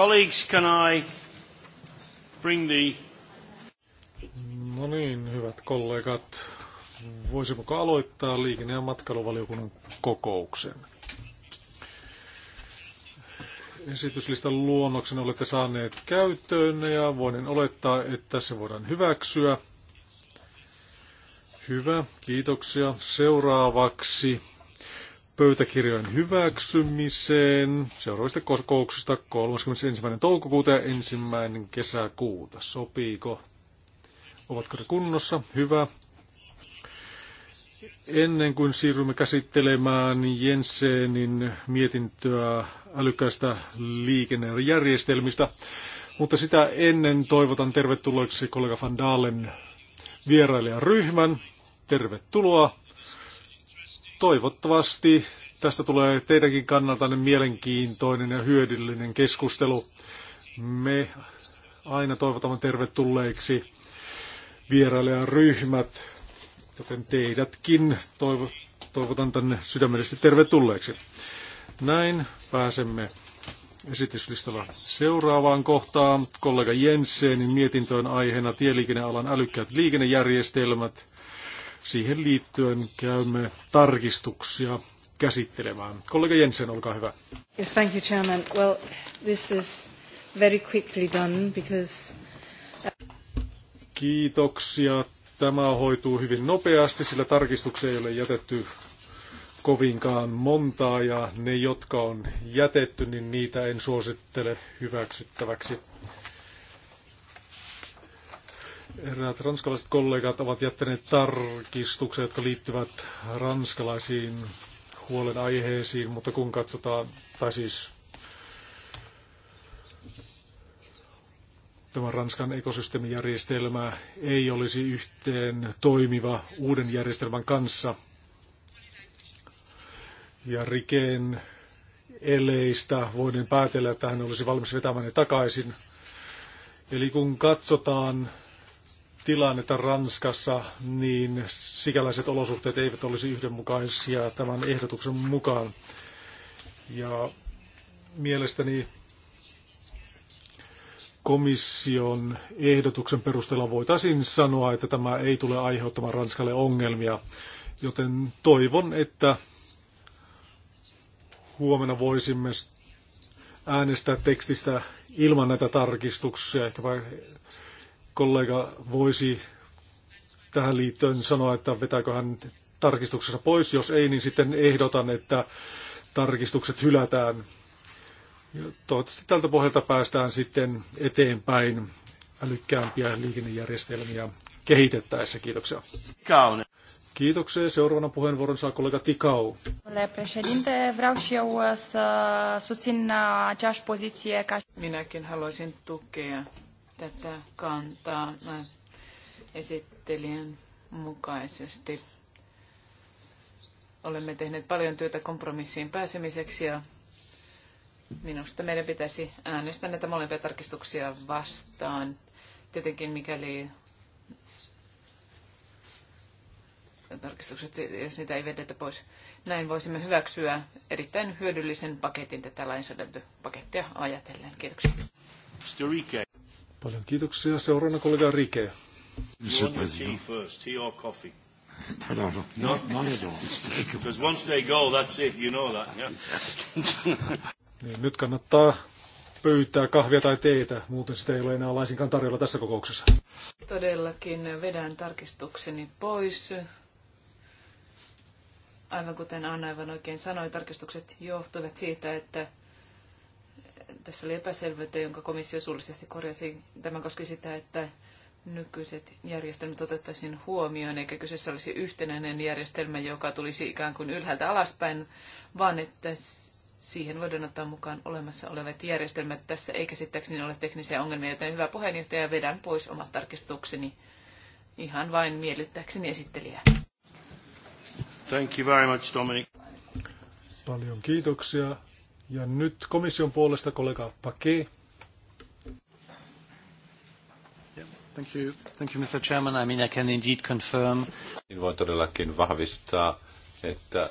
Colleagues, can I bring the... No niin, hyvät kollegat. Voisimmeko aloittaa liikenne- ja matkailuvaliokunnan kokouksen? Esityslistan luonnoksen olette saaneet käyttöön ja voin olettaa, että se voidaan hyväksyä. Hyvä, kiitoksia. Seuraavaksi pöytäkirjojen hyväksymiseen seuraavista kokouksista 31. toukokuuta ja 1. kesäkuuta. Sopiiko? Ovatko ne kunnossa? Hyvä. Ennen kuin siirrymme käsittelemään Jensenin mietintöä älykkäistä liikennejärjestelmistä, mutta sitä ennen toivotan tervetulleeksi kollega Van Dalen vierailijaryhmän. Tervetuloa toivottavasti tästä tulee teidänkin kannalta mielenkiintoinen ja hyödyllinen keskustelu. Me aina toivotamme tervetulleiksi vierailijaryhmät, joten teidätkin toivo, toivotan tänne sydämellisesti tervetulleeksi. Näin pääsemme esityslistalla seuraavaan kohtaan. Kollega Jensenin mietintöön aiheena tieliikennealan älykkäät liikennejärjestelmät – Siihen liittyen käymme tarkistuksia käsittelemään. Kollega Jensen, olkaa hyvä. Yes, thank you, Chairman. Well, this is very quickly done because... Kiitoksia. Tämä hoituu hyvin nopeasti, sillä tarkistuksia ei ole jätetty kovinkaan montaa ja ne, jotka on jätetty, niin niitä en suosittele hyväksyttäväksi. Eräät ranskalaiset kollegat ovat jättäneet tarkistuksia, jotka liittyvät ranskalaisiin huolenaiheisiin, mutta kun katsotaan, tai siis tämä Ranskan ekosysteemijärjestelmä ei olisi yhteen toimiva uuden järjestelmän kanssa. Ja Rikeen eleistä voiden päätellä, että hän olisi valmis vetämään ne takaisin. Eli kun katsotaan tilannetta Ranskassa, niin sikäläiset olosuhteet eivät olisi yhdenmukaisia tämän ehdotuksen mukaan. Ja mielestäni komission ehdotuksen perusteella voitaisiin sanoa, että tämä ei tule aiheuttamaan Ranskalle ongelmia. Joten toivon, että huomenna voisimme äänestää tekstistä ilman näitä tarkistuksia, ehkäpä kollega voisi tähän liittyen sanoa, että vetääkö hän tarkistuksessa pois. Jos ei, niin sitten ehdotan, että tarkistukset hylätään. Ja toivottavasti tältä pohjalta päästään sitten eteenpäin älykkäämpiä liikennejärjestelmiä kehitettäessä. Kiitoksia. Kaunen. Kiitoksia. Seuraavana puheenvuoron saa kollega Tikau. Uh, uh, Minäkin haluaisin tukea tätä kantaa esittelijän mukaisesti. Olemme tehneet paljon työtä kompromissiin pääsemiseksi ja minusta meidän pitäisi äänestää näitä molempia tarkistuksia vastaan. Tietenkin mikäli tarkistukset, jos niitä ei vedetä pois. Näin voisimme hyväksyä erittäin hyödyllisen paketin tätä lainsäädäntöpakettia ajatellen. Kiitoksia. Paljon kiitoksia. Seuraavana kollega Rike. Monsieur President. No, no, no, no, not at all. Because once they go, that's it, you know that, yeah? niin, nyt kannattaa pöytää kahvia tai teetä, muuten sitä ei ole enää laisinkaan tarjolla tässä kokouksessa. Todellakin vedän tarkistukseni pois. Aivan kuten Anna aivan oikein sanoi, tarkistukset johtuvat siitä, että tässä oli epäselvyyttä, jonka komissio suullisesti korjasi. Tämä koski sitä, että nykyiset järjestelmät otettaisiin huomioon, eikä kyseessä olisi yhtenäinen järjestelmä, joka tulisi ikään kuin ylhäältä alaspäin, vaan että siihen voidaan ottaa mukaan olemassa olevat järjestelmät tässä, eikä käsittääkseni ole teknisiä ongelmia, joten hyvä puheenjohtaja, vedän pois omat tarkistukseni ihan vain miellyttääkseni esittelijää. Thank you very much, Dominic. Paljon kiitoksia. Ja nyt komission puolesta kollega Paquet. Thank you. Thank you, Mr. Chairman. I mean, I can indeed confirm. Niin voin todellakin vahvistaa, että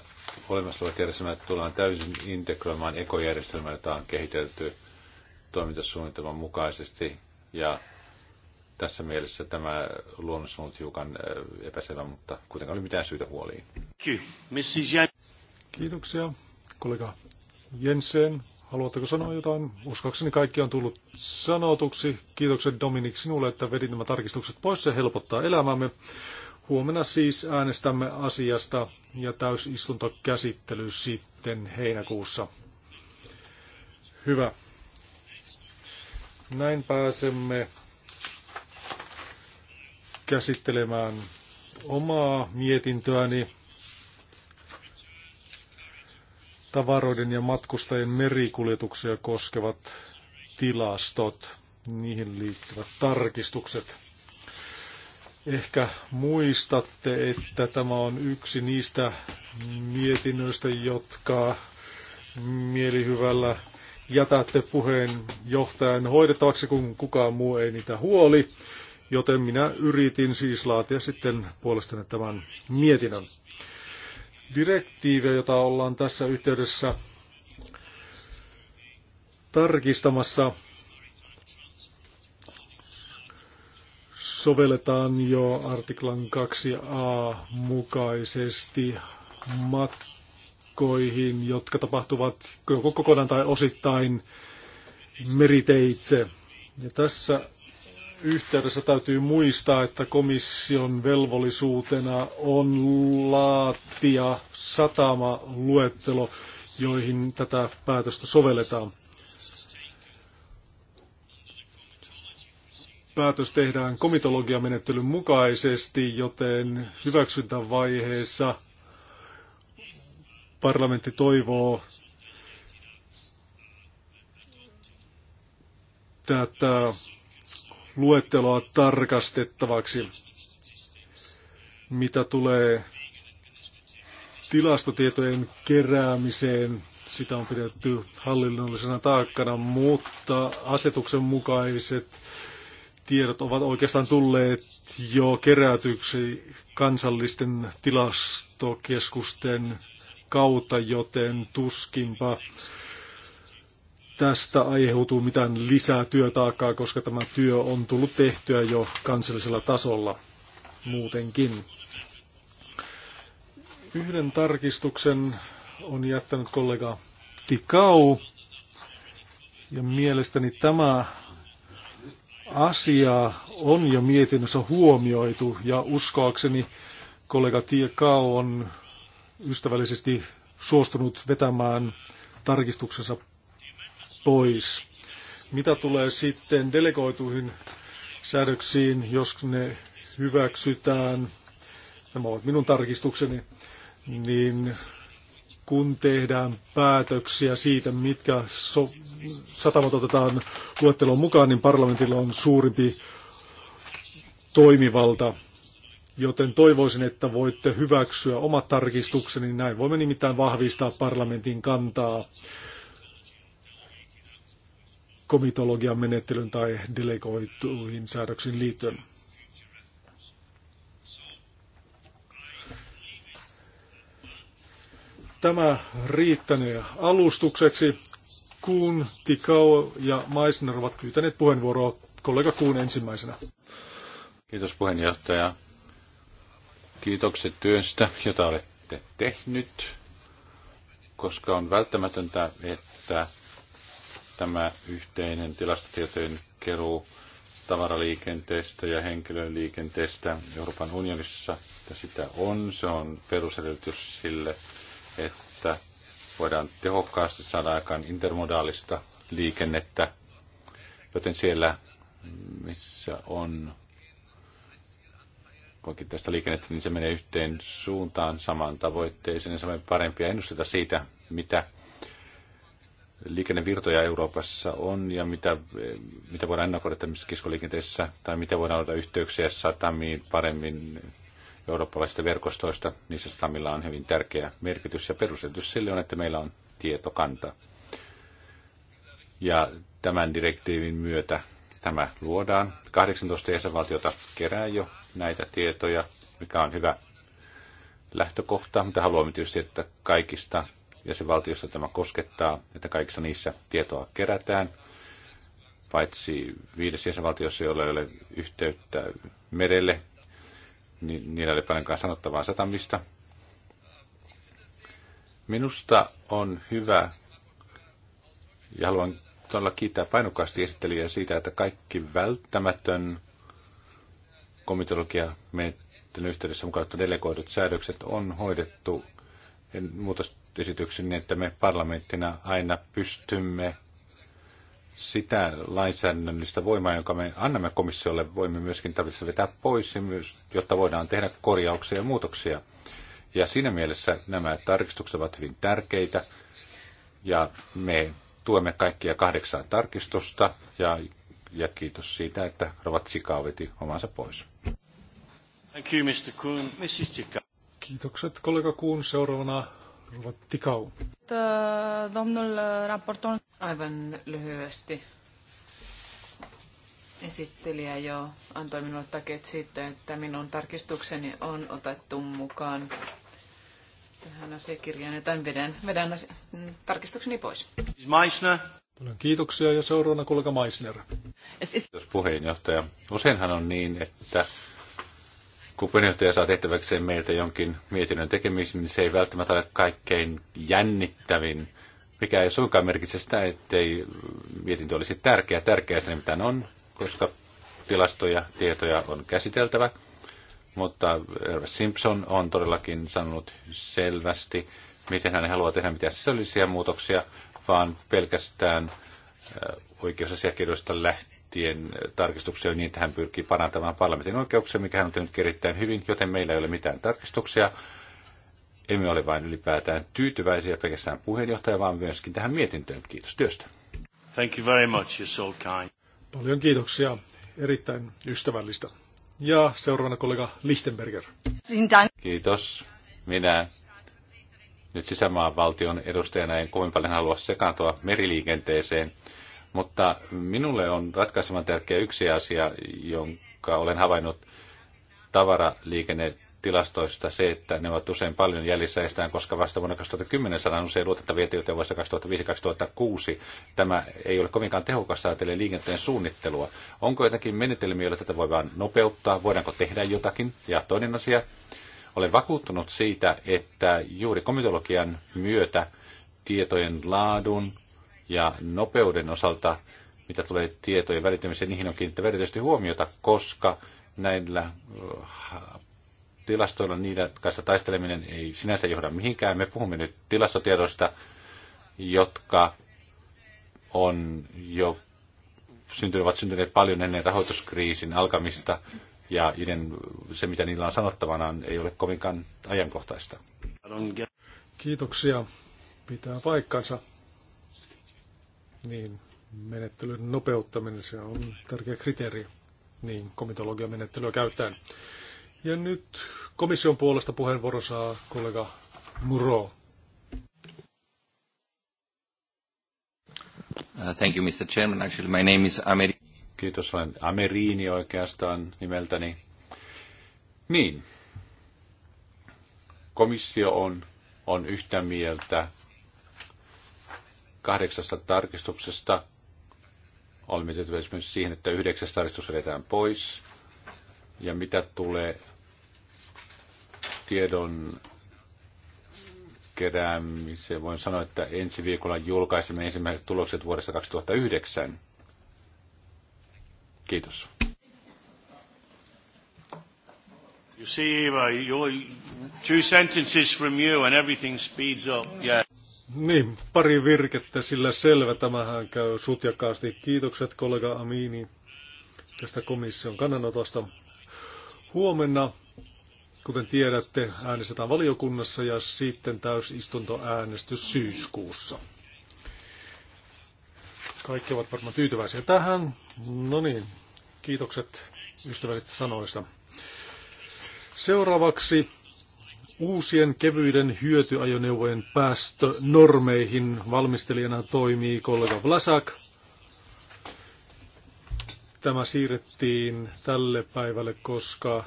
olemassa olevat järjestelmät tullaan täysin integroimaan ekojärjestelmään, jota on kehitelty toimintasuunnitelman mukaisesti. Ja tässä mielessä tämä luonnos on ollut hiukan äh, epäselvä, mutta kuitenkaan oli mitään syytä huoliin. Kiitoksia, kollega Jensen, haluatteko sanoa jotain? Uskoakseni kaikki on tullut sanotuksi. Kiitokset Dominik sinulle, että vedit nämä tarkistukset pois. Se helpottaa elämämme. Huomenna siis äänestämme asiasta ja täysistuntokäsittely sitten heinäkuussa. Hyvä. Näin pääsemme käsittelemään omaa mietintöäni. tavaroiden ja matkustajien merikuljetuksia koskevat tilastot, niihin liittyvät tarkistukset. Ehkä muistatte, että tämä on yksi niistä mietinnöistä, jotka mielihyvällä jätätte puheenjohtajan hoidettavaksi, kun kukaan muu ei niitä huoli. Joten minä yritin siis laatia sitten puolestani tämän mietinnön direktiivejä, jota ollaan tässä yhteydessä tarkistamassa, sovelletaan jo artiklan 2a mukaisesti matkoihin, jotka tapahtuvat joko kokonaan tai osittain meriteitse. Ja tässä yhteydessä täytyy muistaa, että komission velvollisuutena on laatia satamaluettelo, joihin tätä päätöstä sovelletaan. Päätös tehdään komitologiamenettelyn mukaisesti, joten hyväksyntävaiheessa parlamentti toivoo tätä luetteloa tarkastettavaksi. Mitä tulee tilastotietojen keräämiseen, sitä on pidetty hallinnollisena taakkana, mutta asetuksen mukaiset tiedot ovat oikeastaan tulleet jo kerätyksi kansallisten tilastokeskusten kautta, joten tuskinpa tästä aiheutuu mitään lisää työtaakkaa, koska tämä työ on tullut tehtyä jo kansallisella tasolla muutenkin. Yhden tarkistuksen on jättänyt kollega Tikau, ja mielestäni tämä asia on jo mietinnössä huomioitu, ja uskoakseni kollega Tikau on ystävällisesti suostunut vetämään tarkistuksensa pois. Mitä tulee sitten delegoituihin säädöksiin, jos ne hyväksytään, nämä ovat minun tarkistukseni, niin kun tehdään päätöksiä siitä, mitkä so- satamat otetaan luetteloon mukaan, niin parlamentilla on suurimpi toimivalta. Joten toivoisin, että voitte hyväksyä omat tarkistukseni, näin voimme nimittäin vahvistaa parlamentin kantaa komitologian menettelyn tai delegoituihin säädöksiin liittyen. Tämä riittänee alustukseksi. Kuun, Tikao ja Maisner ovat pyytäneet puheenvuoroa kollega Kuun ensimmäisenä. Kiitos puheenjohtaja. Kiitokset työstä, jota olette tehnyt, koska on välttämätöntä, että tämä yhteinen tilastotietojen keruu tavaraliikenteestä ja henkilöliikenteestä Euroopan unionissa, että sitä on. Se on perusedellytys sille, että voidaan tehokkaasti saada aikaan intermodaalista liikennettä, joten siellä, missä on tästä liikennettä, niin se menee yhteen suuntaan samaan tavoitteeseen ja saamme parempia ennusteita siitä, mitä liikennevirtoja Euroopassa on ja mitä, mitä voidaan ennakoida tämmöisessä kiskoliikenteessä tai mitä voidaan olla yhteyksiä satamiin paremmin eurooppalaisista verkostoista, niissä satamilla on hyvin tärkeä merkitys ja perusetus sille on, että meillä on tietokanta. Ja tämän direktiivin myötä tämä luodaan. 18 jäsenvaltiota kerää jo näitä tietoja, mikä on hyvä lähtökohta, mutta haluamme tietysti, että kaikista jäsenvaltiossa tämä koskettaa, että kaikissa niissä tietoa kerätään, paitsi viides jäsenvaltiossa, jolla ei ole yhteyttä merelle, niin niillä ei ole paljonkaan sanottavaa satamista. Minusta on hyvä, ja haluan todella kiittää painokkaasti esittelijää siitä, että kaikki välttämätön komitologia meidän yhteydessä mukaan delegoidut säädökset on hoidettu muutostarkistusten esityksen niin, että me parlamenttina aina pystymme sitä lainsäädännöllistä voimaa, jonka me annamme komissiolle, voimme myöskin tarvitse vetää pois, jotta voidaan tehdä korjauksia ja muutoksia. Ja siinä mielessä nämä tarkistukset ovat hyvin tärkeitä, ja me tuemme kaikkia kahdeksaa tarkistusta, ja, ja kiitos siitä, että Rovat Sikaa veti omansa pois. Thank you, Mr. Kuhn. Mrs. Kiitokset kollega Kuun. Seuraavana Rova Tikau. Aivan lyhyesti. Esittelijä jo antoi minulle takia siitä, että minun tarkistukseni on otettu mukaan tähän asiakirjaan, tämän vedän, vedän asia- mm, tarkistukseni pois. Siis Meissner. Paljon kiitoksia ja seuraavana kollega Meissner. Kiitos puheenjohtaja. Useinhan on niin, että kun puheenjohtaja saa tehtäväkseen meiltä jonkin mietinnön tekemisen, niin se ei välttämättä ole kaikkein jännittävin, mikä ei suinkaan merkitse sitä, ettei mietintö olisi tärkeä. Tärkeä se nimittäin on, koska tilastoja, tietoja on käsiteltävä. Mutta Simpson on todellakin sanonut selvästi, miten hän haluaa tehdä mitään sisällisiä muutoksia, vaan pelkästään äh, oikeusasiakirjoista lähtien parlamenttien tarkistuksia niin, että hän pyrkii parantamaan parlamentin oikeuksia, mikä hän on tehnyt erittäin hyvin, joten meillä ei ole mitään tarkistuksia. Emme ole vain ylipäätään tyytyväisiä pelkästään puheenjohtaja, vaan myöskin tähän mietintöön. Kiitos työstä. Thank you very much. You're so kind. Paljon kiitoksia. Erittäin ystävällistä. Ja seuraavana kollega Lichtenberger. Kiitos. Minä nyt sisämaan valtion edustajana en kovin paljon halua sekaantua meriliikenteeseen, mutta minulle on ratkaisevan tärkeä yksi asia, jonka olen havainnut tavaraliikennetilastoista, se, että ne ovat usein paljon jäljissä estään, koska vasta vuonna 2010 saadaan usein luotettavia tietoja vuodesta 2005-2006. Tämä ei ole kovinkaan tehokas ajatellen liikenteen suunnittelua. Onko jotakin menetelmiä, joilla tätä voidaan nopeuttaa? Voidaanko tehdä jotakin? Ja toinen asia, olen vakuuttunut siitä, että juuri komitologian myötä tietojen laadun ja nopeuden osalta, mitä tulee tietojen välittämiseen, niihin on kiinnittävä erityisesti huomiota, koska näillä äh, tilastoilla niiden kanssa taisteleminen ei sinänsä johda mihinkään. Me puhumme nyt tilastotiedoista, jotka on jo syntyneet, ovat syntyneet paljon ennen rahoituskriisin alkamista, ja niiden, se, mitä niillä on sanottavana, ei ole kovinkaan ajankohtaista. Kiitoksia. Pitää paikkansa. Niin, menettelyn nopeuttaminen, se on tärkeä kriteeri, niin komitologian menettelyä käyttäen. Ja nyt komission puolesta puheenvuoro saa kollega Muro. Uh, thank you, Mr. Chairman. Actually, my name is Ameri. Kiitos, olen Ameriini oikeastaan nimeltäni. Niin, komissio on, on yhtä mieltä kahdeksasta tarkistuksesta. Olemme tyytyväisiä myös siihen, että yhdeksäs tarkistus vedetään pois. Ja mitä tulee tiedon keräämiseen, voin sanoa, että ensi viikolla julkaisemme ensimmäiset tulokset vuodesta 2009. Kiitos. You see, Eva, two sentences from you and everything speeds up. Yeah. Niin, pari virkettä, sillä selvä. Tämähän käy sutjakaasti. Kiitokset kollega Amini tästä komission kannanotosta. Huomenna, kuten tiedätte, äänestetään valiokunnassa ja sitten täysistuntoäänestys syyskuussa. Kaikki ovat varmaan tyytyväisiä tähän. No niin, kiitokset ystävällisistä sanoista. Seuraavaksi Uusien kevyiden hyötyajoneuvojen päästönormeihin valmistelijana toimii kollega Vlasak. Tämä siirrettiin tälle päivälle, koska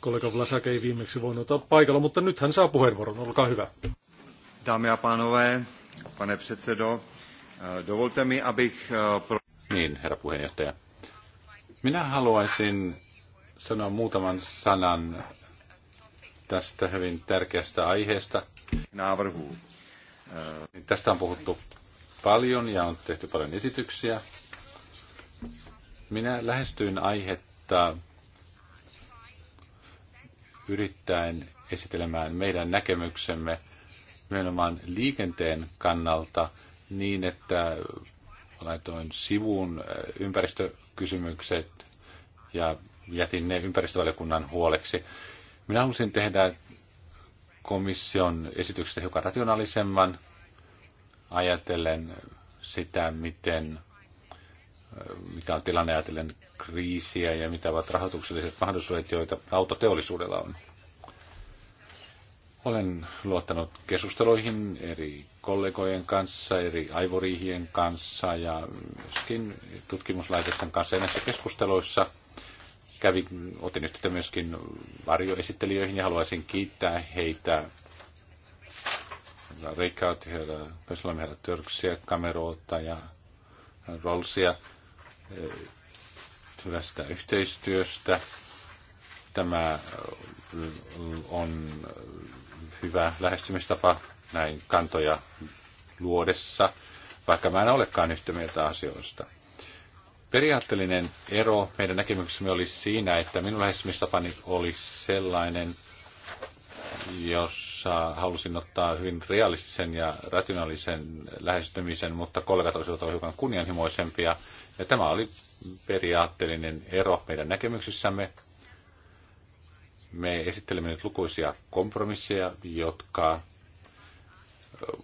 kollega Vlasak ei viimeksi voinut olla paikalla, mutta nyt hän saa puheenvuoron. Olkaa hyvä. Dámy a pánové, pane předsedo, dovolte mi, abych... Eh, niin, herra puheenjohtaja. Minä haluaisin sanoa muutaman sanan tästä hyvin tärkeästä aiheesta. Niin tästä on puhuttu paljon ja on tehty paljon esityksiä. Minä lähestyin aihetta yrittäen esitelemään meidän näkemyksemme nimenomaan liikenteen kannalta niin, että laitoin sivuun äh, ympäristökysymykset ja jätin ne ympäristövaliokunnan huoleksi. Minä halusin tehdä komission esityksestä hiukan rationaalisemman ajatellen sitä, miten, mikä on tilanne ajatellen kriisiä ja mitä ovat rahoitukselliset mahdollisuudet, joita autoteollisuudella on. Olen luottanut keskusteluihin eri kollegojen kanssa, eri aivoriihien kanssa ja myöskin tutkimuslaitosten kanssa. Ja näissä keskusteluissa kävi, otin yhteyttä myöskin varjoesittelijöihin ja haluaisin kiittää heitä Rikkaat, herra Pesolami, herra Törksiä, Kameroota ja Rolsia eh, hyvästä yhteistyöstä. Tämä eh, on hyvä lähestymistapa näin kantoja luodessa, vaikka mä en olekaan yhtä mieltä asioista. Periaatteellinen ero meidän näkemyksemme oli siinä, että minun lähestymistapani oli sellainen, jossa halusin ottaa hyvin realistisen ja rationaalisen lähestymisen, mutta kollegat olisivat olleet hiukan kunnianhimoisempia. Ja tämä oli periaatteellinen ero meidän näkemyksissämme. Me esittelemme nyt lukuisia kompromisseja, jotka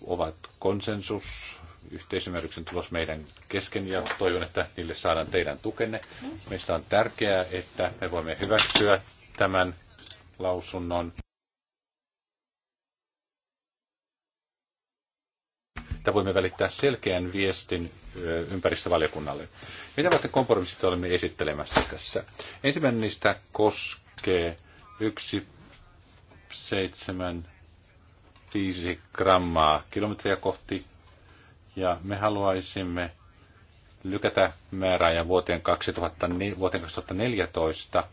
ovat konsensus yhteisymmärryksen tulos meidän kesken ja toivon, että niille saadaan teidän tukenne. Meistä on tärkeää, että me voimme hyväksyä tämän lausunnon. että voimme välittää selkeän viestin ympäristövaliokunnalle. Mitä vaikka kompromissit olemme esittelemässä tässä? Ensimmäinen niistä koskee 1,75 grammaa kilometriä kohti ja me haluaisimme lykätä määrää vuoteen, vuoteen 2014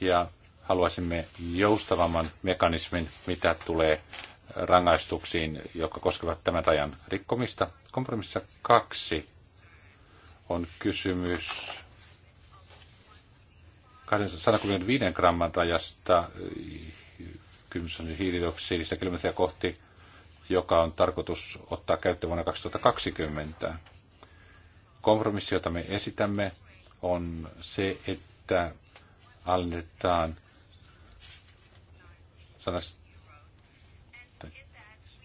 ja haluaisimme joustavamman mekanismin, mitä tulee rangaistuksiin, jotka koskevat tämän rajan rikkomista. Kompromissa kaksi on kysymys 125 gramman rajasta, kymmenen hiilidioksidista kilometriä kohti joka on tarkoitus ottaa käyttöön vuonna 2020. Kompromissi, jota me esitämme, on se, että alennetaan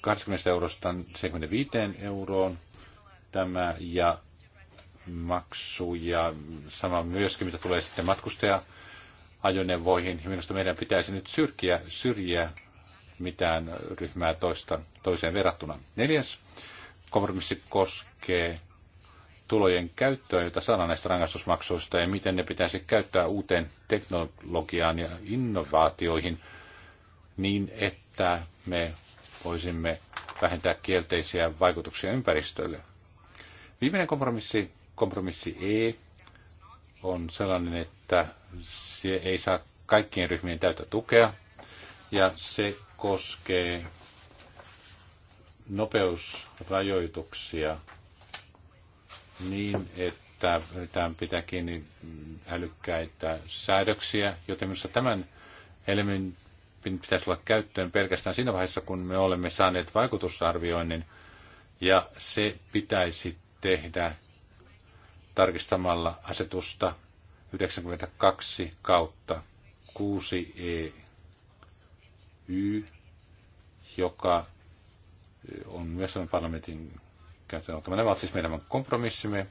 20 eurosta 75 euroon tämä ja maksu ja sama myöskin, mitä tulee sitten matkustaja ajoneuvoihin. Minusta meidän pitäisi nyt syrkiä, syrjiä mitään ryhmää toista, toiseen verrattuna. Neljäs kompromissi koskee tulojen käyttöä, jota saadaan näistä rangaistusmaksuista ja miten ne pitäisi käyttää uuteen teknologiaan ja innovaatioihin niin, että me voisimme vähentää kielteisiä vaikutuksia ympäristölle. Viimeinen kompromissi, kompromissi E, on sellainen, että se ei saa kaikkien ryhmien täyttä tukea ja se koskee nopeusrajoituksia niin, että yritetään pitää kiinni älykkäitä säädöksiä, joten minusta tämän elementin pitäisi olla käyttöön pelkästään siinä vaiheessa, kun me olemme saaneet vaikutusarvioinnin, ja se pitäisi tehdä tarkistamalla asetusta 92 kautta 6 e y joka on myös Suomen parlamentin käyttöön ottama. Nämä ovat siis meidän kompromissimme.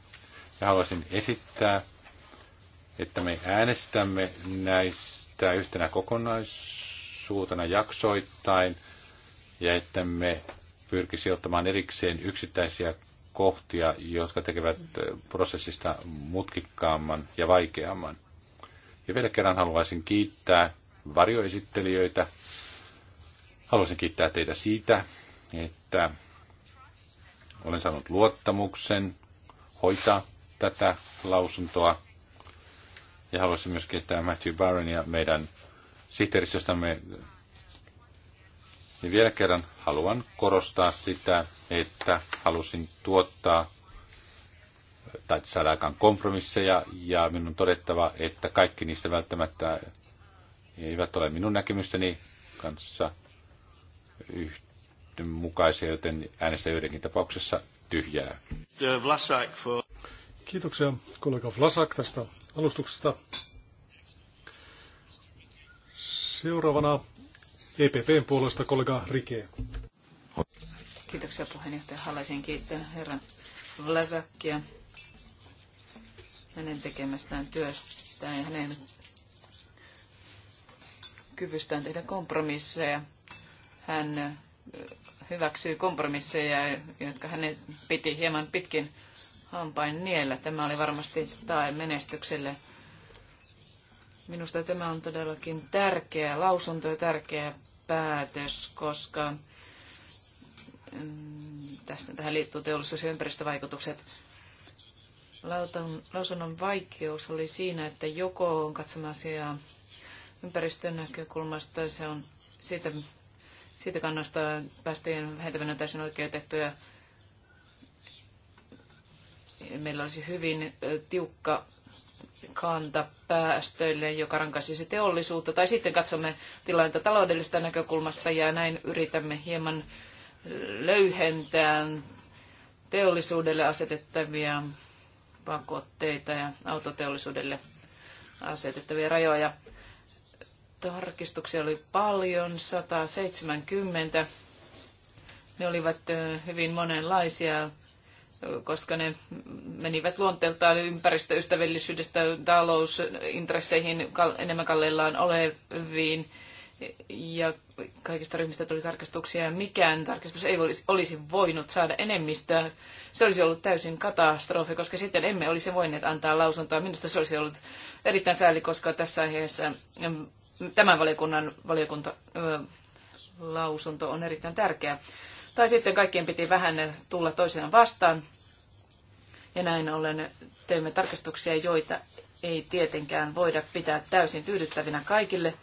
Ja haluaisin esittää, että me äänestämme näistä yhtenä kokonaisuutena jaksoittain ja että me pyrkisi ottamaan erikseen yksittäisiä kohtia, jotka tekevät prosessista mutkikkaamman ja vaikeamman. Ja vielä kerran haluaisin kiittää varjoesittelijöitä Haluaisin kiittää teitä siitä, että olen saanut luottamuksen hoitaa tätä lausuntoa. Ja haluaisin myös kiittää Matthew Barron ja meidän sihteeristöstämme. Ja vielä kerran haluan korostaa sitä, että halusin tuottaa tai saada aikaan kompromisseja, ja minun on todettava, että kaikki niistä välttämättä eivät ole minun näkemysteni kanssa yhdenmukaisia, joten äänestä joidenkin tapauksessa tyhjää. Kiitoksia kollega Vlasak tästä alustuksesta. Seuraavana EPPn puolesta kollega Rike. Kiitoksia puheenjohtaja. Haluaisin kiittää herran Vlasakia hänen tekemästään työstä ja hänen kyvystään tehdä kompromisseja hän hyväksyy kompromisseja, jotka hän piti hieman pitkin hampain niellä. Tämä oli varmasti tae menestykselle. Minusta tämä on todellakin tärkeä lausunto ja tärkeä päätös, koska mm, tässä, tähän liittyy teollisuus- ja ympäristövaikutukset. Lausunnon vaikeus oli siinä, että joko on katsomaan asiaa ympäristön näkökulmasta, se on siitä siitä kannasta päästöjen vähentäminen on täysin oikeutettu ja meillä olisi hyvin tiukka kanta päästöille, joka rankaisisi teollisuutta. Tai sitten katsomme tilannetta taloudellisesta näkökulmasta ja näin yritämme hieman löyhentää teollisuudelle asetettavia pakotteita ja autoteollisuudelle asetettavia rajoja. Tarkistuksia oli paljon, 170. Ne olivat hyvin monenlaisia, koska ne menivät luonteeltaan ympäristöystävällisyydestä talousintresseihin enemmän kalleillaan oleviin ja kaikista ryhmistä tuli tarkistuksia. ja mikään tarkistus ei olisi, olisi voinut saada enemmistöä. Se olisi ollut täysin katastrofi, koska sitten emme olisi voineet antaa lausuntoa. Minusta se olisi ollut erittäin sääli, koska tässä aiheessa tämän valiokunnan valiokunta, ö, lausunto on erittäin tärkeä. Tai sitten kaikkien piti vähän tulla toisiaan vastaan. Ja näin ollen teemme tarkastuksia, joita ei tietenkään voida pitää täysin tyydyttävinä kaikille,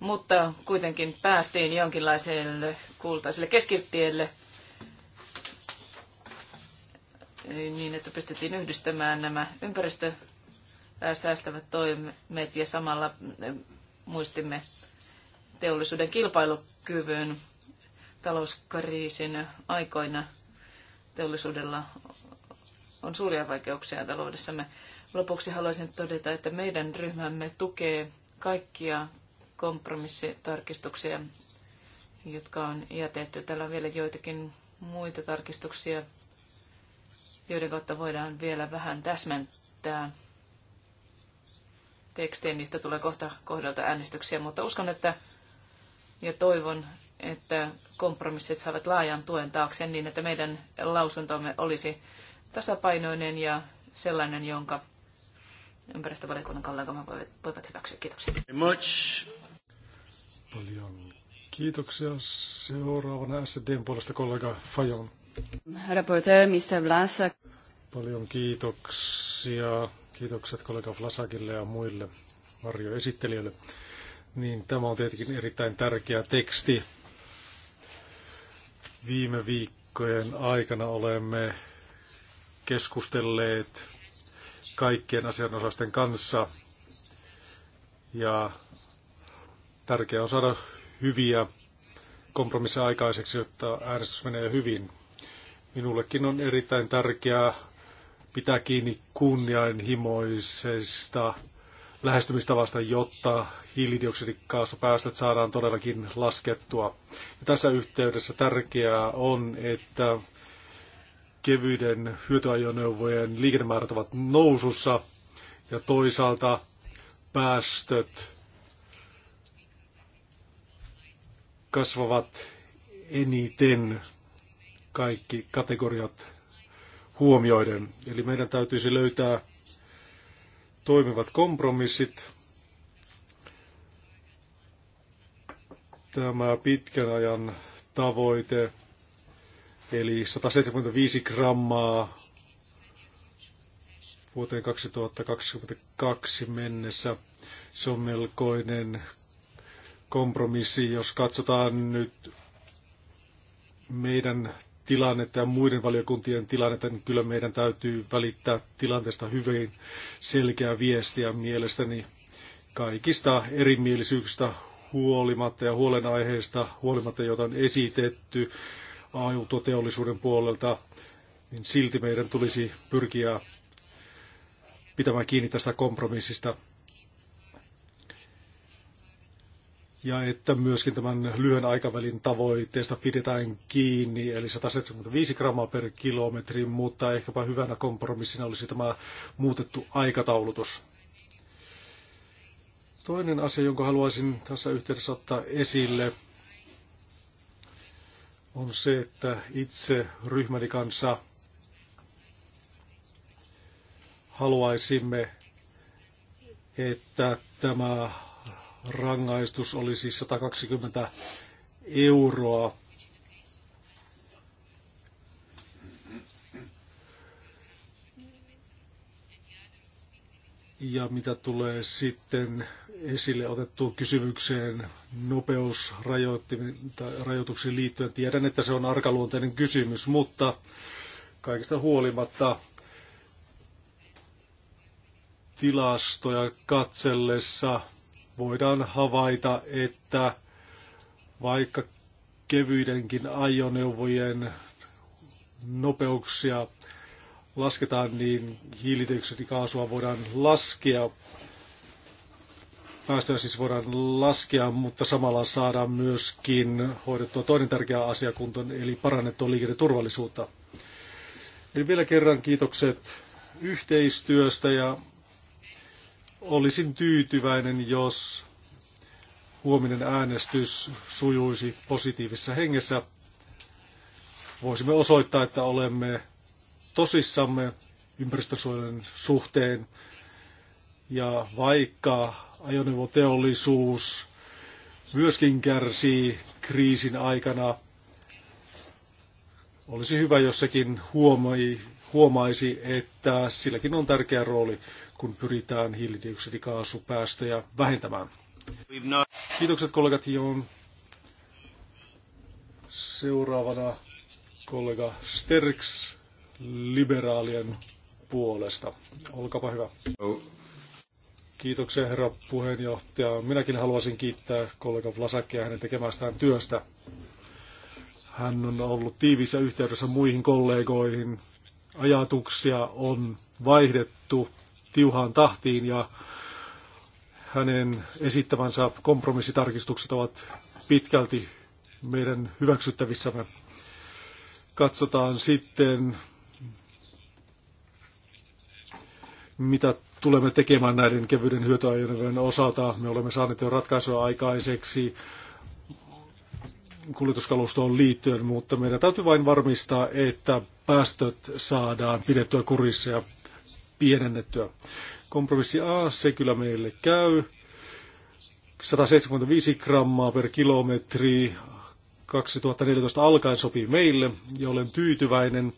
mutta kuitenkin päästiin jonkinlaiselle kultaiselle keskittielle, niin, että pystyttiin yhdistämään nämä ympäristö säästävät toimet ja samalla muistimme teollisuuden kilpailukyvyn talouskriisin aikoina. Teollisuudella on suuria vaikeuksia taloudessamme. Lopuksi haluaisin todeta, että meidän ryhmämme tukee kaikkia kompromissitarkistuksia, jotka on jätetty. Täällä on vielä joitakin muita tarkistuksia, joiden kautta voidaan vielä vähän täsmentää tekstejä, niistä tulee kohta kohdalta äänestyksiä, mutta uskon, että ja toivon, että kompromissit saavat laajan tuen taakse niin, että meidän lausuntomme olisi tasapainoinen ja sellainen, jonka ympäristövaliokunnan kollegamme voivat hyväksyä. Kiitoksia. Much. Paljon kiitoksia. Seuraavana SDn puolesta kollega Fajon. Raporteur, Mr. Vlasak. Paljon kiitoksia Kiitokset kollega Vlasakille ja muille varjoesittelijöille. Niin, tämä on tietenkin erittäin tärkeä teksti. Viime viikkojen aikana olemme keskustelleet kaikkien asianosaisten kanssa ja tärkeää on saada hyviä kompromisseja aikaiseksi, jotta äänestys menee hyvin. Minullekin on erittäin tärkeää pitää kiinni kunnianhimoisesta lähestymistavasta, jotta hiilidioksidikaasupäästöt saadaan todellakin laskettua. Ja tässä yhteydessä tärkeää on, että kevyiden hyötyajoneuvojen liikennemäärät ovat nousussa ja toisaalta päästöt kasvavat eniten kaikki kategoriat huomioiden. Eli meidän täytyisi löytää toimivat kompromissit. Tämä pitkän ajan tavoite, eli 175 grammaa vuoteen 2022 mennessä. Se on melkoinen kompromissi, jos katsotaan nyt meidän tilannetta ja muiden valiokuntien tilannetta, niin kyllä meidän täytyy välittää tilanteesta hyvin selkeä viestiä mielestäni kaikista erimielisyyksistä huolimatta ja huolenaiheista huolimatta, joita on esitetty autoteollisuuden puolelta, niin silti meidän tulisi pyrkiä pitämään kiinni tästä kompromissista. ja että myöskin tämän lyhyen aikavälin tavoitteesta pidetään kiinni, eli 175 grammaa per kilometri, mutta ehkäpä hyvänä kompromissina olisi tämä muutettu aikataulutus. Toinen asia, jonka haluaisin tässä yhteydessä ottaa esille, on se, että itse ryhmäni kanssa haluaisimme, että tämä rangaistus olisi siis 120 euroa. Ja mitä tulee sitten esille otettuun kysymykseen nopeusrajoituksiin liittyen, tiedän, että se on arkaluonteinen kysymys, mutta kaikista huolimatta tilastoja katsellessa voidaan havaita, että vaikka kevyidenkin ajoneuvojen nopeuksia lasketaan, niin hiilidioksidikaasua voidaan laskea. Päästöjä siis voidaan laskea, mutta samalla saadaan myöskin hoidettua toinen tärkeä asia kuntoon, eli parannettua liikenneturvallisuutta. Eli vielä kerran kiitokset yhteistyöstä ja Olisin tyytyväinen, jos huominen äänestys sujuisi positiivisessa hengessä. Voisimme osoittaa, että olemme tosissamme ympäristösuojelun suhteen. Ja vaikka ajoneuvoteollisuus myöskin kärsii kriisin aikana, olisi hyvä, jos sekin huomaisi, että silläkin on tärkeä rooli kun pyritään hiilidioksidikaasupäästöjä vähentämään. Kiitokset kollegat Joon. Seuraavana kollega Sterx liberaalien puolesta. Olkapa hyvä. Kiitoksia herra puheenjohtaja. Minäkin haluaisin kiittää kollega Vlasakia hänen tekemästään työstä. Hän on ollut tiivissä yhteydessä muihin kollegoihin. Ajatuksia on vaihdettu tiuhaan tahtiin ja hänen esittämänsä kompromissitarkistukset ovat pitkälti meidän hyväksyttävissämme. Katsotaan sitten, mitä tulemme tekemään näiden kevyiden hyötyajoneuvojen osalta. Me olemme saaneet jo ratkaisua aikaiseksi kuljetuskalustoon liittyen, mutta meidän täytyy vain varmistaa, että päästöt saadaan pidettyä kurissa ja pienennettyä. Kompromissi A, se kyllä meille käy. 175 grammaa per kilometri 2014 alkaen sopii meille ja olen tyytyväinen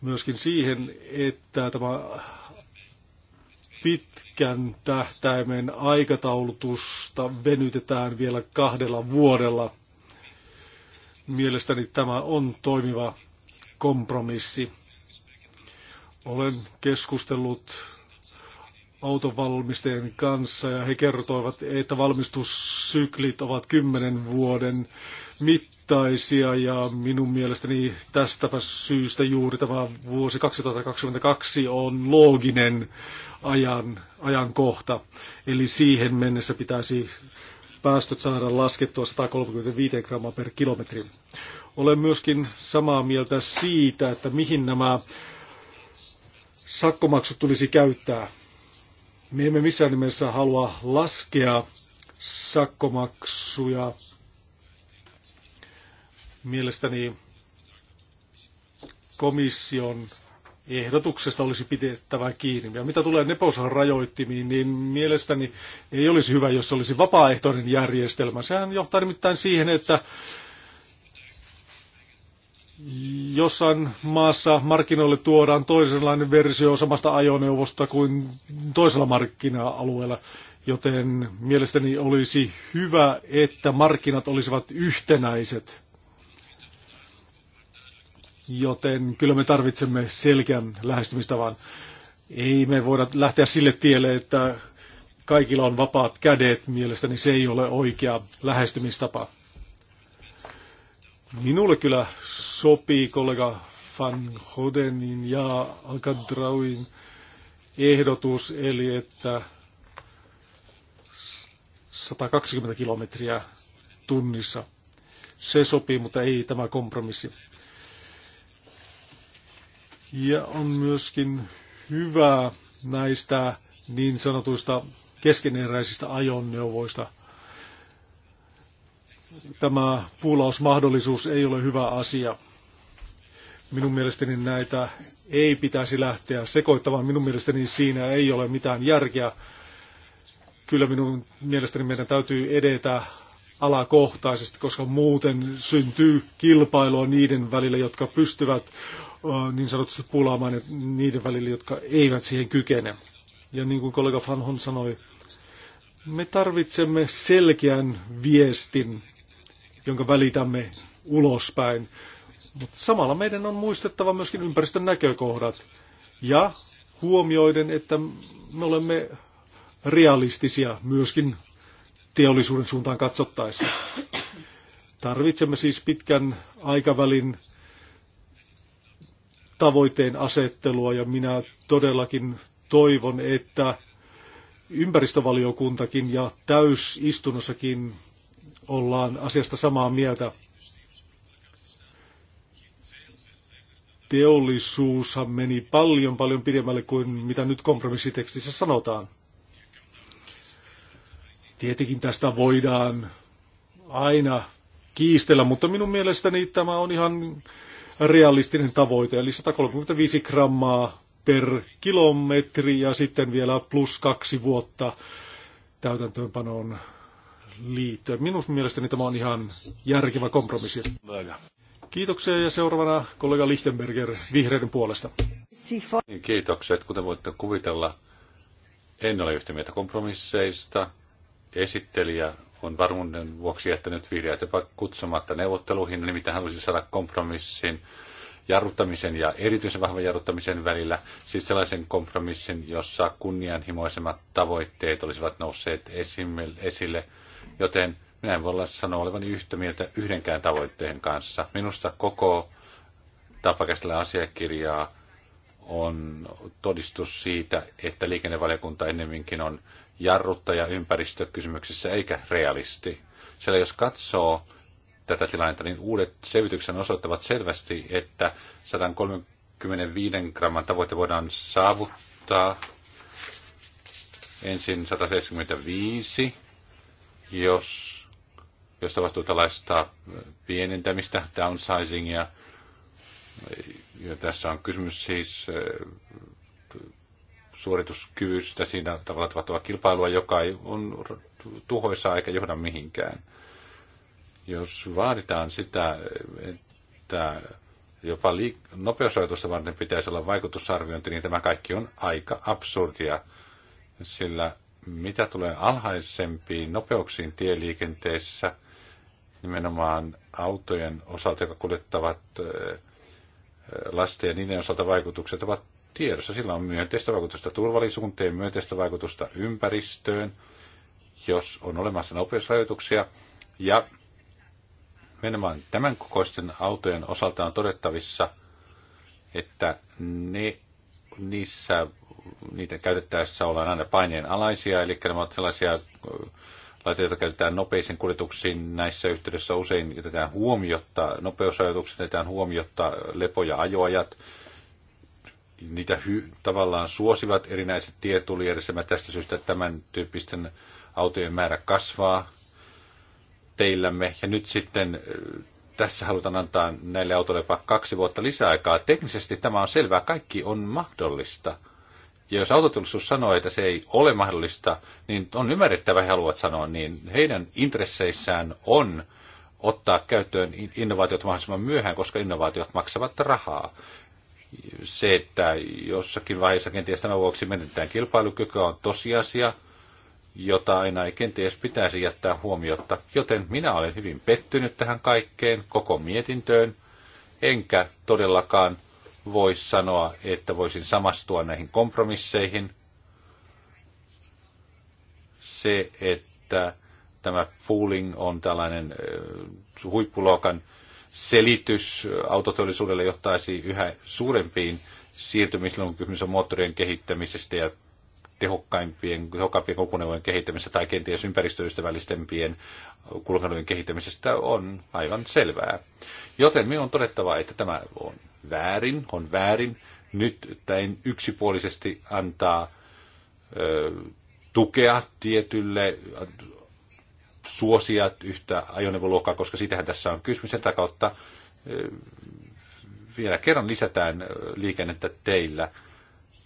myöskin siihen, että tämä pitkän tähtäimen aikataulutusta venytetään vielä kahdella vuodella. Mielestäni tämä on toimiva kompromissi. Olen keskustellut autovalmistajien kanssa ja he kertoivat, että valmistussyklit ovat kymmenen vuoden mittaisia ja minun mielestäni tästäpä syystä juuri tämä vuosi 2022 on looginen ajan, ajankohta. Eli siihen mennessä pitäisi päästöt saada laskettua 135 grammaa per kilometri. Olen myöskin samaa mieltä siitä, että mihin nämä sakkomaksut tulisi käyttää. Me emme missään nimessä halua laskea sakkomaksuja. Mielestäni komission ehdotuksesta olisi pidettävä kiinni. Ja mitä tulee Neposan rajoittimiin, niin mielestäni ei olisi hyvä, jos olisi vapaaehtoinen järjestelmä. Sehän johtaa nimittäin siihen, että jossain maassa markkinoille tuodaan toisenlainen versio samasta ajoneuvosta kuin toisella markkina-alueella, joten mielestäni olisi hyvä, että markkinat olisivat yhtenäiset. Joten kyllä me tarvitsemme selkeän lähestymistavan. Ei me voida lähteä sille tielle, että kaikilla on vapaat kädet. Mielestäni se ei ole oikea lähestymistapa. Minulle kyllä sopii kollega Van Hodenin ja Alcadrauin ehdotus, eli että 120 kilometriä tunnissa. Se sopii, mutta ei tämä kompromissi. Ja on myöskin hyvä näistä niin sanotuista keskeneräisistä ajoneuvoista – tämä puulausmahdollisuus ei ole hyvä asia. Minun mielestäni näitä ei pitäisi lähteä sekoittamaan. Minun mielestäni siinä ei ole mitään järkeä. Kyllä minun mielestäni meidän täytyy edetä alakohtaisesti, koska muuten syntyy kilpailua niiden välillä, jotka pystyvät niin sanotusti pulaamaan ja niiden välillä, jotka eivät siihen kykene. Ja niin kuin kollega Fanhon sanoi, me tarvitsemme selkeän viestin jonka välitämme ulospäin. Mutta samalla meidän on muistettava myöskin ympäristön näkökohdat ja huomioiden, että me olemme realistisia myöskin teollisuuden suuntaan katsottaessa. Tarvitsemme siis pitkän aikavälin tavoitteen asettelua ja minä todellakin toivon, että ympäristövaliokuntakin ja täysistunnossakin ollaan asiasta samaa mieltä. Teollisuushan meni paljon paljon pidemmälle kuin mitä nyt kompromissitekstissä sanotaan. Tietenkin tästä voidaan aina kiistellä, mutta minun mielestäni tämä on ihan realistinen tavoite, eli 135 grammaa per kilometri ja sitten vielä plus kaksi vuotta täytäntöönpanoon liittyen. Minun mielestäni tämä on ihan järkevä kompromissi. Kiitoksia ja seuraavana kollega Lichtenberger vihreiden puolesta. Niin, kiitokset. Kuten voitte kuvitella, en ole yhtä mieltä kompromisseista. Esittelijä on varmuuden vuoksi jättänyt vihreät jopa kutsumatta neuvotteluihin, nimittäin halusi saada kompromissin jarruttamisen ja erityisen vahvan jarruttamisen välillä, siis sellaisen kompromissin, jossa kunnianhimoisemmat tavoitteet olisivat nousseet esille joten minä en voi olla sanoa olevani yhtä mieltä yhdenkään tavoitteen kanssa. Minusta koko tapakäsillä asiakirjaa on todistus siitä, että liikennevaliokunta ennemminkin on jarruttaja ympäristökysymyksissä eikä realisti. Sillä jos katsoo tätä tilannetta, niin uudet selvityksen osoittavat selvästi, että 135 gramman tavoite voidaan saavuttaa ensin 175 jos, jos tapahtuu tällaista pienentämistä, downsizingia, ja tässä on kysymys siis suorituskyvystä, siinä tavalla tapahtuva kilpailua, joka ei on tuhoisaa eikä johda mihinkään. Jos vaaditaan sitä, että jopa liik- nopeusrajoitusta varten pitäisi olla vaikutusarviointi, niin tämä kaikki on aika absurdia, sillä mitä tulee alhaisempiin nopeuksiin tieliikenteessä, nimenomaan autojen osalta, jotka kuljettavat lasten ja niiden osalta vaikutukset ovat tiedossa. Sillä on myönteistä vaikutusta turvallisuuteen, myönteistä vaikutusta ympäristöön, jos on olemassa nopeusrajoituksia. Ja nimenomaan tämän kokoisten autojen osalta on todettavissa, että ne, niissä niitä käytettäessä ollaan aina paineen alaisia, eli nämä ovat sellaisia äh, laitteita, joita käytetään nopeisiin kuljetuksiin. Näissä yhteydessä usein jätetään huomiotta, nopeusrajoitukset jätetään huomiotta lepo- ja ajoajat. Niitä hy- tavallaan suosivat erinäiset tietulijärjestelmät tästä syystä, että tämän tyyppisten autojen määrä kasvaa teillämme. Ja nyt sitten äh, tässä halutaan antaa näille autoille kaksi vuotta lisäaikaa. Teknisesti tämä on selvää, kaikki on mahdollista – ja jos autotullisuus sanoo, että se ei ole mahdollista, niin on ymmärrettävä, he haluavat sanoa, niin heidän intresseissään on ottaa käyttöön innovaatiot mahdollisimman myöhään, koska innovaatiot maksavat rahaa. Se, että jossakin vaiheessa kenties tämän vuoksi menetetään kilpailukykyä, on tosiasia, jota aina ei kenties pitäisi jättää huomiotta. Joten minä olen hyvin pettynyt tähän kaikkeen, koko mietintöön, enkä todellakaan voi sanoa, että voisin samastua näihin kompromisseihin. Se, että tämä pooling on tällainen huippuluokan selitys autoteollisuudelle johtaisi yhä suurempiin siirtymisiin, kun kysymys on moottorien kehittämisestä ja tehokkaimpien, tehokkaimpien kokoneuvojen kehittämisestä tai kenties ympäristöystävällisempien kulkuneuvojen kehittämisestä on aivan selvää. Joten minun on todettava, että tämä on väärin, on väärin nyt tein yksipuolisesti antaa ö, tukea tietylle, suosia yhtä ajoneuvoluokkaa, koska sitähän tässä on kysymys. Sitä kautta ö, vielä kerran lisätään liikennettä teillä.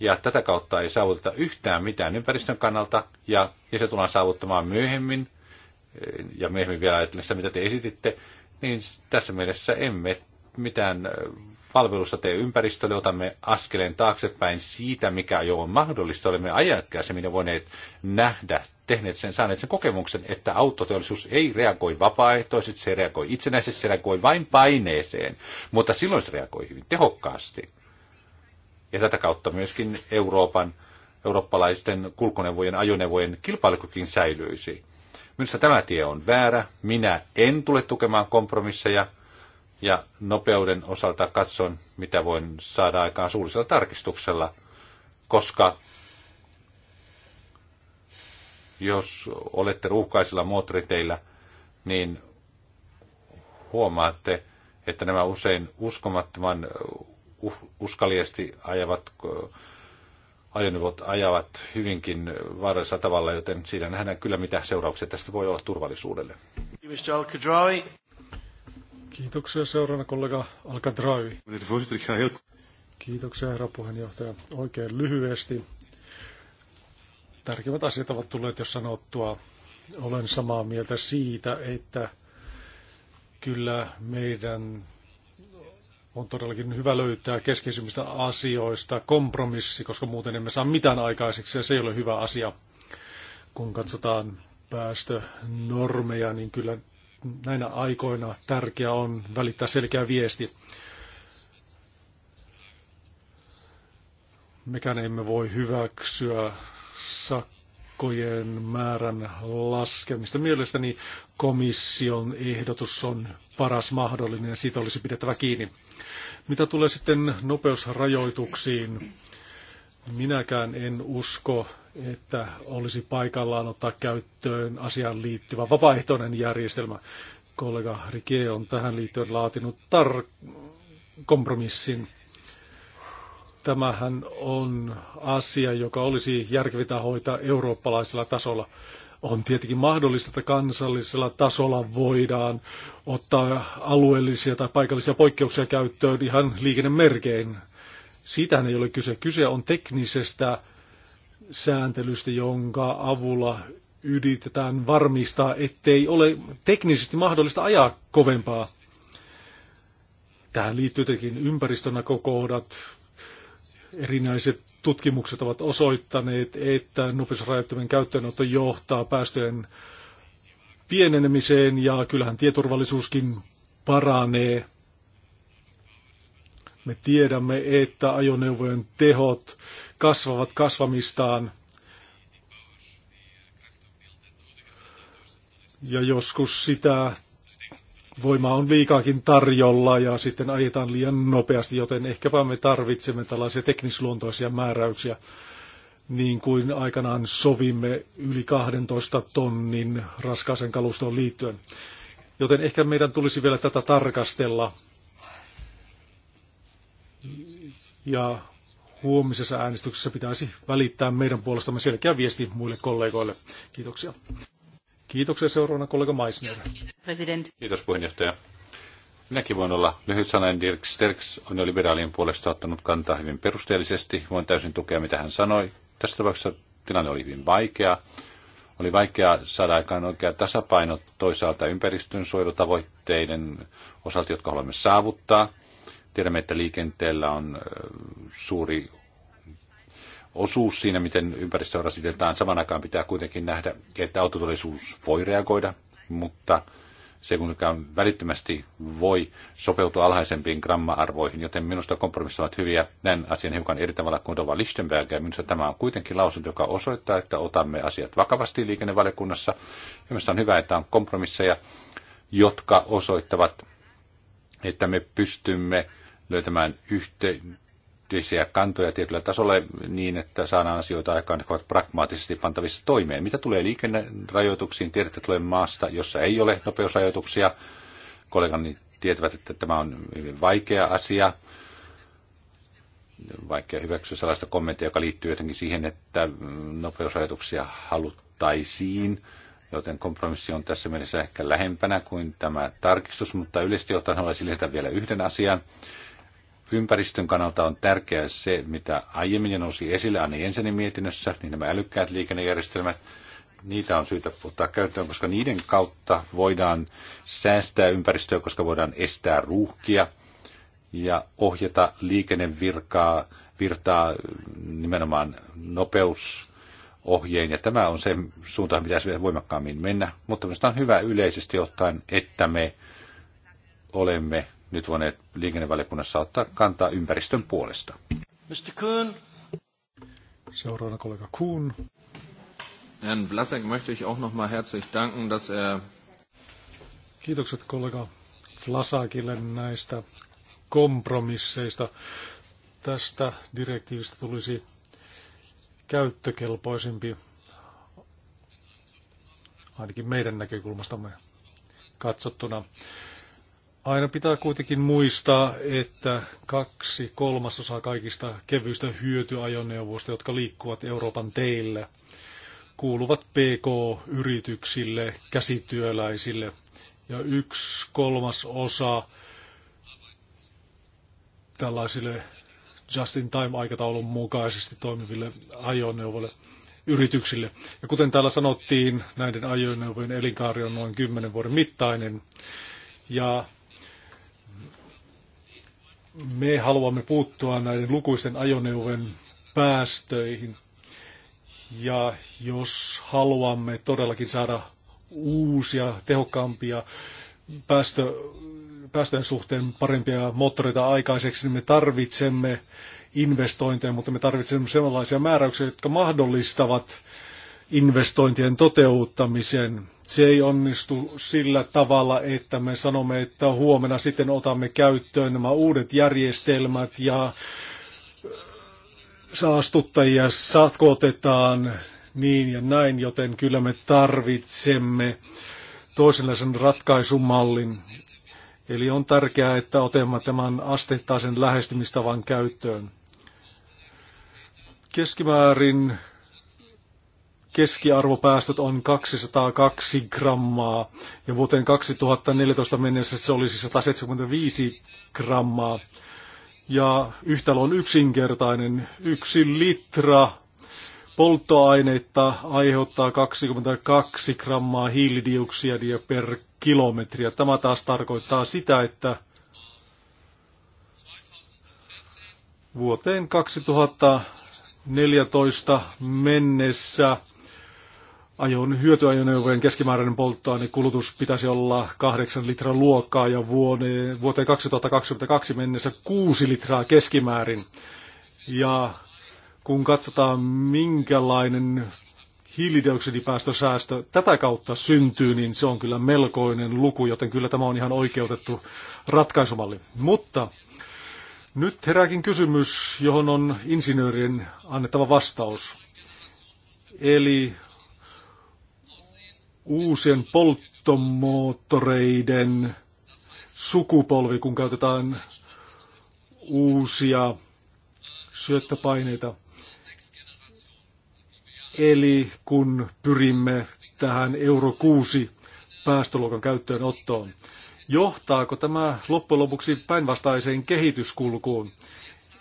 Ja tätä kautta ei saavuteta yhtään mitään ympäristön kannalta, ja, ja se tullaan saavuttamaan myöhemmin, ja myöhemmin vielä ajatellessa, mitä te esititte, niin tässä mielessä emme mitään palvelusta tee ympäristölle, otamme askeleen taaksepäin siitä, mikä jo on mahdollista. Olemme ajatkaisemmin voineet nähdä, tehneet sen, saaneet sen kokemuksen, että autoteollisuus ei reagoi vapaaehtoisesti, se reagoi itsenäisesti, se reagoi vain paineeseen, mutta silloin se reagoi hyvin tehokkaasti. Ja tätä kautta myöskin Euroopan, eurooppalaisten kulkuneuvojen, ajoneuvojen kilpailukykin säilyisi. Minusta tämä tie on väärä. Minä en tule tukemaan kompromisseja ja nopeuden osalta katson, mitä voin saada aikaan suullisella tarkistuksella, koska jos olette ruuhkaisilla moottoriteillä, niin huomaatte, että nämä usein uskomattoman uh, uskaliesti ajavat äh, ajoneuvot ajavat hyvinkin vaarallisella tavalla, joten siinä nähdään kyllä, mitä seurauksia tästä voi olla turvallisuudelle. Kiitoksia seuraavana kollega Alka Draivi. Kiitoksia herra puheenjohtaja. Oikein lyhyesti. Tärkeimmät asiat ovat tulleet jo sanottua. Olen samaa mieltä siitä, että kyllä meidän on todellakin hyvä löytää keskeisimmistä asioista kompromissi, koska muuten emme saa mitään aikaiseksi ja se ei ole hyvä asia. Kun katsotaan päästönormeja, niin kyllä näinä aikoina tärkeää on välittää selkeä viesti. Mekään emme voi hyväksyä sakkojen määrän laskemista. Mielestäni komission ehdotus on paras mahdollinen ja siitä olisi pidettävä kiinni. Mitä tulee sitten nopeusrajoituksiin, minäkään en usko, että olisi paikallaan ottaa käyttöön asiaan liittyvä vapaaehtoinen järjestelmä. Kollega Rike on tähän liittyen laatinut tar- kompromissin. Tämähän on asia, joka olisi järkevintä hoitaa eurooppalaisella tasolla. On tietenkin mahdollista, että kansallisella tasolla voidaan ottaa alueellisia tai paikallisia poikkeuksia käyttöön ihan liikennemerkein. Siitähän ei ole kyse. Kyse on teknisestä sääntelystä, jonka avulla yritetään varmistaa, ettei ole teknisesti mahdollista ajaa kovempaa. Tähän liittyy tietenkin ympäristönäkökohdat. Erinäiset tutkimukset ovat osoittaneet, että nopeusrajoittimen käyttöönotto johtaa päästöjen pienenemiseen ja kyllähän tieturvallisuuskin paranee. Me tiedämme, että ajoneuvojen tehot kasvavat kasvamistaan. Ja joskus sitä voimaa on liikaakin tarjolla ja sitten ajetaan liian nopeasti, joten ehkäpä me tarvitsemme tällaisia teknisluontoisia määräyksiä, niin kuin aikanaan sovimme yli 12 tonnin raskaaseen kalustoon liittyen. Joten ehkä meidän tulisi vielä tätä tarkastella ja huomisessa äänestyksessä pitäisi välittää meidän puolestamme selkeä viesti muille kollegoille. Kiitoksia. Kiitoksia seuraavana kollega Meissner. President. Kiitos puheenjohtaja. Minäkin voin olla lyhyt sanainen. Dirk Sterks on jo liberaalien puolesta ottanut kantaa hyvin perusteellisesti. Voin täysin tukea, mitä hän sanoi. Tässä tapauksessa tilanne oli hyvin vaikea. Oli vaikea saada aikaan oikea tasapaino toisaalta ympäristön suojelutavoitteiden osalta, jotka haluamme saavuttaa – Tiedämme, että liikenteellä on suuri osuus siinä, miten ympäristöä rasitetaan. Saman aikaan pitää kuitenkin nähdä, että autotollisuus voi reagoida, mutta se kuitenkaan välittömästi voi sopeutua alhaisempiin gramma-arvoihin, joten minusta kompromissit ovat hyviä. Näin asian hiukan eri tavalla kuin Dova Lichtenberg, ja minusta tämä on kuitenkin lausunto, joka osoittaa, että otamme asiat vakavasti liikennevaliokunnassa. Ja minusta on hyvä, että on kompromisseja, jotka osoittavat, että me pystymme löytämään yhteisiä kantoja tietyllä tasolla niin, että saadaan asioita aikaan, jotka ovat pragmaattisesti pantavissa toimeen. Mitä tulee liikennerajoituksiin, tiedätte, tulee maasta, jossa ei ole nopeusrajoituksia. Kollegani tietävät, että tämä on hyvin vaikea asia. Vaikea hyväksyä sellaista kommenttia, joka liittyy jotenkin siihen, että nopeusrajoituksia haluttaisiin joten kompromissi on tässä mielessä ehkä lähempänä kuin tämä tarkistus, mutta yleisesti ottaen haluaisin lisätä vielä yhden asian ympäristön kannalta on tärkeää se, mitä aiemmin nousi esille Anne Jensenin mietinnössä, niin nämä älykkäät liikennejärjestelmät, niitä on syytä ottaa käyttöön, koska niiden kautta voidaan säästää ympäristöä, koska voidaan estää ruuhkia ja ohjata liikennevirtaa virtaa nimenomaan nopeusohjeen. Ja tämä on se suunta, mitä pitäisi voimakkaammin mennä. Mutta minusta on hyvä yleisesti ottaen, että me olemme nyt voineet liikennevaliokunnassa ottaa kantaa ympäristön puolesta. Mr. Kuhn. Seuraavana kollega Kuhn. Herrn Vlasek möchte ich auch mal herzlich danken, dass er... Kiitokset kollega Vlasakille näistä kompromisseista. Tästä direktiivistä tulisi käyttökelpoisempi ainakin meidän näkökulmastamme katsottuna. Aina pitää kuitenkin muistaa, että kaksi kolmasosaa kaikista kevyistä hyötyajoneuvoista, jotka liikkuvat Euroopan teillä, kuuluvat PK-yrityksille, käsityöläisille ja yksi kolmas osa tällaisille just-in-time-aikataulun mukaisesti toimiville ajoneuvoille yrityksille. Ja kuten täällä sanottiin, näiden ajoneuvojen elinkaari on noin 10 vuoden mittainen. Ja me haluamme puuttua näiden lukuisten ajoneuvojen päästöihin. Ja jos haluamme todellakin saada uusia, tehokkaampia päästö, päästöjen suhteen parempia moottoreita aikaiseksi, niin me tarvitsemme investointeja, mutta me tarvitsemme sellaisia määräyksiä, jotka mahdollistavat investointien toteuttamisen Se ei onnistu sillä tavalla, että me sanomme, että huomenna sitten otamme käyttöön nämä uudet järjestelmät ja saastuttajia sakotetaan niin ja näin, joten kyllä me tarvitsemme toisenlaisen ratkaisumallin. Eli on tärkeää, että otamme tämän asteittaisen lähestymistavan käyttöön. Keskimäärin keskiarvopäästöt on 202 grammaa ja vuoteen 2014 mennessä se olisi siis 175 grammaa. Ja yhtälö on yksinkertainen. Yksi litra polttoaineita aiheuttaa 22 grammaa hiilidioksidia per kilometriä. Tämä taas tarkoittaa sitä, että vuoteen 2014 mennessä Ajon hyötyajoneuvojen keskimääräinen kulutus pitäisi olla 8 litraa luokkaa ja vuoteen 2022 mennessä 6 litraa keskimäärin. Ja kun katsotaan minkälainen hiilidioksidipäästösäästö tätä kautta syntyy, niin se on kyllä melkoinen luku, joten kyllä tämä on ihan oikeutettu ratkaisumalli. Mutta nyt herääkin kysymys, johon on insinöörien annettava vastaus. Eli uusien polttomoottoreiden sukupolvi, kun käytetään uusia syöttöpaineita. Eli kun pyrimme tähän Euro 6 päästöluokan käyttöönottoon. Johtaako tämä loppujen lopuksi päinvastaiseen kehityskulkuun?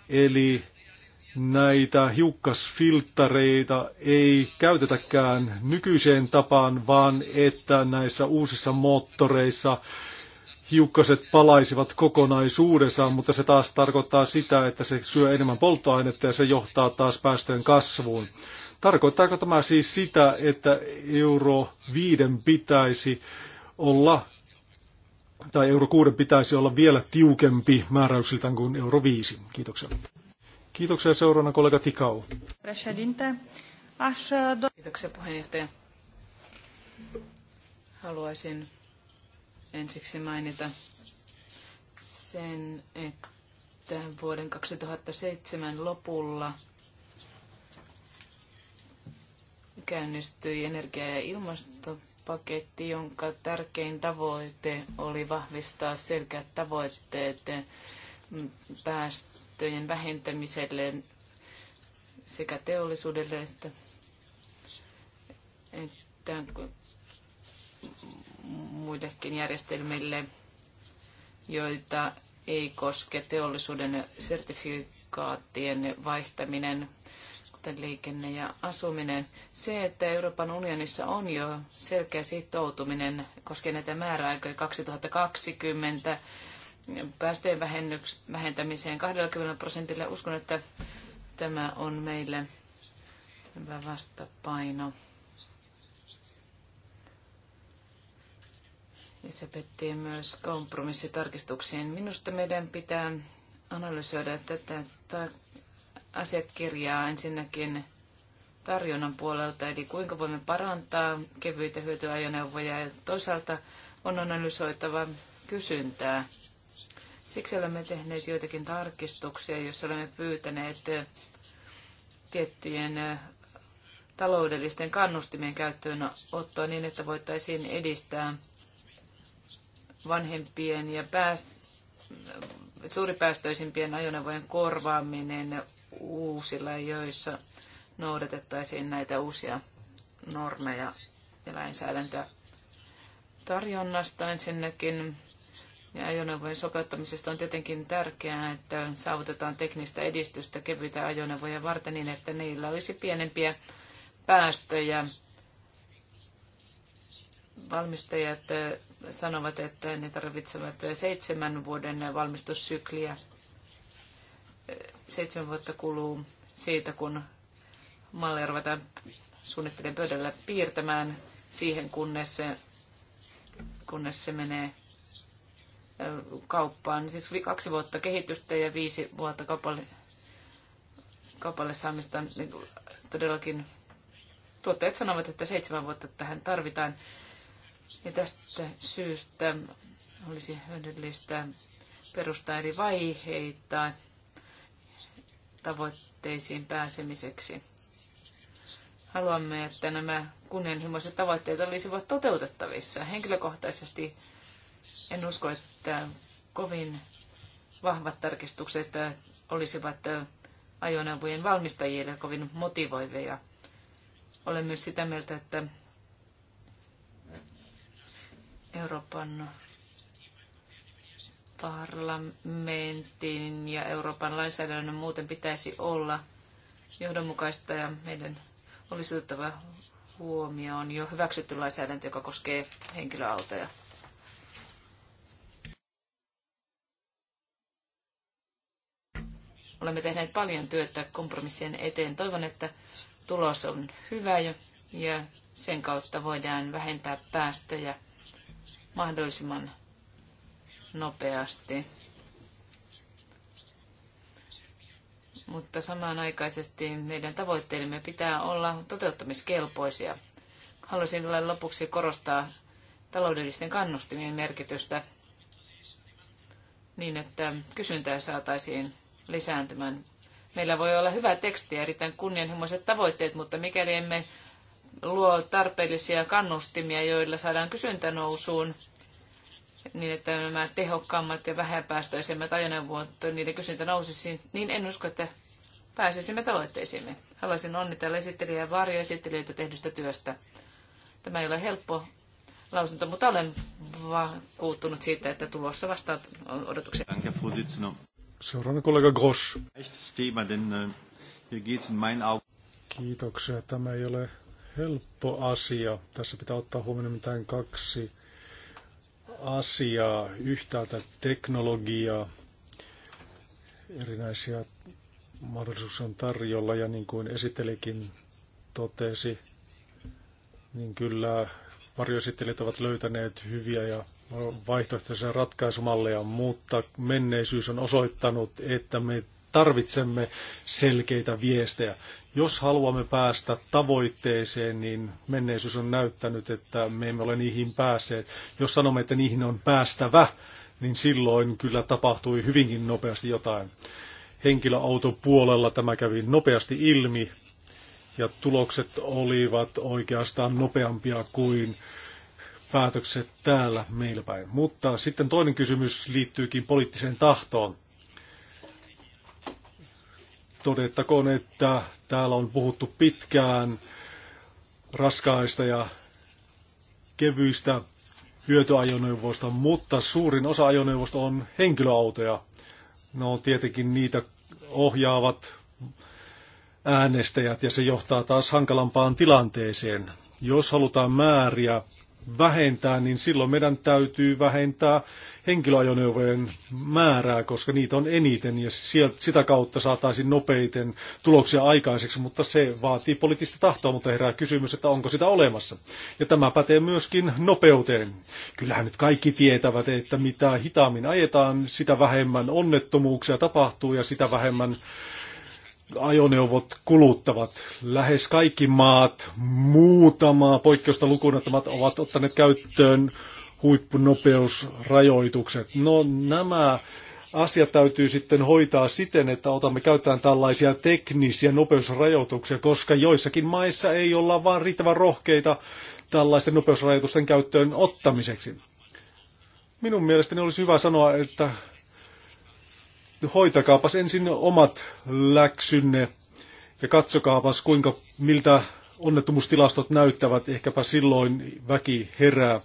Eli näitä hiukkasfilttareita ei käytetäkään nykyiseen tapaan, vaan että näissä uusissa moottoreissa hiukkaset palaisivat kokonaisuudessaan, mutta se taas tarkoittaa sitä, että se syö enemmän polttoainetta ja se johtaa taas päästöjen kasvuun. Tarkoittaako tämä siis sitä, että euro 5 pitäisi olla, tai euro 6 pitäisi olla vielä tiukempi määräyksiltään kuin euro 5? Kiitoksia. Kiitoksia seurana kollega Tikau. Uh, Kiitoksia puheenjohtaja. Haluaisin ensiksi mainita sen, että vuoden 2007 lopulla käynnistyi energia- ja ilmastopaketti, jonka tärkein tavoite oli vahvistaa selkeät tavoitteet mm, päästä päästöjen vähentämiselle sekä teollisuudelle että, että muillekin järjestelmille, joita ei koske teollisuuden sertifikaattien vaihtaminen, kuten liikenne ja asuminen. Se, että Euroopan unionissa on jo selkeä sitoutuminen koskien näitä määräaikoja 2020 päästöjen vähentämiseen 20 prosentille Uskon, että tämä on meille hyvä vastapaino. Ja se petti myös kompromissitarkistuksiin. Minusta meidän pitää analysoida tätä asiakirjaa ensinnäkin tarjonnan puolelta, eli kuinka voimme parantaa kevyitä hyötyajoneuvoja ja toisaalta on analysoitava kysyntää. Siksi olemme tehneet joitakin tarkistuksia, joissa olemme pyytäneet eh, tiettyjen eh, taloudellisten kannustimien käyttöön ottoa niin, että voitaisiin edistää vanhempien ja pääst- suuripäästöisimpien ajoneuvojen korvaaminen uusilla, joissa noudatettaisiin näitä uusia normeja ja lainsäädäntöä. Tarjonnasta ensinnäkin ja ajoneuvojen sopeuttamisesta on tietenkin tärkeää, että saavutetaan teknistä edistystä kevyitä ajoneuvoja varten niin, että niillä olisi pienempiä päästöjä. Valmistajat eh, sanovat, että ne tarvitsevat seitsemän vuoden valmistussykliä. Eh, seitsemän vuotta kuluu siitä, kun malleja ruvetaan suunnittelijan pöydällä piirtämään siihen, kunnes se, kunnes se menee kauppaan. Siis kaksi vuotta kehitystä ja viisi vuotta kaupalle, kaupalle saamista. Niin todellakin tuottajat sanovat, että seitsemän vuotta tähän tarvitaan. Ja tästä syystä olisi hyödyllistä perustaa eri vaiheita tavoitteisiin pääsemiseksi. Haluamme, että nämä kunnianhimoiset tavoitteet olisivat toteutettavissa. Henkilökohtaisesti en usko, että kovin vahvat tarkistukset olisivat ajoneuvojen valmistajille kovin motivoivia. Olen myös sitä mieltä, että Euroopan parlamentin ja Euroopan lainsäädännön muuten pitäisi olla johdonmukaista ja meidän olisi otettava huomioon jo hyväksytty lainsäädäntö, joka koskee henkilöautoja. Olemme tehneet paljon työtä kompromissien eteen. Toivon, että tulos on hyvä ja, ja sen kautta voidaan vähentää päästöjä mahdollisimman nopeasti. Mutta samanaikaisesti meidän tavoitteemme pitää olla toteuttamiskelpoisia. Haluaisin vielä lopuksi korostaa taloudellisten kannustimien merkitystä niin, että kysyntää saataisiin lisääntymään. Meillä voi olla hyvä teksti ja erittäin kunnianhimoiset tavoitteet, mutta mikäli emme luo tarpeellisia kannustimia, joilla saadaan kysyntä nousuun, niin että nämä tehokkaammat ja vähäpäästöisemmät ajoneuvot, niiden kysyntä nousisi, niin en usko, että pääsisimme tavoitteisiimme. Haluaisin onnitella esittelijä ja varjoesittelijöitä tehdystä työstä. Tämä ei ole helppo lausunto, mutta olen vakuuttunut siitä, että tulossa vastaat odotuksia. Seuraavana kollega Grosch. Äh, Kiitoksia. Tämä ei ole helppo asia. Tässä pitää ottaa huomioon mitään kaksi asiaa. Yhtäältä teknologiaa, erinäisiä mahdollisuuksia on tarjolla ja niin kuin esittelikin totesi, niin kyllä varjoesittelijät ovat löytäneet hyviä ja vaihtoehtoisia ratkaisumalleja, mutta menneisyys on osoittanut, että me tarvitsemme selkeitä viestejä. Jos haluamme päästä tavoitteeseen, niin menneisyys on näyttänyt, että me emme ole niihin päässeet. Jos sanomme, että niihin on päästävä, niin silloin kyllä tapahtui hyvinkin nopeasti jotain. puolella, tämä kävi nopeasti ilmi ja tulokset olivat oikeastaan nopeampia kuin päätökset täällä meillä päin. Mutta sitten toinen kysymys liittyykin poliittiseen tahtoon. Todettakoon, että täällä on puhuttu pitkään raskaista ja kevyistä hyötyajoneuvoista, mutta suurin osa ajoneuvoista on henkilöautoja. No tietenkin niitä ohjaavat äänestäjät ja se johtaa taas hankalampaan tilanteeseen. Jos halutaan määriä vähentää, niin silloin meidän täytyy vähentää henkilöajoneuvojen määrää, koska niitä on eniten ja sieltä, sitä kautta saataisiin nopeiten tuloksia aikaiseksi, mutta se vaatii poliittista tahtoa, mutta herää kysymys, että onko sitä olemassa. Ja tämä pätee myöskin nopeuteen. Kyllähän nyt kaikki tietävät, että mitä hitaammin ajetaan, sitä vähemmän onnettomuuksia tapahtuu ja sitä vähemmän ajoneuvot kuluttavat. Lähes kaikki maat, muutamaa poikkeusta lukunottamat, ovat ottaneet käyttöön huippunopeusrajoitukset. No nämä asiat täytyy sitten hoitaa siten, että otamme käyttöön tällaisia teknisiä nopeusrajoituksia, koska joissakin maissa ei olla vaan riittävän rohkeita tällaisten nopeusrajoitusten käyttöön ottamiseksi. Minun mielestäni olisi hyvä sanoa, että hoitakaapas ensin omat läksynne ja katsokaapas kuinka miltä onnettomuustilastot näyttävät. Ehkäpä silloin väki herää.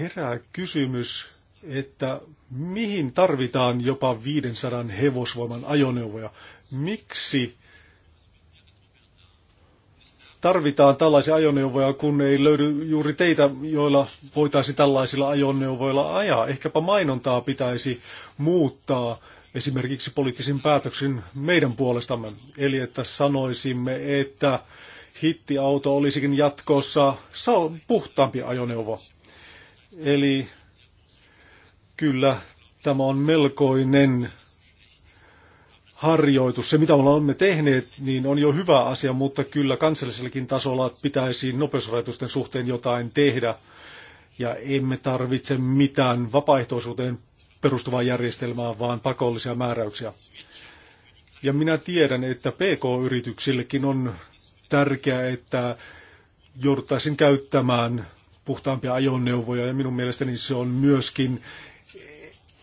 Herää kysymys, että mihin tarvitaan jopa 500 hevosvoiman ajoneuvoja? Miksi tarvitaan tällaisia ajoneuvoja, kun ei löydy juuri teitä, joilla voitaisiin tällaisilla ajoneuvoilla ajaa. Ehkäpä mainontaa pitäisi muuttaa esimerkiksi poliittisin päätöksin meidän puolestamme. Eli että sanoisimme, että hittiauto olisikin jatkossa puhtaampi ajoneuvo. Eli kyllä tämä on melkoinen harjoitus. Se, mitä me olemme tehneet, niin on jo hyvä asia, mutta kyllä kansallisellakin tasolla pitäisi nopeusrajoitusten suhteen jotain tehdä. Ja emme tarvitse mitään vapaaehtoisuuteen perustuvaa järjestelmää, vaan pakollisia määräyksiä. Ja minä tiedän, että PK-yrityksillekin on tärkeää, että jouduttaisiin käyttämään puhtaampia ajoneuvoja, ja minun mielestäni se on myöskin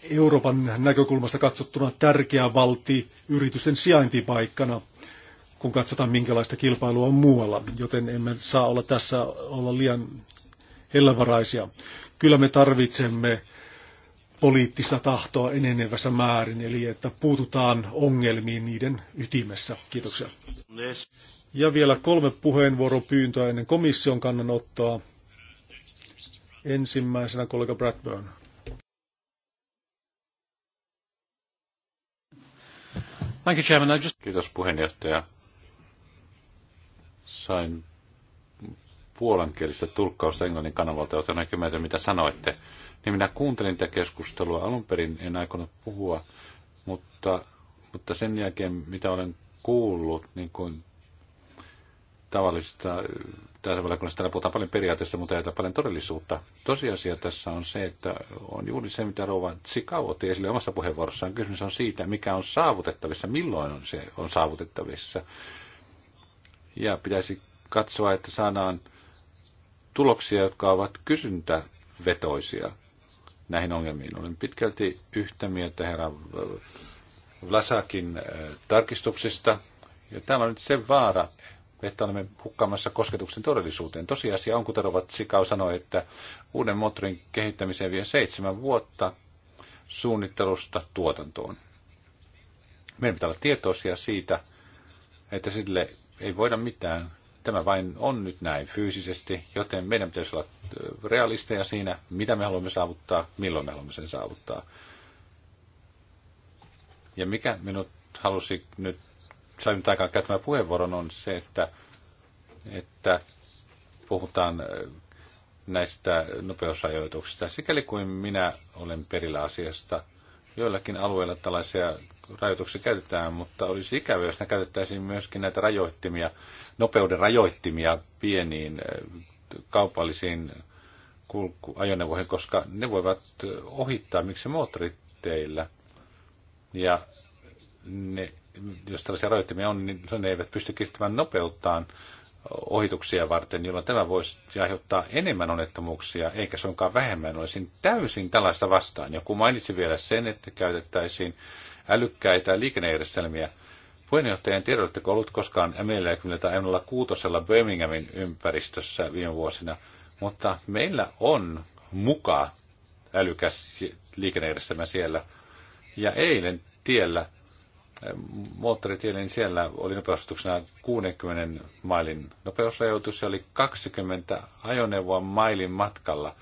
Euroopan näkökulmasta katsottuna tärkeä valti yritysten sijaintipaikkana, kun katsotaan minkälaista kilpailua on muualla, joten emme saa olla tässä olla liian hellävaraisia. Kyllä me tarvitsemme poliittista tahtoa enenevässä määrin, eli että puututaan ongelmiin niiden ytimessä. Kiitoksia. Ja vielä kolme puheenvuoropyyntöä ennen komission kannanottoa. Ensimmäisenä kollega Bradburn. Thank you, Chairman. I just... Kiitos puheenjohtaja. Sain puolankielistä tulkkausta englannin kanavalta, joten en mitä sanoitte. Niin minä kuuntelin tätä keskustelua. Alun perin en aikonut puhua, mutta, mutta sen jälkeen, mitä olen kuullut, niin kuin tavallista tässä täällä puhutaan paljon periaatteista, mutta ei paljon todellisuutta. Tosiasia tässä on se, että on juuri se, mitä Rova Tsikau otti esille omassa puheenvuorossaan. Kysymys on siitä, mikä on saavutettavissa, milloin on se on saavutettavissa. Ja pitäisi katsoa, että saadaan tuloksia, jotka ovat kysyntävetoisia näihin ongelmiin. Olen pitkälti yhtä mieltä herra Vlasakin äh, tarkistuksista. Ja täällä on nyt se vaara, että olemme hukkaamassa kosketuksen todellisuuteen. Tosiasia on, kuten Rovat Sikau sanoi, että uuden moottorin kehittämiseen vie seitsemän vuotta suunnittelusta tuotantoon. Meidän pitää olla tietoisia siitä, että sille ei voida mitään. Tämä vain on nyt näin fyysisesti, joten meidän pitäisi olla realisteja siinä, mitä me haluamme saavuttaa, milloin me haluamme sen saavuttaa. Ja mikä minut halusi nyt sain nyt aikaan käyttämään puheenvuoron, on se, että, että puhutaan näistä nopeusrajoituksista. Sikäli kuin minä olen perillä asiasta, joillakin alueilla tällaisia rajoituksia käytetään, mutta olisi ikävä, jos ne käytettäisiin myöskin näitä rajoittimia, nopeuden rajoittimia pieniin kaupallisiin ajoneuvoihin, koska ne voivat ohittaa, miksi moottoriteillä. Ja ne, jos tällaisia rajoittimia on, niin ne eivät pysty kehittämään nopeuttaan ohituksia varten, jolloin tämä voisi aiheuttaa enemmän onnettomuuksia, eikä suinkaan vähemmän. Olisin täysin tällaista vastaan. Joku mainitsi vielä sen, että käytettäisiin älykkäitä liikennejärjestelmiä. Puheenjohtajan tiedä, oletteko ollut koskaan M40 tai M06 Birminghamin ympäristössä viime vuosina, mutta meillä on muka älykäs liikennejärjestelmä siellä. Ja eilen tiellä Äh, moottoritielle, niin siellä oli nopeusrajoituksena 60 mailin nopeusrajoitus Se oli 20 ajoneuvoa mailin matkalla.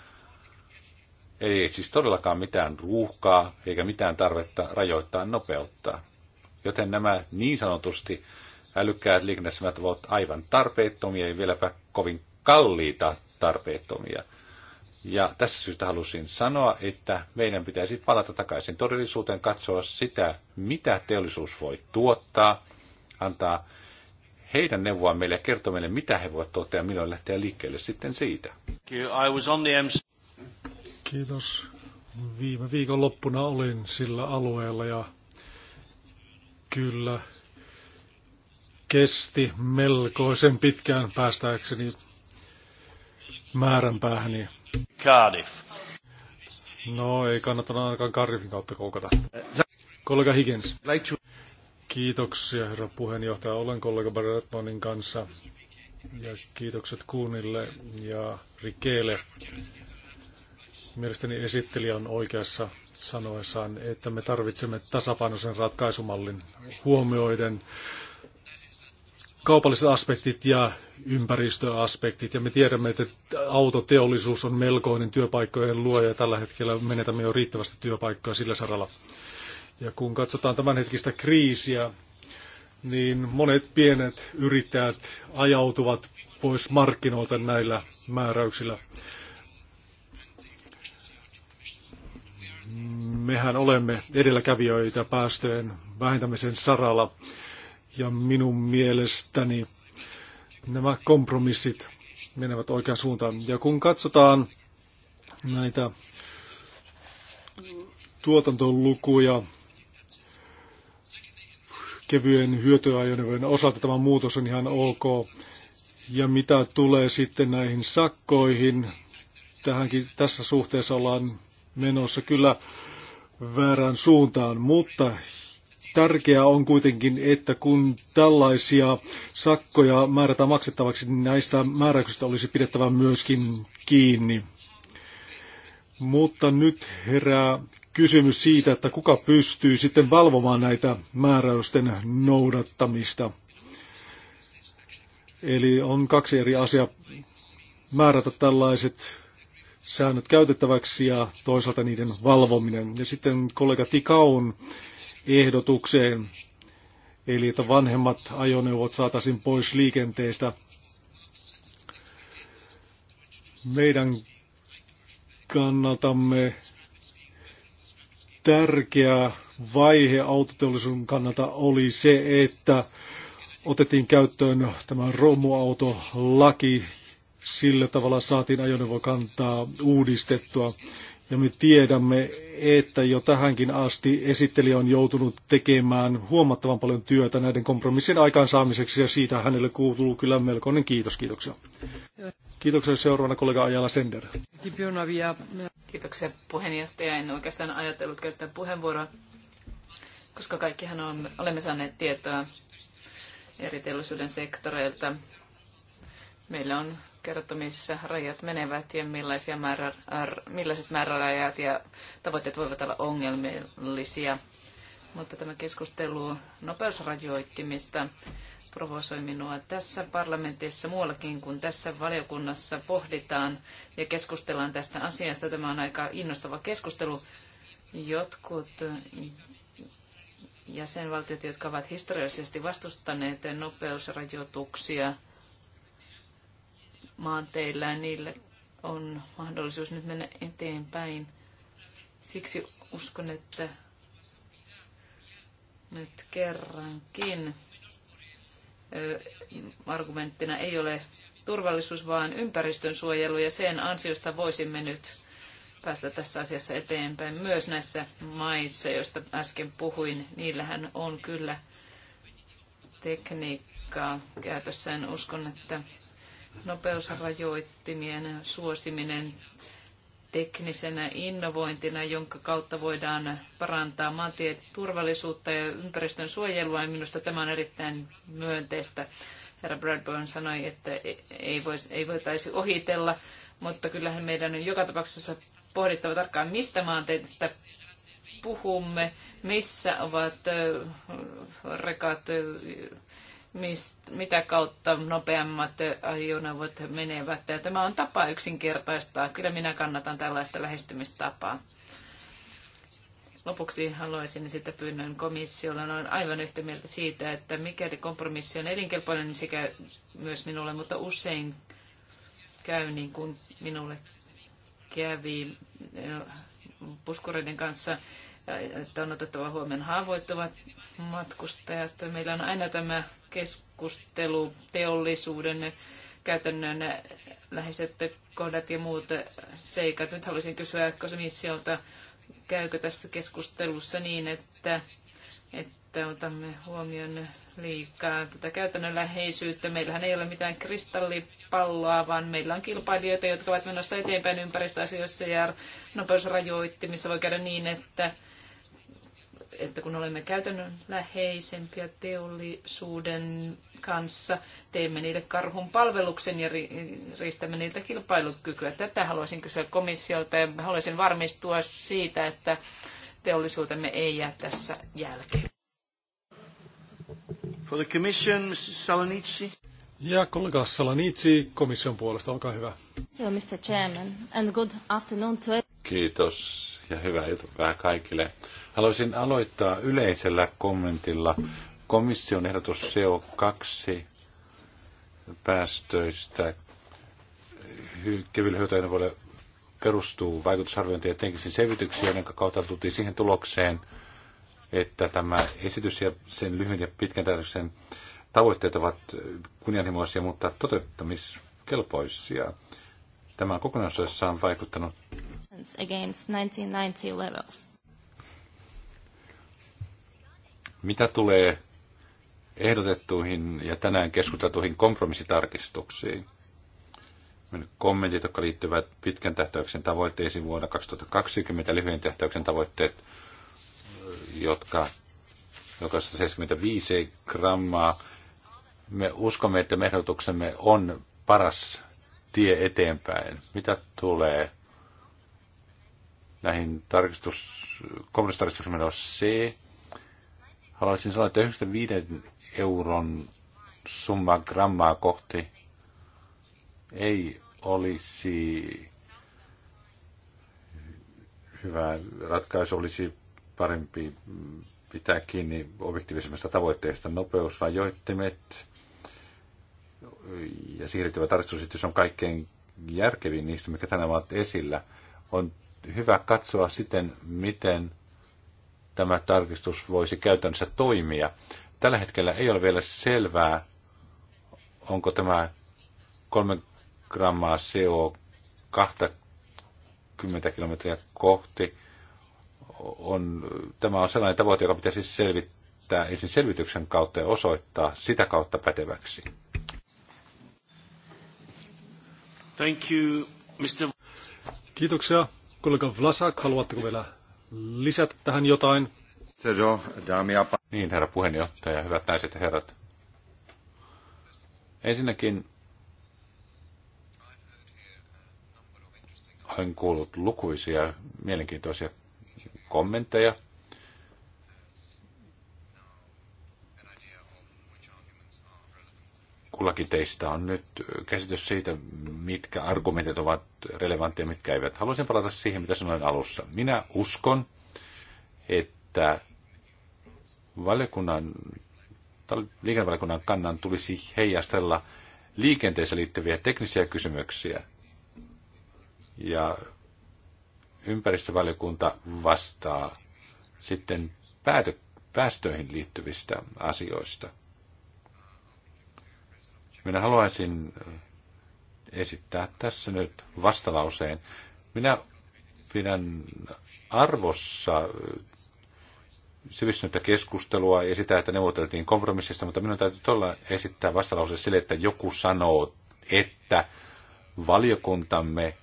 Eli ei siis todellakaan mitään ruuhkaa eikä mitään tarvetta rajoittaa nopeutta. Joten nämä niin sanotusti älykkäät liikennesemät ovat aivan tarpeettomia ja vieläpä kovin kalliita tarpeettomia. Ja tässä syystä halusin sanoa, että meidän pitäisi palata takaisin todellisuuteen, katsoa sitä, mitä teollisuus voi tuottaa, antaa heidän neuvoa meille ja kertoa meille, mitä he voivat tuottaa ja milloin lähteä liikkeelle sitten siitä. Kiitos. Viime viikon loppuna olin sillä alueella ja kyllä kesti melkoisen pitkään päästäkseni määränpäähän Cardiff. No ei kannata ainakaan Cardiffin kautta koukata. Kollega Higgins. Kiitoksia herra puheenjohtaja. Olen kollega Barretmanin kanssa. Ja kiitokset Kuunille ja Rikeelle. Mielestäni esittelijä on oikeassa sanoessaan, että me tarvitsemme tasapainoisen ratkaisumallin huomioiden kaupalliset aspektit ja ympäristöaspektit. Ja me tiedämme, että autoteollisuus on melkoinen työpaikkojen luoja ja tällä hetkellä menetämme jo riittävästi työpaikkoja sillä saralla. Ja kun katsotaan tämänhetkistä kriisiä, niin monet pienet yrittäjät ajautuvat pois markkinoilta näillä määräyksillä. Mehän olemme edelläkävijöitä päästöjen vähentämisen saralla. Ja minun mielestäni nämä kompromissit menevät oikeaan suuntaan. Ja kun katsotaan näitä tuotantolukuja kevyen hyötyajoneuvojen osalta, tämä muutos on ihan ok. Ja mitä tulee sitten näihin sakkoihin, tähänkin, tässä suhteessa ollaan menossa kyllä väärään suuntaan, mutta Tärkeää on kuitenkin, että kun tällaisia sakkoja määrätään maksettavaksi, niin näistä määräyksistä olisi pidettävä myöskin kiinni. Mutta nyt herää kysymys siitä, että kuka pystyy sitten valvomaan näitä määräysten noudattamista. Eli on kaksi eri asiaa määrätä tällaiset säännöt käytettäväksi ja toisaalta niiden valvominen. Ja sitten kollega Tikaun ehdotukseen, eli että vanhemmat ajoneuvot saataisiin pois liikenteestä. Meidän kannaltamme tärkeä vaihe autoteollisuuden kannalta oli se, että otettiin käyttöön tämä romuautolaki. Sillä tavalla saatiin ajoneuvokantaa uudistettua. Ja me tiedämme, että jo tähänkin asti esittelijä on joutunut tekemään huomattavan paljon työtä näiden kompromissien aikaansaamiseksi ja siitä hänelle kuuluu kyllä melkoinen kiitos. Kiitoksia. Kiitoksia seuraavana kollega Ajala Sender. Kiitoksia puheenjohtaja. En oikeastaan ajatellut käyttää puheenvuoroa, koska kaikkihan on, olemme saaneet tietoa eri teollisuuden sektoreilta. Meillä on kerrottu, missä rajat menevät ja millaisia määrä, millaiset määrärajat ja tavoitteet voivat olla ongelmallisia. Mutta tämä keskustelu nopeusrajoittimista provosoi minua tässä parlamentissa muuallakin kuin tässä valiokunnassa pohditaan ja keskustellaan tästä asiasta. Tämä on aika innostava keskustelu. Jotkut jäsenvaltiot, jotka ovat historiallisesti vastustaneet nopeusrajoituksia, maanteillä ja niille on mahdollisuus nyt mennä eteenpäin. Siksi uskon, että nyt kerrankin argumenttina ei ole turvallisuus, vaan ympäristön suojelu ja sen ansiosta voisimme nyt päästä tässä asiassa eteenpäin. Myös näissä maissa, joista äsken puhuin, niillähän on kyllä tekniikkaa käytössään. Uskon, että nopeusrajoittimien suosiminen teknisenä innovointina, jonka kautta voidaan parantaa maantien turvallisuutta ja ympäristön suojelua, niin minusta tämä on erittäin myönteistä. Herra Bradburn sanoi, että ei, voisi, ei voitaisi ohitella, mutta kyllähän meidän on joka tapauksessa pohdittava tarkkaan, mistä maanteista puhumme, missä ovat rekat mist, mitä kautta nopeammat ajoneuvot menevät. Ja tämä on tapa yksinkertaistaa. Kyllä minä kannatan tällaista lähestymistapaa. Lopuksi haluaisin sitä pyynnön komissiolla. Olen aivan yhtä mieltä siitä, että mikäli kompromissi on elinkelpoinen, niin sekä myös minulle, mutta usein käy niin kuin minulle kävi eh, puskureiden kanssa, eh, että on otettava huomioon haavoittuvat matkustajat. Meillä on aina tämä keskustelu, teollisuuden käytännön läheiset kohdat ja muut seikat. Nyt haluaisin kysyä komissiolta, käykö tässä keskustelussa niin, että, että otamme huomioon liikaa tätä käytännön läheisyyttä. Meillähän ei ole mitään kristallipalloa, vaan meillä on kilpailijoita, jotka ovat menossa eteenpäin ympäristöasioissa ja nopeusrajoittimissa voi käydä niin, että että kun olemme käytännön läheisempiä teollisuuden kanssa, teemme niille karhun palveluksen ja riistämme niiltä kilpailukykyä. Tätä haluaisin kysyä komissiolta ja haluaisin varmistua siitä, että teollisuutemme ei jää tässä jälkeen. For the commission, Mrs. Salonici. Ja kollega Salanici komission puolesta, olkaa hyvä. Thank you, Mr. Chairman, and good afternoon to Kiitos ja hyvää iltapäivää kaikille. Haluaisin aloittaa yleisellä kommentilla. Komission ehdotus CO2 päästöistä kevyillä voi perustuu vaikutusarviointiin ja tekisin selvityksiä, jonka kautta tultiin siihen tulokseen, että tämä esitys ja sen lyhyen ja pitkän täytöksen tavoitteet ovat kunnianhimoisia, mutta toteuttamiskelpoisia. Tämä on kokonaisuudessaan vaikuttanut against 1990 levels. Mitä tulee ehdotettuihin ja tänään keskusteltuihin kompromissitarkistuksiin? Kommentit, jotka liittyvät pitkän tähtäyksen tavoitteisiin vuonna 2020, lyhyen tähtäyksen tavoitteet, jotka, joka 175 grammaa. Me uskomme, että me ehdotuksemme on paras tie eteenpäin. Mitä tulee Näihin tarkistus, kompromissitarkistusnumero C. Haluaisin sanoa, että 95 euron summa grammaa kohti ei olisi hyvä ratkaisu, olisi parempi pitää kiinni objektiivisemmasta tavoitteesta. Nopeusrajoittimet ja siirrettävä tarkistusesitys on kaikkein järkevin niistä, mikä tänään ovat esillä. On hyvä katsoa siten, miten tämä tarkistus voisi käytännössä toimia. Tällä hetkellä ei ole vielä selvää, onko tämä 3 grammaa CO 20 kilometriä kohti. On, tämä on sellainen tavoite, joka pitäisi selvittää ensin selvityksen kautta ja osoittaa sitä kautta päteväksi. Thank you, Mr. Kiitoksia, Kollega Vlasak, haluatteko vielä lisätä tähän jotain? Niin, herra puheenjohtaja, hyvät naiset ja herrat. Ensinnäkin olen kuullut lukuisia mielenkiintoisia kommentteja kullakin teistä on nyt käsitys siitä, mitkä argumentit ovat relevantteja, mitkä eivät. Haluaisin palata siihen, mitä sanoin alussa. Minä uskon, että valiokunnan, liikennevaliokunnan kannan tulisi heijastella liikenteeseen liittyviä teknisiä kysymyksiä. Ja ympäristövaliokunta vastaa sitten päätö, päästöihin liittyvistä asioista – minä haluaisin äh, esittää tässä nyt vastalauseen. Minä pidän arvossa äh, sivistynyttä keskustelua ja sitä, että neuvoteltiin kompromissista, mutta minun täytyy olla esittää vastalause sille, että joku sanoo, että valiokuntamme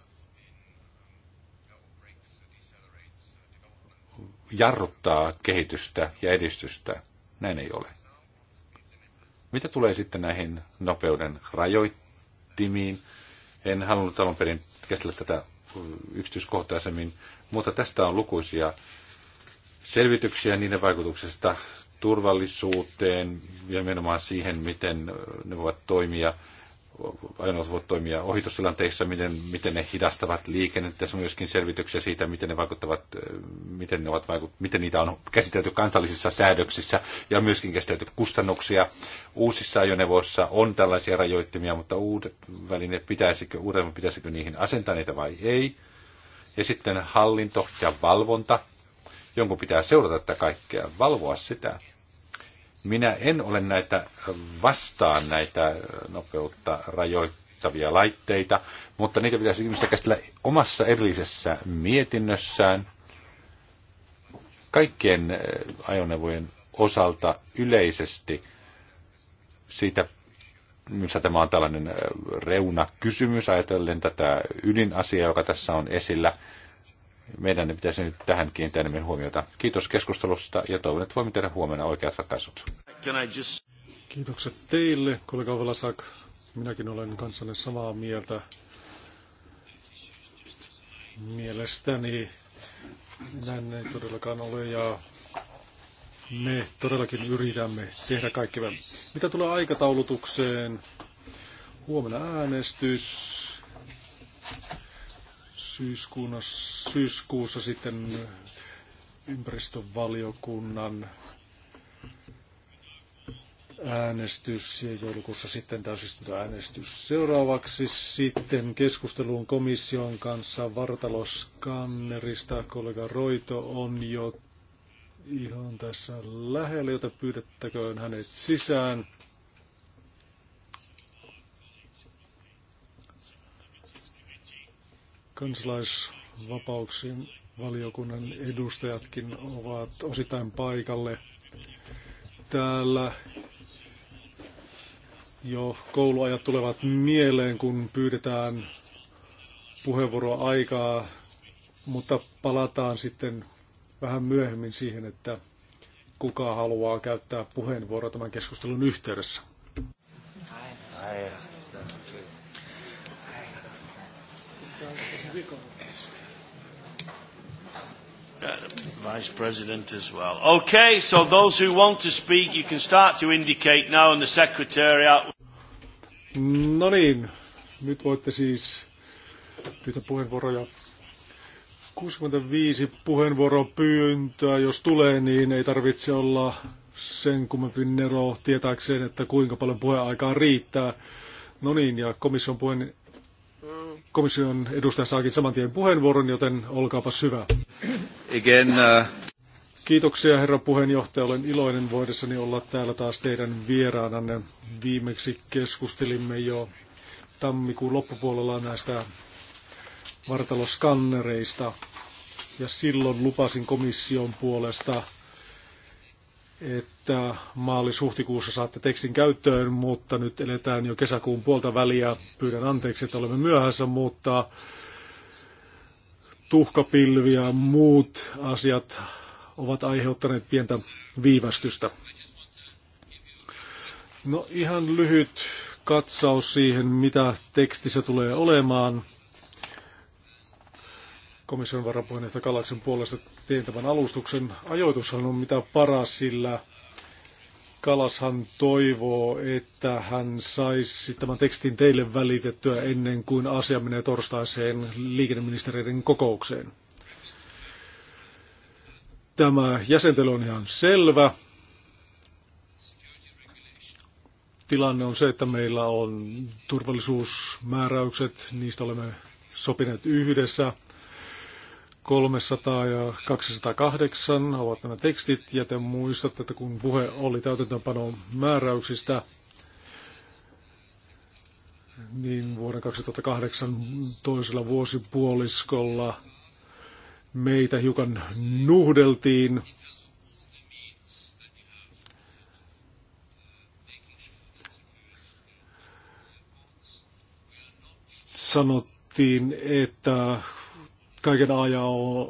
jarruttaa kehitystä ja edistystä. Näin ei ole. Mitä tulee sitten näihin nopeuden rajoittimiin? En halunnut alun perin käsitellä tätä yksityiskohtaisemmin, mutta tästä on lukuisia selvityksiä niiden vaikutuksesta turvallisuuteen ja nimenomaan siihen, miten ne voivat toimia ajoneuvot voivat toimia ohitustilanteissa, miten, miten ne hidastavat liikennettä. tässä on myöskin selvityksiä siitä, miten, ne vaikuttavat, miten, ne ovat vaikut, miten niitä on käsitelty kansallisissa säädöksissä ja on myöskin käsitelty kustannuksia. Uusissa ajoneuvoissa on tällaisia rajoittimia, mutta uudet välineet pitäisikö, uudemmat pitäisikö niihin asentaa niitä vai ei. Ja sitten hallinto ja valvonta. Jonkun pitää seurata tätä kaikkea, valvoa sitä minä en ole näitä vastaan näitä nopeutta rajoittavia laitteita, mutta niitä pitäisi ihmistä käsitellä omassa erillisessä mietinnössään kaikkien eh, ajoneuvojen osalta yleisesti siitä, missä tämä on tällainen eh, reunakysymys ajatellen tätä ydinasiaa, joka tässä on esillä – meidän ne pitäisi nyt tähän kiinnittää enemmän huomiota. Kiitos keskustelusta ja toivon, että voimme tehdä huomenna oikeat ratkaisut. Just... Kiitokset teille, kollega Valasak. Minäkin olen kanssanne samaa mieltä. Mielestäni näin ei todellakaan ole ja me todellakin yritämme tehdä kaikkemme. Mitä tulee aikataulutukseen? Huomenna äänestys syyskuussa sitten ympäristövaliokunnan äänestys ja joulukuussa sitten täysistuntoäänestys. Seuraavaksi sitten keskusteluun komission kanssa vartaloskannerista. Kollega Roito on jo ihan tässä lähellä, jota pyydettäköön hänet sisään. kansalaisvapauksien valiokunnan edustajatkin ovat osittain paikalle täällä. Jo kouluajat tulevat mieleen, kun pyydetään puheenvuoroa aikaa, mutta palataan sitten vähän myöhemmin siihen, että kuka haluaa käyttää puheenvuoroa tämän keskustelun yhteydessä. Aina. Aina. Uh, Vice President as well. Okay, so those who want to speak, you can start to indicate now and the Secretariat. No niin, nyt voitte siis pyytää puheenvuoroja. 65 puheenvuoron pyyntöä, jos tulee, niin ei tarvitse olla sen kummempi nero tietääkseen, että kuinka paljon puheaikaa riittää. No niin, ja komission puheen Komission edustaja saakin saman tien puheenvuoron, joten olkaapas hyvä. Again, uh... Kiitoksia herra puheenjohtaja. Olen iloinen voidessani olla täällä taas teidän vieraananne. Viimeksi keskustelimme jo tammikuun loppupuolella näistä vartaloskannereista. Ja silloin lupasin komission puolesta, että että maalis-huhtikuussa saatte tekstin käyttöön, mutta nyt eletään jo kesäkuun puolta väliä. Pyydän anteeksi, että olemme myöhässä, mutta tuhkapilvi ja muut asiat ovat aiheuttaneet pientä viivästystä. No ihan lyhyt katsaus siihen, mitä tekstissä tulee olemaan. Komission varapuheenjohtaja Kalaksen puolesta teen tämän alustuksen. Ajoitushan on mitä paras, sillä Kalashan toivoo, että hän saisi tämän tekstin teille välitettyä ennen kuin asia menee torstaiseen liikenneministeriöiden kokoukseen. Tämä jäsentely on ihan selvä. Tilanne on se, että meillä on turvallisuusmääräykset, niistä olemme sopineet yhdessä. 300 ja 208 ovat nämä tekstit, ja te muistatte, että kun puhe oli täytäntöönpanon määräyksistä, niin vuoden 2008 toisella vuosipuoliskolla meitä hiukan nuhdeltiin. Sanottiin, että kaiken ajan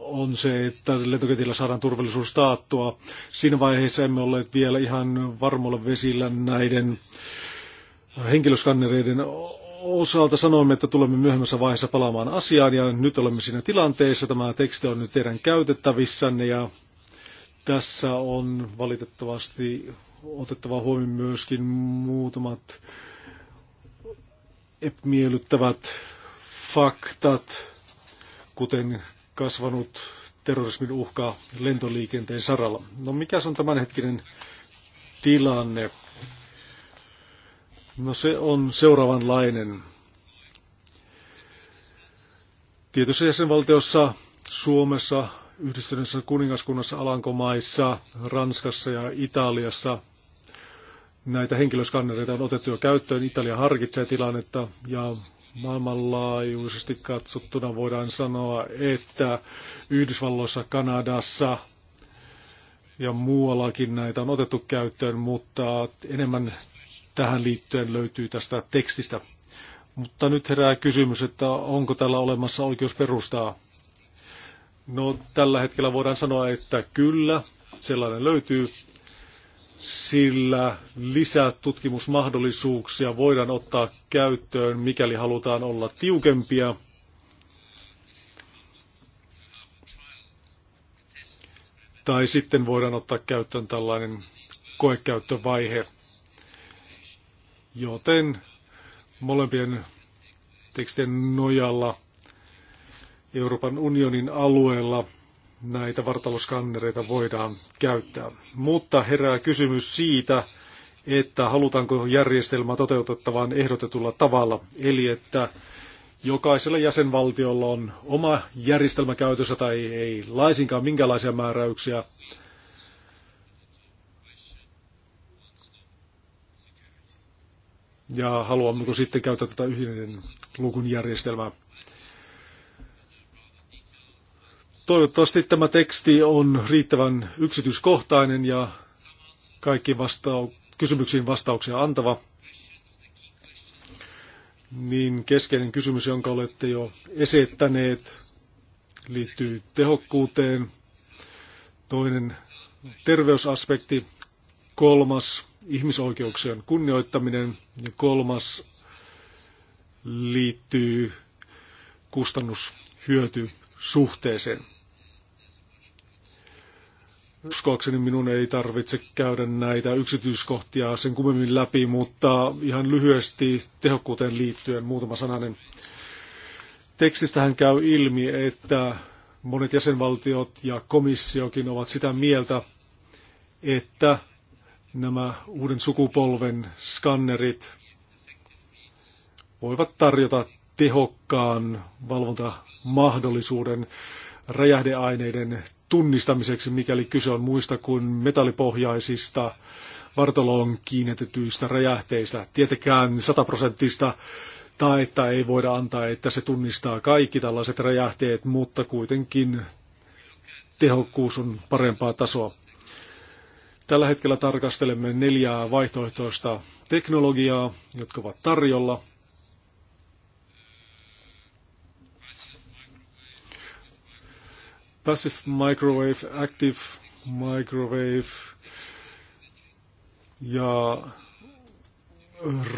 on se, että lentokentillä saadaan turvallisuus taattua. Siinä vaiheessa emme olleet vielä ihan varmoilla vesillä näiden henkilöskannereiden osalta sanoimme, että tulemme myöhemmässä vaiheessa palaamaan asiaan ja nyt olemme siinä tilanteessa. Tämä teksti on nyt teidän käytettävissänne ja tässä on valitettavasti otettava huomioon myöskin muutamat epämiellyttävät faktat kuten kasvanut terrorismin uhka lentoliikenteen saralla. No mikä on tämänhetkinen tilanne? No se on seuraavanlainen. Tietyssä jäsenvaltiossa, Suomessa, Yhdistyneessä kuningaskunnassa, Alankomaissa, Ranskassa ja Italiassa näitä henkilöskannereita on otettu jo käyttöön. Italia harkitsee tilannetta ja maailmanlaajuisesti katsottuna voidaan sanoa, että Yhdysvalloissa, Kanadassa ja muuallakin näitä on otettu käyttöön, mutta enemmän tähän liittyen löytyy tästä tekstistä. Mutta nyt herää kysymys, että onko tällä olemassa oikeus perustaa? No tällä hetkellä voidaan sanoa, että kyllä, sellainen löytyy, sillä lisätutkimusmahdollisuuksia voidaan ottaa käyttöön, mikäli halutaan olla tiukempia. Tai sitten voidaan ottaa käyttöön tällainen koekäyttövaihe. Joten molempien tekstien nojalla Euroopan unionin alueella – näitä vartaloskannereita voidaan käyttää. Mutta herää kysymys siitä, että halutaanko järjestelmä toteutettavan ehdotetulla tavalla, eli että jokaisella jäsenvaltiolla on oma järjestelmä käytössä tai ei laisinkaan minkälaisia määräyksiä. Ja haluammeko sitten käyttää tätä yhden lukun järjestelmää. Toivottavasti tämä teksti on riittävän yksityiskohtainen ja kaikki vastau- kysymyksiin vastauksia antava. Niin keskeinen kysymys, jonka olette jo esittäneet, liittyy tehokkuuteen. Toinen terveysaspekti, kolmas ihmisoikeuksien kunnioittaminen ja kolmas liittyy kustannushyöty suhteeseen. Uskoakseni minun ei tarvitse käydä näitä yksityiskohtia sen kummemmin läpi, mutta ihan lyhyesti tehokkuuteen liittyen muutama sananen. Tekstistähän käy ilmi, että monet jäsenvaltiot ja komissiokin ovat sitä mieltä, että nämä uuden sukupolven skannerit voivat tarjota tehokkaan valvontamahdollisuuden räjähdeaineiden tunnistamiseksi, mikäli kyse on muista kuin metallipohjaisista vartaloon kiinnitetyistä räjähteistä. Tietenkään sataprosenttista taetta ei voida antaa, että se tunnistaa kaikki tällaiset räjähteet, mutta kuitenkin tehokkuus on parempaa tasoa. Tällä hetkellä tarkastelemme neljää vaihtoehtoista teknologiaa, jotka ovat tarjolla. passive microwave, active microwave ja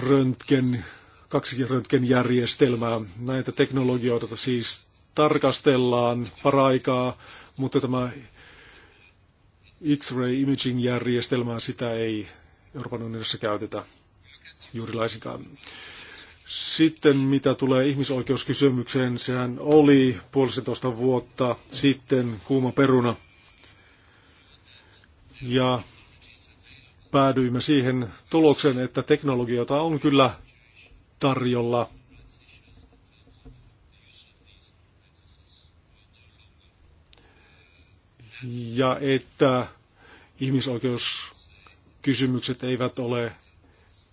röntgen, kaksi röntgenjärjestelmää. Näitä teknologioita siis tarkastellaan paraikaa, mutta tämä X-ray imaging-järjestelmää, sitä ei Euroopan unionissa käytetä juuri laisinkaan. Sitten mitä tulee ihmisoikeuskysymykseen, sehän oli puolisentoista vuotta sitten kuuma peruna. Ja päädyimme siihen tulokseen, että teknologiota on kyllä tarjolla. Ja että ihmisoikeuskysymykset eivät ole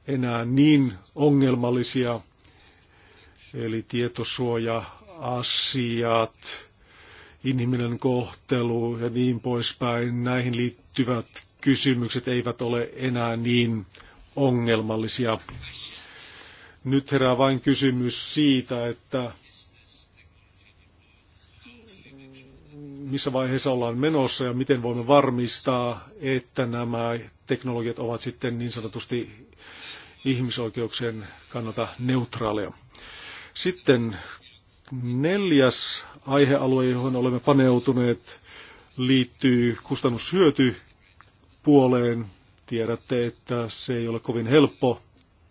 enää niin ongelmallisia Eli tietosuoja-asiat, inhimillinen kohtelu ja niin poispäin, näihin liittyvät kysymykset eivät ole enää niin ongelmallisia. Nyt herää vain kysymys siitä, että missä vaiheessa ollaan menossa ja miten voimme varmistaa, että nämä teknologiat ovat sitten niin sanotusti ihmisoikeuksien kannalta neutraaleja. Sitten neljäs aihealue, johon olemme paneutuneet, liittyy kustannushyötypuoleen. puoleen. Tiedätte, että se ei ole kovin helppo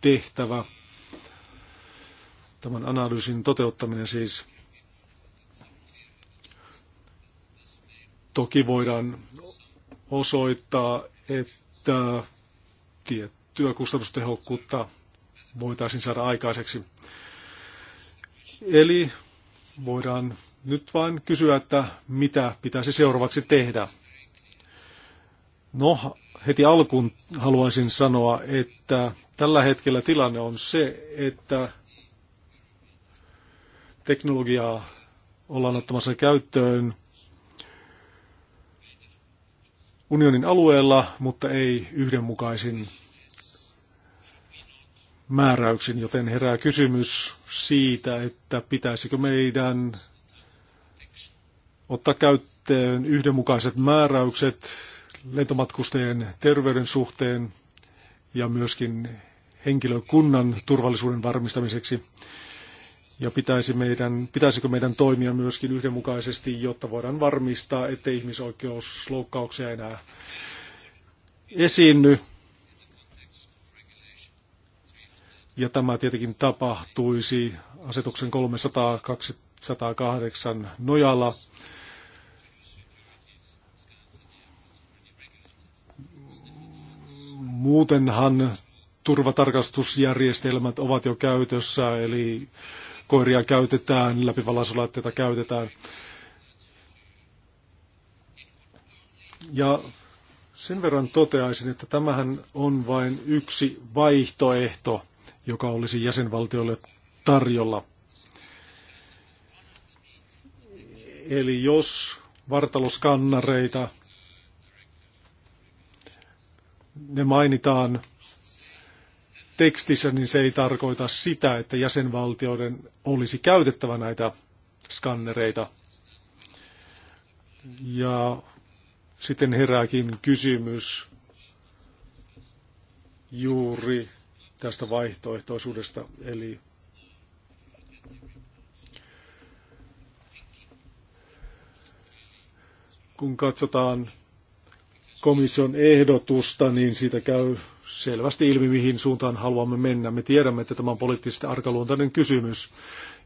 tehtävä. Tämän analyysin toteuttaminen siis. Toki voidaan osoittaa, että tiettyä kustannustehokkuutta voitaisiin saada aikaiseksi. Eli voidaan nyt vain kysyä, että mitä pitäisi seuraavaksi tehdä. No, heti alkuun haluaisin sanoa, että tällä hetkellä tilanne on se, että teknologiaa ollaan ottamassa käyttöön unionin alueella, mutta ei yhdenmukaisin määräyksin, joten herää kysymys siitä, että pitäisikö meidän ottaa käyttöön yhdenmukaiset määräykset lentomatkustajien terveyden suhteen ja myöskin henkilökunnan turvallisuuden varmistamiseksi. Ja pitäisi meidän, pitäisikö meidän toimia myöskin yhdenmukaisesti, jotta voidaan varmistaa, ettei ihmisoikeusloukkauksia enää esiinny. Ja tämä tietenkin tapahtuisi asetuksen 308 nojalla. Muutenhan turvatarkastusjärjestelmät ovat jo käytössä, eli koiria käytetään, läpivalaisulaitteita käytetään. Ja sen verran toteaisin, että tämähän on vain yksi vaihtoehto – joka olisi jäsenvaltioille tarjolla. Eli jos vartaloskannareita, ne mainitaan tekstissä, niin se ei tarkoita sitä, että jäsenvaltioiden olisi käytettävä näitä skannereita. Ja sitten herääkin kysymys juuri tästä vaihtoehtoisuudesta. Eli kun katsotaan komission ehdotusta, niin siitä käy selvästi ilmi, mihin suuntaan haluamme mennä. Me tiedämme, että tämä on poliittisesti arkaluontainen kysymys.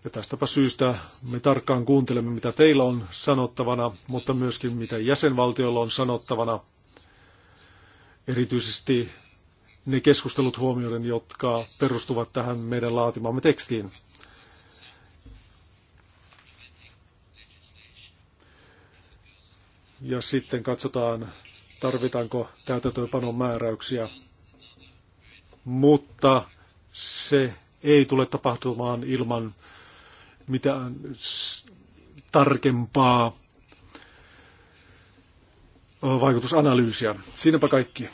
Ja tästäpä syystä me tarkkaan kuuntelemme, mitä teillä on sanottavana, mutta myöskin mitä jäsenvaltioilla on sanottavana. Erityisesti ne keskustelut huomioiden, jotka perustuvat tähän meidän laatimaamme tekstiin. Ja sitten katsotaan, tarvitaanko täytäntöönpanon määräyksiä. Mutta se ei tule tapahtumaan ilman mitään tarkempaa vaikutusanalyysiä. Siinäpä kaikki.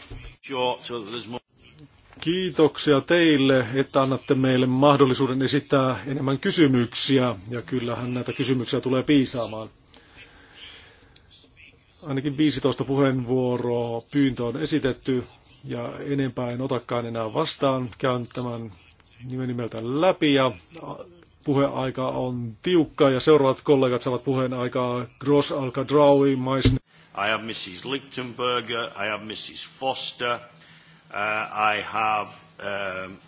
Kiitoksia teille, että annatte meille mahdollisuuden esittää enemmän kysymyksiä, ja kyllähän näitä kysymyksiä tulee piisaamaan. Ainakin 15 puheenvuoroa pyyntö on esitetty, ja enempää en otakaan enää vastaan. Käyn tämän nimen nimeltä läpi, ja puheaika on tiukka, ja seuraavat kollegat saavat puheenaikaa Gross Alcadraui, Mais... I have Mrs. Lichtenberger, I have Mrs. Foster, Uh, I have um,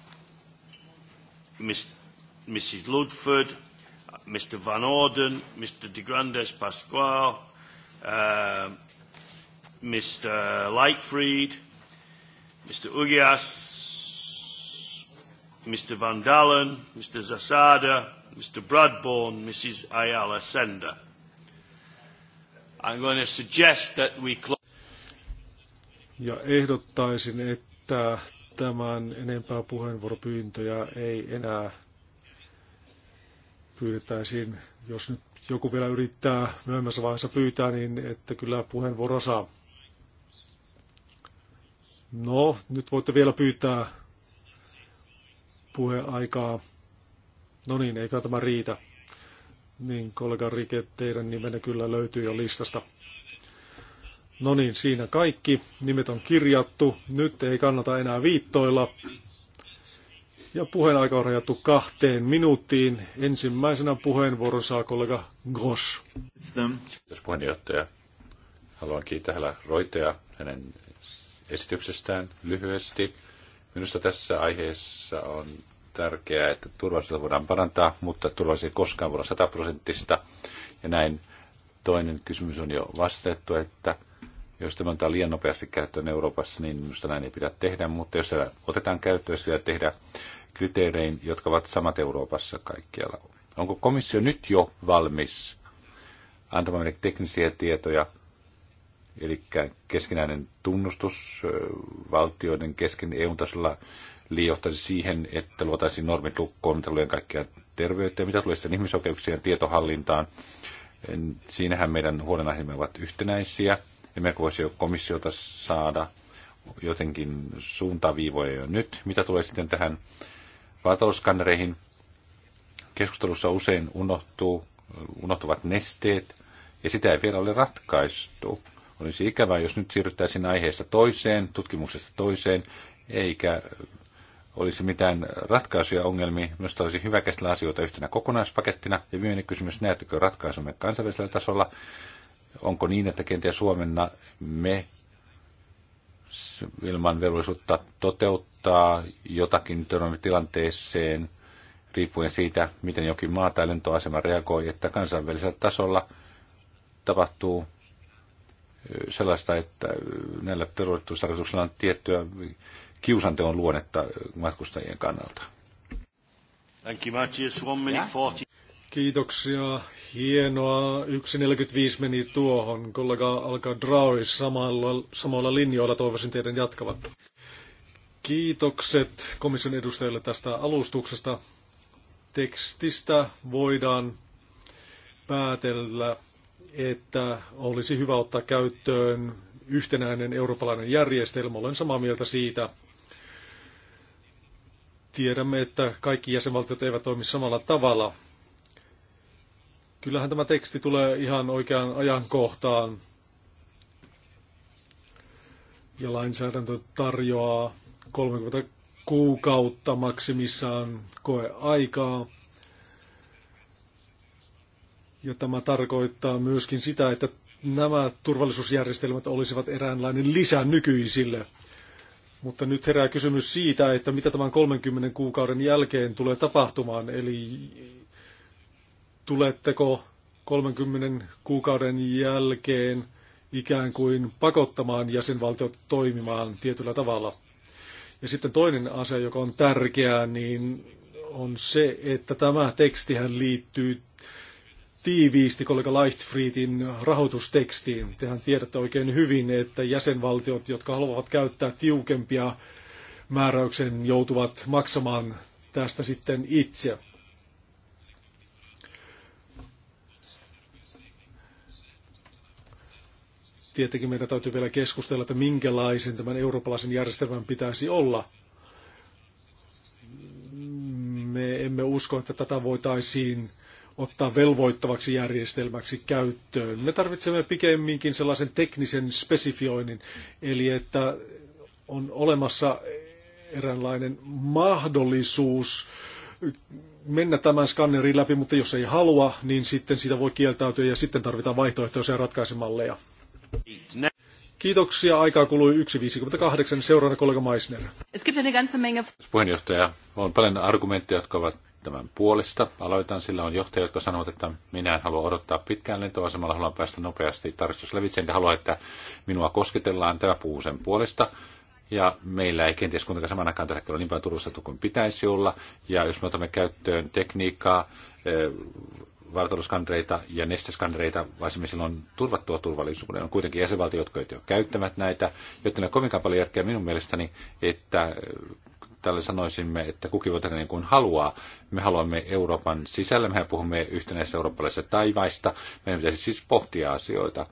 Mrs. Ludford, Mr. Van Orden, Mr. De Grandes Pasquale, uh, um, Mr. Lightfried, Mr. Ugias, Mr. Van Dalen, Mr. Zasada, Mr. Bradbourne, Mrs. Ayala Sender. I'm going to suggest that we close. Ja ehdottaisin, että että tämän enempää puheenvuoropyyntöjä ei enää pyydettäisiin. Jos nyt joku vielä yrittää myöhemmässä vaiheessa pyytää, niin että kyllä puheenvuoro saa. No, nyt voitte vielä pyytää puheaikaa. No niin, eikä tämä riitä. Niin, kollega Rike, teidän nimenne kyllä löytyy jo listasta. No niin, siinä kaikki. Nimet on kirjattu. Nyt ei kannata enää viittoilla. Ja puheenaika on rajattu kahteen minuuttiin. Ensimmäisenä puheenvuoron saa kollega Gos. Kiitos puheenjohtaja. Haluan kiittää hänellä Roitea hänen esityksestään lyhyesti. Minusta tässä aiheessa on tärkeää, että turvallisuutta voidaan parantaa, mutta turvallisuus ei koskaan voida 100 prosenttista. Ja näin toinen kysymys on jo vastattu, että jos tämä on liian nopeasti käyttöön Euroopassa, niin minusta näin ei pidä tehdä, mutta jos otetaan käyttöön, sitä tehdä kriteerein, jotka ovat samat Euroopassa kaikkialla. Onko komissio nyt jo valmis antamaan meille teknisiä tietoja, eli keskinäinen tunnustus valtioiden kesken EU-tasolla liiohtaisi siihen, että luotaisiin normit lukkoon, mitä kaikkia terveyttä, mitä tulee sitten ihmisoikeuksien tietohallintaan. Siinähän meidän huolenaiheemme ovat yhtenäisiä. Emmekö voisi komissiota saada jotenkin suuntaviivoja jo nyt. Mitä tulee sitten tähän vaatoskannereihin? Keskustelussa usein unohtuu, unohtuvat nesteet, ja sitä ei vielä ole ratkaistu. Olisi ikävää, jos nyt siirryttäisiin aiheesta toiseen, tutkimuksesta toiseen, eikä olisi mitään ratkaisuja ongelmiin. Minusta olisi hyvä käsitellä asioita yhtenä kokonaispakettina. Ja viimeinen kysymys, näettekö ratkaisumme kansainvälisellä tasolla? Onko niin, että kenties Suomenna me ilman velvollisuutta toteuttaa jotakin tilanteeseen, riippuen siitä, miten jokin maa tai lentoasema reagoi, että kansainvälisellä tasolla tapahtuu sellaista, että näillä terroristustarkoituksilla on tiettyä kiusanteon luonnetta matkustajien kannalta. Thank you, Matthias. One minute 40. Kiitoksia. Hienoa. 1.45 meni tuohon. Kollega alkaa Draui samalla, samalla linjoilla. Toivoisin teidän jatkavan. Kiitokset komission edustajille tästä alustuksesta. Tekstistä voidaan päätellä, että olisi hyvä ottaa käyttöön yhtenäinen eurooppalainen järjestelmä. Olen samaa mieltä siitä. Tiedämme, että kaikki jäsenvaltiot eivät toimi samalla tavalla. Kyllähän tämä teksti tulee ihan oikeaan ajankohtaan. Ja lainsäädäntö tarjoaa 30 kuukautta maksimissaan koeaikaa. Ja tämä tarkoittaa myöskin sitä, että nämä turvallisuusjärjestelmät olisivat eräänlainen lisä nykyisille. Mutta nyt herää kysymys siitä, että mitä tämän 30 kuukauden jälkeen tulee tapahtumaan. Eli tuletteko 30 kuukauden jälkeen ikään kuin pakottamaan jäsenvaltiot toimimaan tietyllä tavalla. Ja sitten toinen asia, joka on tärkeää, niin on se, että tämä tekstihän liittyy tiiviisti kollega Leichtfriedin rahoitustekstiin. Tehän tiedätte oikein hyvin, että jäsenvaltiot, jotka haluavat käyttää tiukempia määräyksen, joutuvat maksamaan tästä sitten itse. tietenkin meidän täytyy vielä keskustella, että minkälaisen tämän eurooppalaisen järjestelmän pitäisi olla. Me emme usko, että tätä voitaisiin ottaa velvoittavaksi järjestelmäksi käyttöön. Me tarvitsemme pikemminkin sellaisen teknisen spesifioinnin, eli että on olemassa eräänlainen mahdollisuus mennä tämän skannerin läpi, mutta jos ei halua, niin sitten sitä voi kieltäytyä ja sitten tarvitaan vaihtoehtoisia ratkaisumalleja. Kiitoksia. Aikaa kului 1.58. Seuraavana kollega Meissner. Puheenjohtaja, on paljon argumentteja, jotka ovat tämän puolesta. Aloitan sillä on johtaja, jotka sanovat, että minä en halua odottaa pitkään lentoasemalla, haluan päästä nopeasti tarkastuslävitse, enkä halua, että minua kosketellaan. Tämä puhuu sen puolesta. Ja meillä ei kenties kuitenkaan aikaan tällä hetkellä niin paljon turvustettu kuin pitäisi olla. Ja jos me otamme käyttöön tekniikkaa, eh, vartaloskandreita ja nesteskandreita, vaan on turvattua turvallisuuden. On kuitenkin jäsenvaltiot, jotka ole käyttämät näitä, joten on kovinkaan paljon järkeä minun mielestäni, että äh, tällä sanoisimme, että kukin voi tehdä niin kuin haluaa. Me haluamme Euroopan sisällä, mehän puhumme yhtenäisestä eurooppalaisesta taivaista, meidän pitäisi siis pohtia asioita.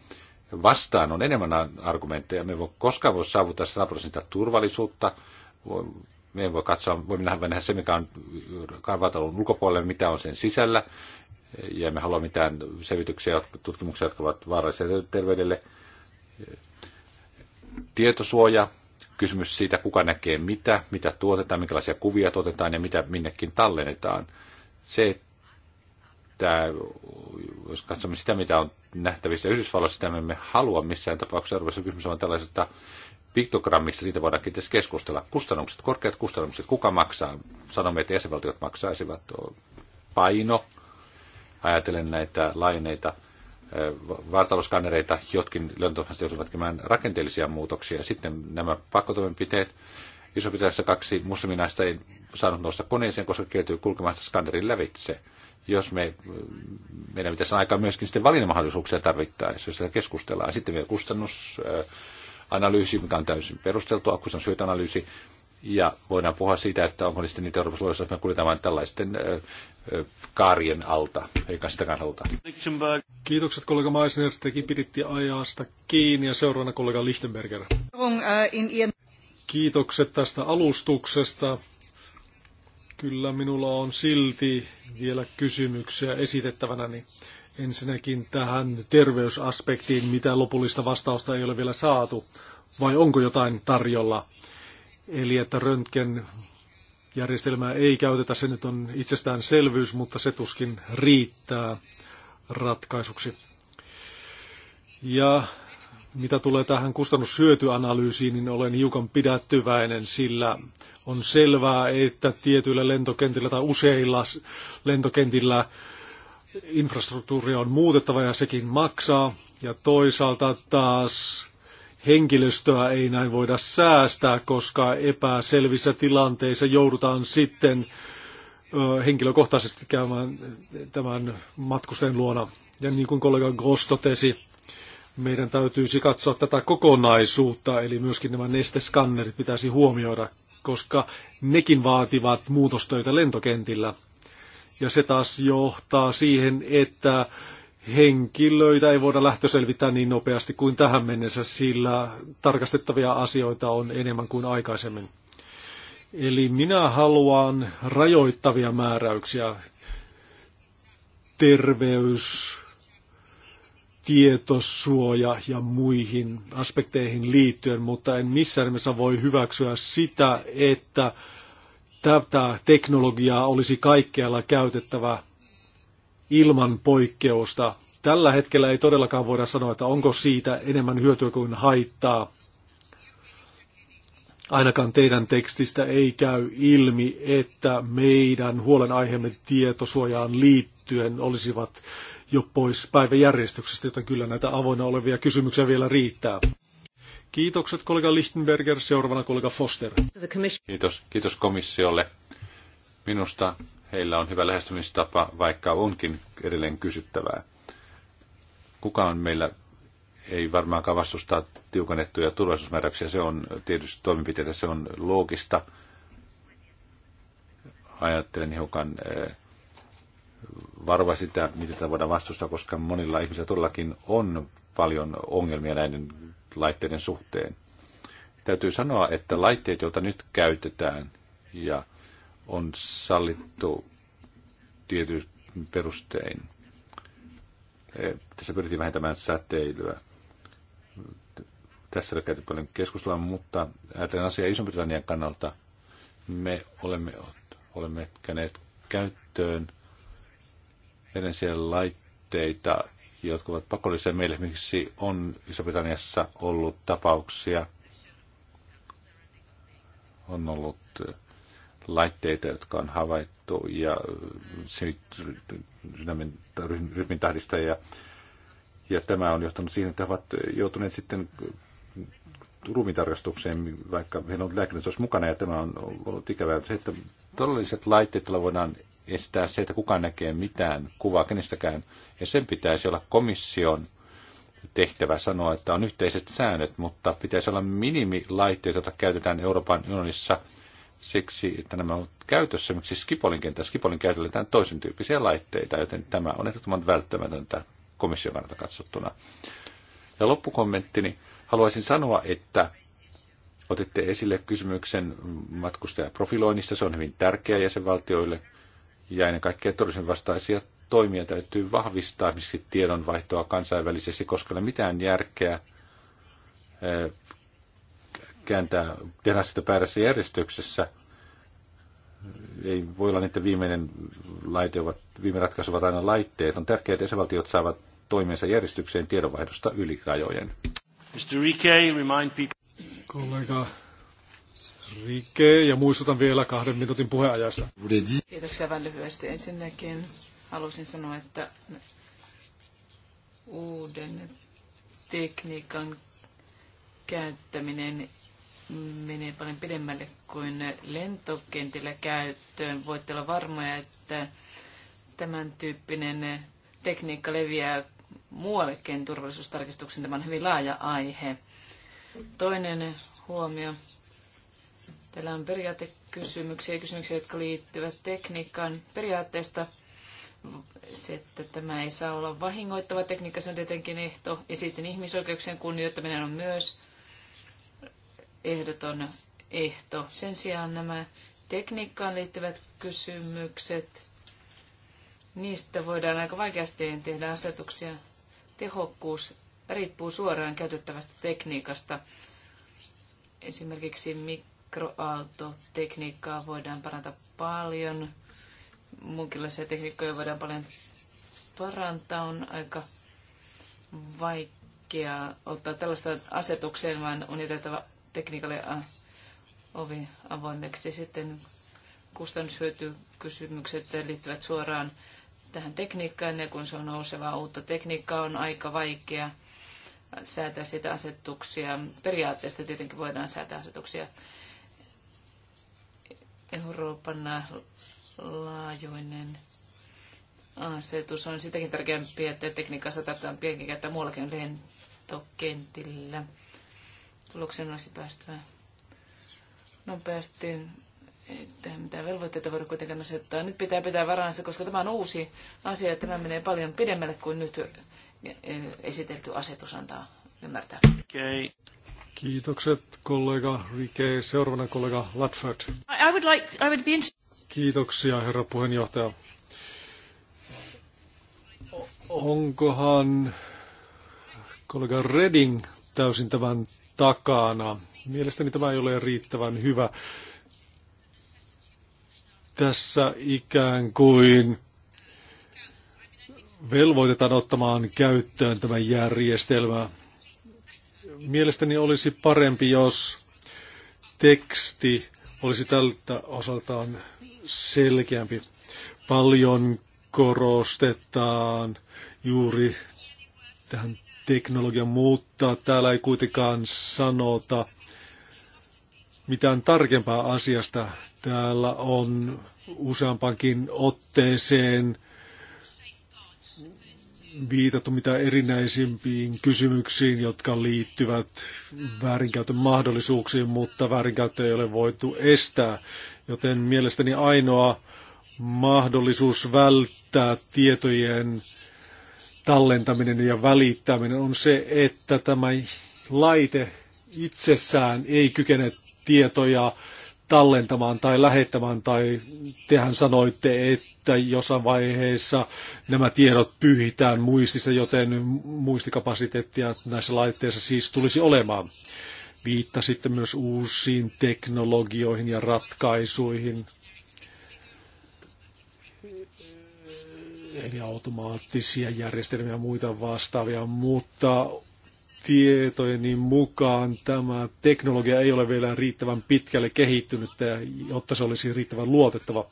Vastaan on enemmän argumentteja. Me ei voi koskaan voi saavuttaa 100 prosenttia turvallisuutta, me ei voi katsoa, voimme nähdä, nähdä se, mikä on karvatalon ulkopuolella, mitä on sen sisällä ja emme halua mitään selvityksiä, tutkimuksia, jotka ovat vaarallisia terveydelle. Tietosuoja, kysymys siitä, kuka näkee mitä, mitä tuotetaan, minkälaisia kuvia tuotetaan ja mitä minnekin tallennetaan. Se, että jos katsomme sitä, mitä on nähtävissä Yhdysvalloissa, sitä me emme halua missään tapauksessa. Arvoisa kysymys on tällaisesta piktogrammista, siitä voidaan kenties keskustella. Kustannukset, korkeat kustannukset, kuka maksaa? Sanomme, että jäsenvaltiot maksaisivat paino, ajatellen näitä laineita vartaloskannereita, jotkin lentotoimasti osuvat tekemään rakenteellisia muutoksia. Sitten nämä pakkotoimenpiteet. iso britanniassa kaksi musliminaista ei saanut nousta koneeseen, koska kieltyy sitä skannerin lävitse. Jos me, meidän pitäisi aikaa myöskin sitten valinnanmahdollisuuksia tarvittaessa, jos sitä keskustellaan. Sitten vielä kustannusanalyysi, mikä on täysin perusteltua, kustannushyötyanalyysi. Ja voidaan puhua siitä, että onko niistä niitä Euroopan luossa, jos me kuljetaan tällaisten kaarien alta, eikä sitäkään haluta. Kiitokset kollega Meissner, tekin piditti ajasta kiinni ja seuraavana kollega Lichtenberger. Kiitokset tästä alustuksesta. Kyllä minulla on silti vielä kysymyksiä esitettävänäni. Ensinnäkin tähän terveysaspektiin, mitä lopullista vastausta ei ole vielä saatu. Vai onko jotain tarjolla? Eli että röntgen järjestelmää ei käytetä, se nyt on itsestäänselvyys, mutta se tuskin riittää ratkaisuksi. Ja mitä tulee tähän kustannushyötyanalyysiin, niin olen hiukan pidättyväinen, sillä on selvää, että tietyillä lentokentillä tai useilla lentokentillä infrastruktuuria on muutettava ja sekin maksaa. Ja toisaalta taas henkilöstöä ei näin voida säästää, koska epäselvissä tilanteissa joudutaan sitten henkilökohtaisesti käymään tämän matkustajan luona. Ja niin kuin kollega Gross totesi, meidän täytyisi katsoa tätä kokonaisuutta, eli myöskin nämä nesteskannerit pitäisi huomioida, koska nekin vaativat muutostöitä lentokentillä. Ja se taas johtaa siihen, että henkilöitä ei voida lähtöselvittää niin nopeasti kuin tähän mennessä, sillä tarkastettavia asioita on enemmän kuin aikaisemmin. Eli minä haluan rajoittavia määräyksiä terveys, tietosuoja ja muihin aspekteihin liittyen, mutta en missään nimessä voi hyväksyä sitä, että tätä teknologiaa olisi kaikkialla käytettävä ilman poikkeusta. Tällä hetkellä ei todellakaan voida sanoa, että onko siitä enemmän hyötyä kuin haittaa. Ainakaan teidän tekstistä ei käy ilmi, että meidän huolenaiheemme tietosuojaan liittyen olisivat jo pois päiväjärjestyksestä, joten kyllä näitä avoinna olevia kysymyksiä vielä riittää. Kiitokset kollega Lichtenberger, seuraavana kollega Foster. Kiitos, kiitos komissiolle. Minusta heillä on hyvä lähestymistapa, vaikka onkin edelleen kysyttävää. Kukaan meillä ei varmaankaan vastustaa tiukennettuja turvallisuusmääräyksiä. Se on tietysti toimenpiteitä, se on loogista. Ajattelen hiukan eh, varoa sitä, mitä tätä voidaan vastustaa, koska monilla ihmisillä todellakin on paljon ongelmia näiden laitteiden suhteen. Täytyy sanoa, että laitteet, joita nyt käytetään ja on sallittu tietyn perustein. E, tässä pyrittiin vähentämään säteilyä. Tässä on käyty paljon keskustelua, mutta ajatellen asiaa Iso-Britannian kannalta me olemme, olemme käyneet käyttöön erilaisia laitteita, jotka ovat pakollisia meille. Miksi on Iso-Britanniassa ollut tapauksia, on ollut laitteita, jotka on havaittu ja äh, rytmin tahdista ja, ja tämä on johtanut siihen, että he ovat joutuneet sitten ruumitarkastukseen, vaikka heillä on lääkinnässä mukana ja tämä on ollut ikävää. Se, että todelliset laitteet, joilla voidaan estää se, että kukaan näkee mitään kuvaa kenestäkään. Ja sen pitäisi olla komission tehtävä sanoa, että on yhteiset säännöt, mutta pitäisi olla minimilaitteet, joita käytetään Euroopan unionissa – siksi, että nämä ovat käytössä miksi Skipolin kentällä. Skipolin käytetään toisen tyyppisiä laitteita, joten tämä on ehdottoman välttämätöntä komission kannalta katsottuna. Ja loppukommenttini. Haluaisin sanoa, että otitte esille kysymyksen matkustajaprofiloinnista. Se on hyvin tärkeä jäsenvaltioille ja ennen kaikkea terrorismin vastaisia toimia täytyy vahvistaa esimerkiksi tiedonvaihtoa kansainvälisesti, koska ei ole mitään järkeä eh, kääntää, tehdä sitä väärässä järjestyksessä. Ei voi olla niiden viimeinen laite, ovat, viime ratkaisu ovat aina laitteet. On tärkeää, että jäsenvaltiot saavat toimensa järjestykseen tiedonvaihdosta yli rajojen. Mr. Rike, remind people. Kollega Rike, ja muistutan vielä kahden minuutin puheajasta. Kiitoksia vain lyhyesti. Ensinnäkin halusin sanoa, että uuden tekniikan käyttäminen menee paljon pidemmälle kuin lentokentillä käyttöön. Voitte olla varmoja, että tämän tyyppinen tekniikka leviää muuallekin turvallisuustarkistuksen. Tämä on hyvin laaja aihe. Toinen huomio. Täällä on periaatekysymyksiä ja kysymyksiä, jotka liittyvät tekniikkaan periaatteesta. Se, että tämä ei saa olla vahingoittava tekniikka, se on tietenkin ehto. Ja sitten ihmisoikeuksien kunnioittaminen on myös ehdoton ehto. Sen sijaan nämä tekniikkaan liittyvät kysymykset, niistä voidaan aika vaikeasti tehdä asetuksia. Tehokkuus riippuu suoraan käytettävästä tekniikasta. Esimerkiksi mikroaaltotekniikkaa voidaan parantaa paljon. Munkinlaisia tekniikkoja voidaan paljon parantaa. On aika vaikea ottaa tällaista asetukseen, vaan on jätettävä tekniikalle ovi avoimeksi. Sitten kustannushyötykysymykset liittyvät suoraan tähän tekniikkaan, ja kun se on nousevaa uutta tekniikkaa, on aika vaikea säätää sitä asetuksia. Periaatteessa tietenkin voidaan säätää asetuksia Euroopan laajuinen asetus on sitäkin tärkeämpi, että tekniikka saatetaan pienkin käyttää muuallakin lentokentillä tulokseen olisi päästävä nopeasti. Että tähän mitään velvoitteita voida kuitenkaan asettaa. Nyt pitää pitää varansa, koska tämä on uusi asia että tämä menee paljon pidemmälle kuin nyt eh, esitelty asetus antaa ymmärtää. Okay. Kiitokset kollega Rike. Seuraavana kollega Latford. I would like, I would be Kiitoksia herra puheenjohtaja. Onkohan kollega Redding täysin tämän takana. Mielestäni tämä ei ole riittävän hyvä. Tässä ikään kuin velvoitetaan ottamaan käyttöön tämä järjestelmä. Mielestäni olisi parempi, jos teksti olisi tältä osaltaan selkeämpi. Paljon korostetaan juuri tähän teknologia, mutta täällä ei kuitenkaan sanota mitään tarkempaa asiasta. Täällä on useampankin otteeseen viitattu mitä erinäisimpiin kysymyksiin, jotka liittyvät väärinkäytön mahdollisuuksiin, mutta väärinkäyttö ei ole voitu estää. Joten mielestäni ainoa mahdollisuus välttää tietojen tallentaminen ja välittäminen on se, että tämä laite itsessään ei kykene tietoja tallentamaan tai lähettämään, tai tehän sanoitte, että jossain vaiheessa nämä tiedot pyhitään muistissa, joten muistikapasiteettia näissä laitteissa siis tulisi olemaan. Viittasitte myös uusiin teknologioihin ja ratkaisuihin. eli automaattisia järjestelmiä ja muita vastaavia, mutta tietojeni mukaan tämä teknologia ei ole vielä riittävän pitkälle kehittynyt, jotta se olisi riittävän luotettava.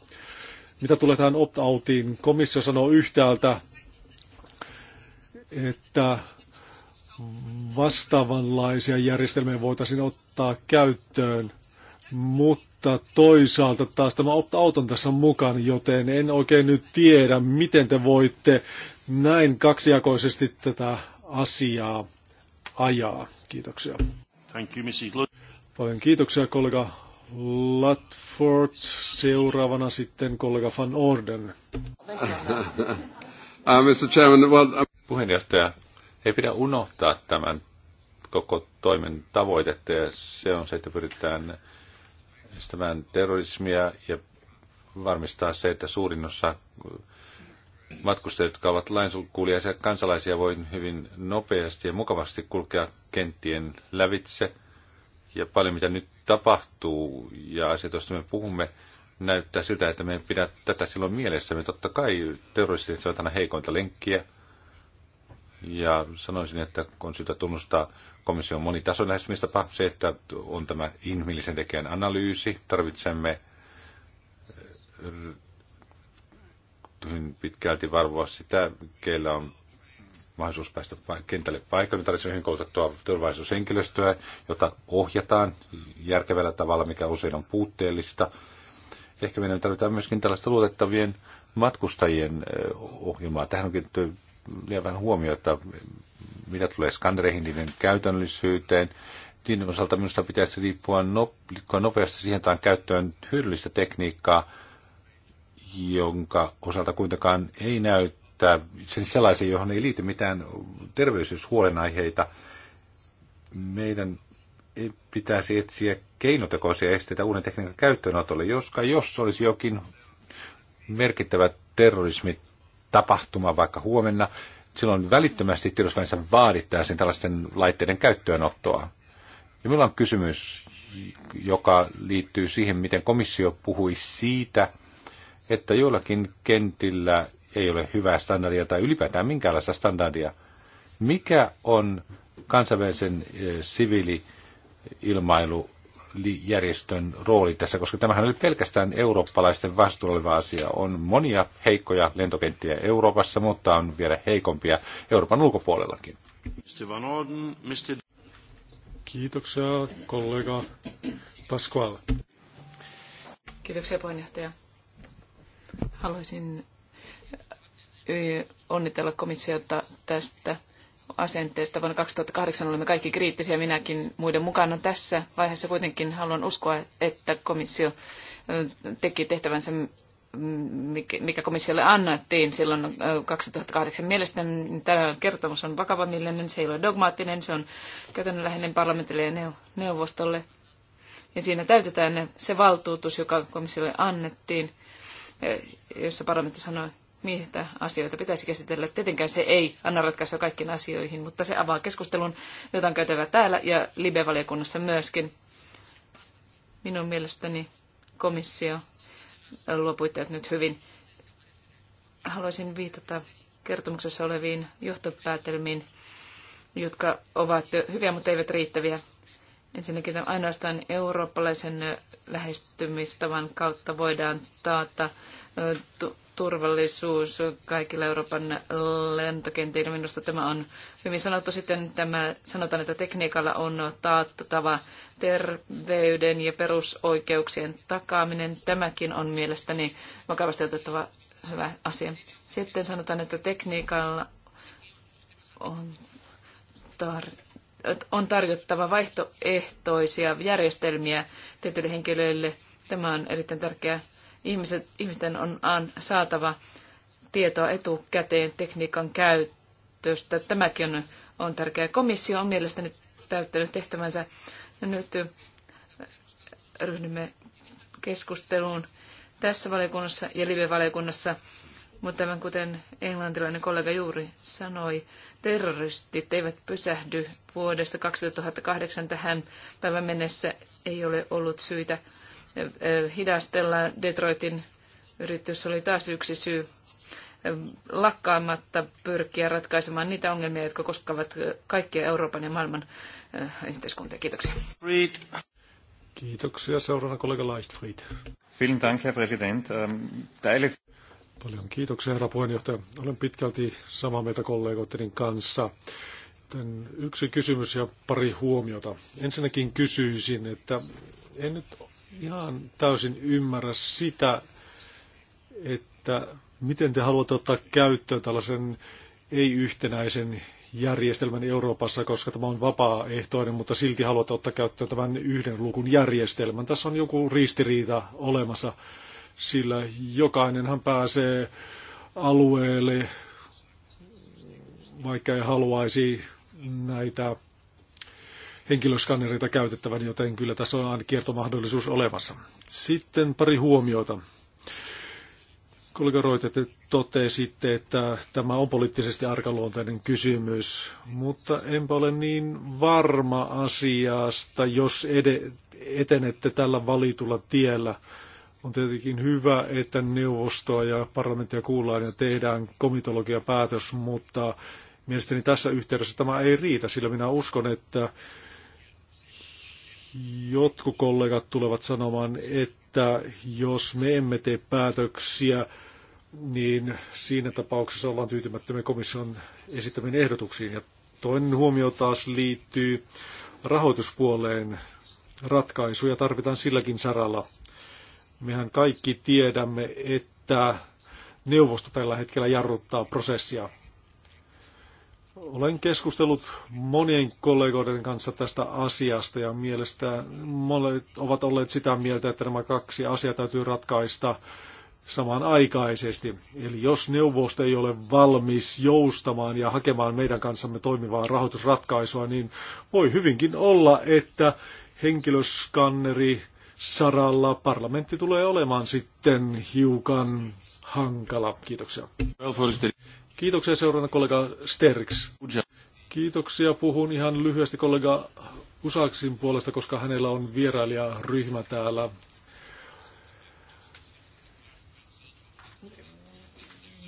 Mitä tulee tähän opt-outiin, komissio sanoo yhtäältä, että vastaavanlaisia järjestelmiä voitaisiin ottaa käyttöön, mutta mutta toisaalta taas tämä opt tässä mukana, joten en oikein nyt tiedä, miten te voitte näin kaksijakoisesti tätä asiaa ajaa. Kiitoksia. Thank you, Mrs. Lund. Paljon kiitoksia kollega Latford. Seuraavana sitten kollega Van Orden. Uh, Mr. Chairman, well, um- Puheenjohtaja, ei pidä unohtaa tämän koko toimen tavoitetta ja se on se, että pyritään estämään terrorismia ja varmistaa se, että suurin osa matkustajia, jotka ovat lainkuuliaisia kansalaisia, voi hyvin nopeasti ja mukavasti kulkea kenttien lävitse. Ja paljon mitä nyt tapahtuu ja joista me puhumme, näyttää siltä, että me ei pidä tätä silloin mielessä. Me totta kai terroristit ovat aina heikointa lenkkiä. Ja sanoisin, että on syytä tunnustaa komission monitason lähestymistapa, se, että on tämä inhimillisen tekijän analyysi, tarvitsemme eh, pitkälti varvoa sitä, keillä on mahdollisuus päästä kentälle paikalle. Me tarvitsemme hyvin koulutettua turvallisuushenkilöstöä, jota ohjataan järkevällä tavalla, mikä usein on puutteellista. Ehkä meidän tarvitaan myöskin tällaista luotettavien matkustajien eh, ohjelmaa. Tähän on kiinnitetty liian vähän huomiota mitä tulee skandereihin, niiden käytännöllisyyteen, niiden osalta minusta pitäisi riippua nopeasti siihen on käyttöön hyödyllistä tekniikkaa, jonka osalta kuitenkaan ei näyttää siis sellaisen johon ei liity mitään terveyshuolenaiheita. Meidän ei pitäisi etsiä keinotekoisia esteitä uuden tekniikan käyttöönotolle, joska jos olisi jokin merkittävä terrorismi tapahtuma vaikka huomenna, silloin välittömästi tiedotusvälineessä vaadittaisiin tällaisten laitteiden käyttöönottoa. Ja minulla on kysymys, joka liittyy siihen, miten komissio puhui siitä, että joillakin kentillä ei ole hyvää standardia tai ylipäätään minkäänlaista standardia. Mikä on kansainvälisen eh, siviili ilmailu järjestön rooli tässä, koska tämähän oli pelkästään eurooppalaisten vastuulla oleva asia. On monia heikkoja lentokenttiä Euroopassa, mutta on vielä heikompia Euroopan ulkopuolellakin. Kiitoksia kollega Pasquale. Kiitoksia puheenjohtaja. Haluaisin onnitella komissiota tästä asenteesta. Vuonna 2008 olimme kaikki kriittisiä, minäkin muiden mukana. Tässä vaiheessa kuitenkin haluan uskoa, että komissio teki tehtävänsä mikä komissiolle annettiin silloin 2008. Mielestäni tämä kertomus on vakavamielinen, se ei ole dogmaattinen, se on käytännönläheinen parlamentille ja neuvostolle. Ja siinä täytetään se valtuutus, joka komissiolle annettiin, jossa parlamentti sanoi, mitä asioita pitäisi käsitellä. Tietenkään se ei anna ratkaisua kaikkiin asioihin, mutta se avaa keskustelun, jota on käytävä täällä ja Libe-valiokunnassa myöskin. Minun mielestäni komissio luo puitteet nyt hyvin. Haluaisin viitata kertomuksessa oleviin johtopäätelmiin, jotka ovat hyviä, mutta eivät riittäviä. Ensinnäkin ainoastaan eurooppalaisen lähestymistavan kautta voidaan taata turvallisuus kaikilla Euroopan lentokentillä. Minusta tämä on hyvin sanottu. Sitten tämä, sanotaan, että tekniikalla on taattava terveyden ja perusoikeuksien takaaminen. Tämäkin on mielestäni vakavasti otettava hyvä asia. Sitten sanotaan, että tekniikalla on, tar- on tarjottava vaihtoehtoisia järjestelmiä tietyille henkilöille. Tämä on erittäin tärkeää Ihmiset, ihmisten on saatava tietoa etukäteen tekniikan käytöstä. Tämäkin on, on tärkeä. Komissio on mielestäni täyttänyt tehtävänsä. Ja nyt ryhdymme keskusteluun tässä valiokunnassa ja live-valiokunnassa. Mutta tämän kuten englantilainen kollega juuri sanoi, terroristit eivät pysähdy vuodesta 2008 tähän päivän mennessä. Ei ole ollut syitä hidastella. Detroitin yritys oli taas yksi syy lakkaamatta pyrkiä ratkaisemaan niitä ongelmia, jotka koskevat kaikkia Euroopan ja maailman yhteiskuntia. Kiitoksia. Kiitoksia. Seuraavana kollega Leistfried. Vielen Dank, Herr Präsident. Ähm, Paljon kiitoksia, herra puheenjohtaja. Olen pitkälti samaa mieltä kollegoiden kanssa. Joten yksi kysymys ja pari huomiota. Ensinnäkin kysyisin, että en nyt ihan täysin ymmärrä sitä, että miten te haluatte ottaa käyttöön tällaisen ei-yhtenäisen järjestelmän Euroopassa, koska tämä on vapaaehtoinen, mutta silti haluatte ottaa käyttöön tämän yhden lukun järjestelmän. Tässä on joku ristiriita olemassa, sillä jokainenhan pääsee alueelle, vaikka ei haluaisi näitä henkilöskannereita käytettävän, joten kyllä tässä on aina kiertomahdollisuus olemassa. Sitten pari huomiota. Kollega Roite, te totesitte, että tämä on poliittisesti arkaluonteinen kysymys, mutta enpä ole niin varma asiasta, jos etenette tällä valitulla tiellä. On tietenkin hyvä, että neuvostoa ja parlamenttia kuullaan ja tehdään komitologiapäätös, mutta mielestäni tässä yhteydessä tämä ei riitä, sillä minä uskon, että Jotkut kollegat tulevat sanomaan, että jos me emme tee päätöksiä, niin siinä tapauksessa ollaan tyytymättömiä komission esittämiin ehdotuksiin. Ja toinen huomio taas liittyy rahoituspuoleen. Ratkaisuja tarvitaan silläkin saralla. Mehän kaikki tiedämme, että neuvosto tällä hetkellä jarruttaa prosessia. Olen keskustellut monien kollegoiden kanssa tästä asiasta ja mielestä monet ovat olleet sitä mieltä, että nämä kaksi asiaa täytyy ratkaista samanaikaisesti. Eli jos neuvosto ei ole valmis joustamaan ja hakemaan meidän kanssamme toimivaa rahoitusratkaisua, niin voi hyvinkin olla, että henkilöskanneri saralla parlamentti tulee olemaan sitten hiukan hankala. Kiitoksia. Kiitoksia seuraavana kollega Sterix. Kiitoksia. Puhun ihan lyhyesti kollega Usaksin puolesta, koska hänellä on vierailijaryhmä täällä.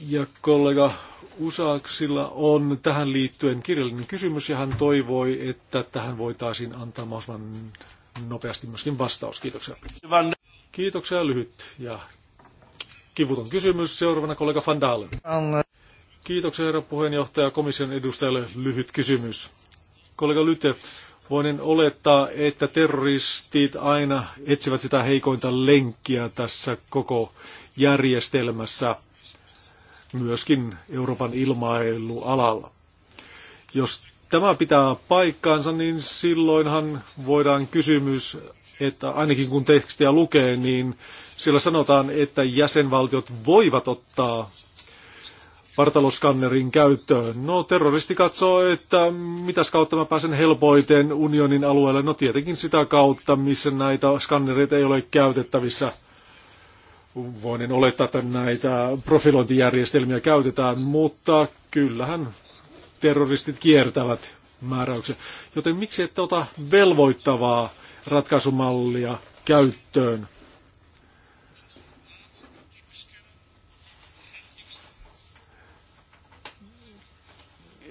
Ja kollega Usaksilla on tähän liittyen kirjallinen kysymys ja hän toivoi, että tähän voitaisiin antaa mahdollisimman nopeasti myöskin vastaus. Kiitoksia. Kiitoksia lyhyt ja kivuton kysymys. Seuraavana kollega Van Dalen. Kiitoksia herra puheenjohtaja komission edustajalle lyhyt kysymys. Kollega Lyte, voinen olettaa, että terroristit aina etsivät sitä heikointa lenkkiä tässä koko järjestelmässä, myöskin Euroopan ilmailualalla. Jos tämä pitää paikkaansa, niin silloinhan voidaan kysymys, että ainakin kun tekstiä lukee, niin siellä sanotaan, että jäsenvaltiot voivat ottaa vartaloskannerin käyttöön. No terroristi katsoo, että mitäs kautta mä pääsen helpoiten unionin alueelle. No tietenkin sitä kautta, missä näitä skannereita ei ole käytettävissä. Voin olettaa, että näitä profilointijärjestelmiä käytetään, mutta kyllähän terroristit kiertävät määräyksen. Joten miksi ette ota velvoittavaa ratkaisumallia käyttöön?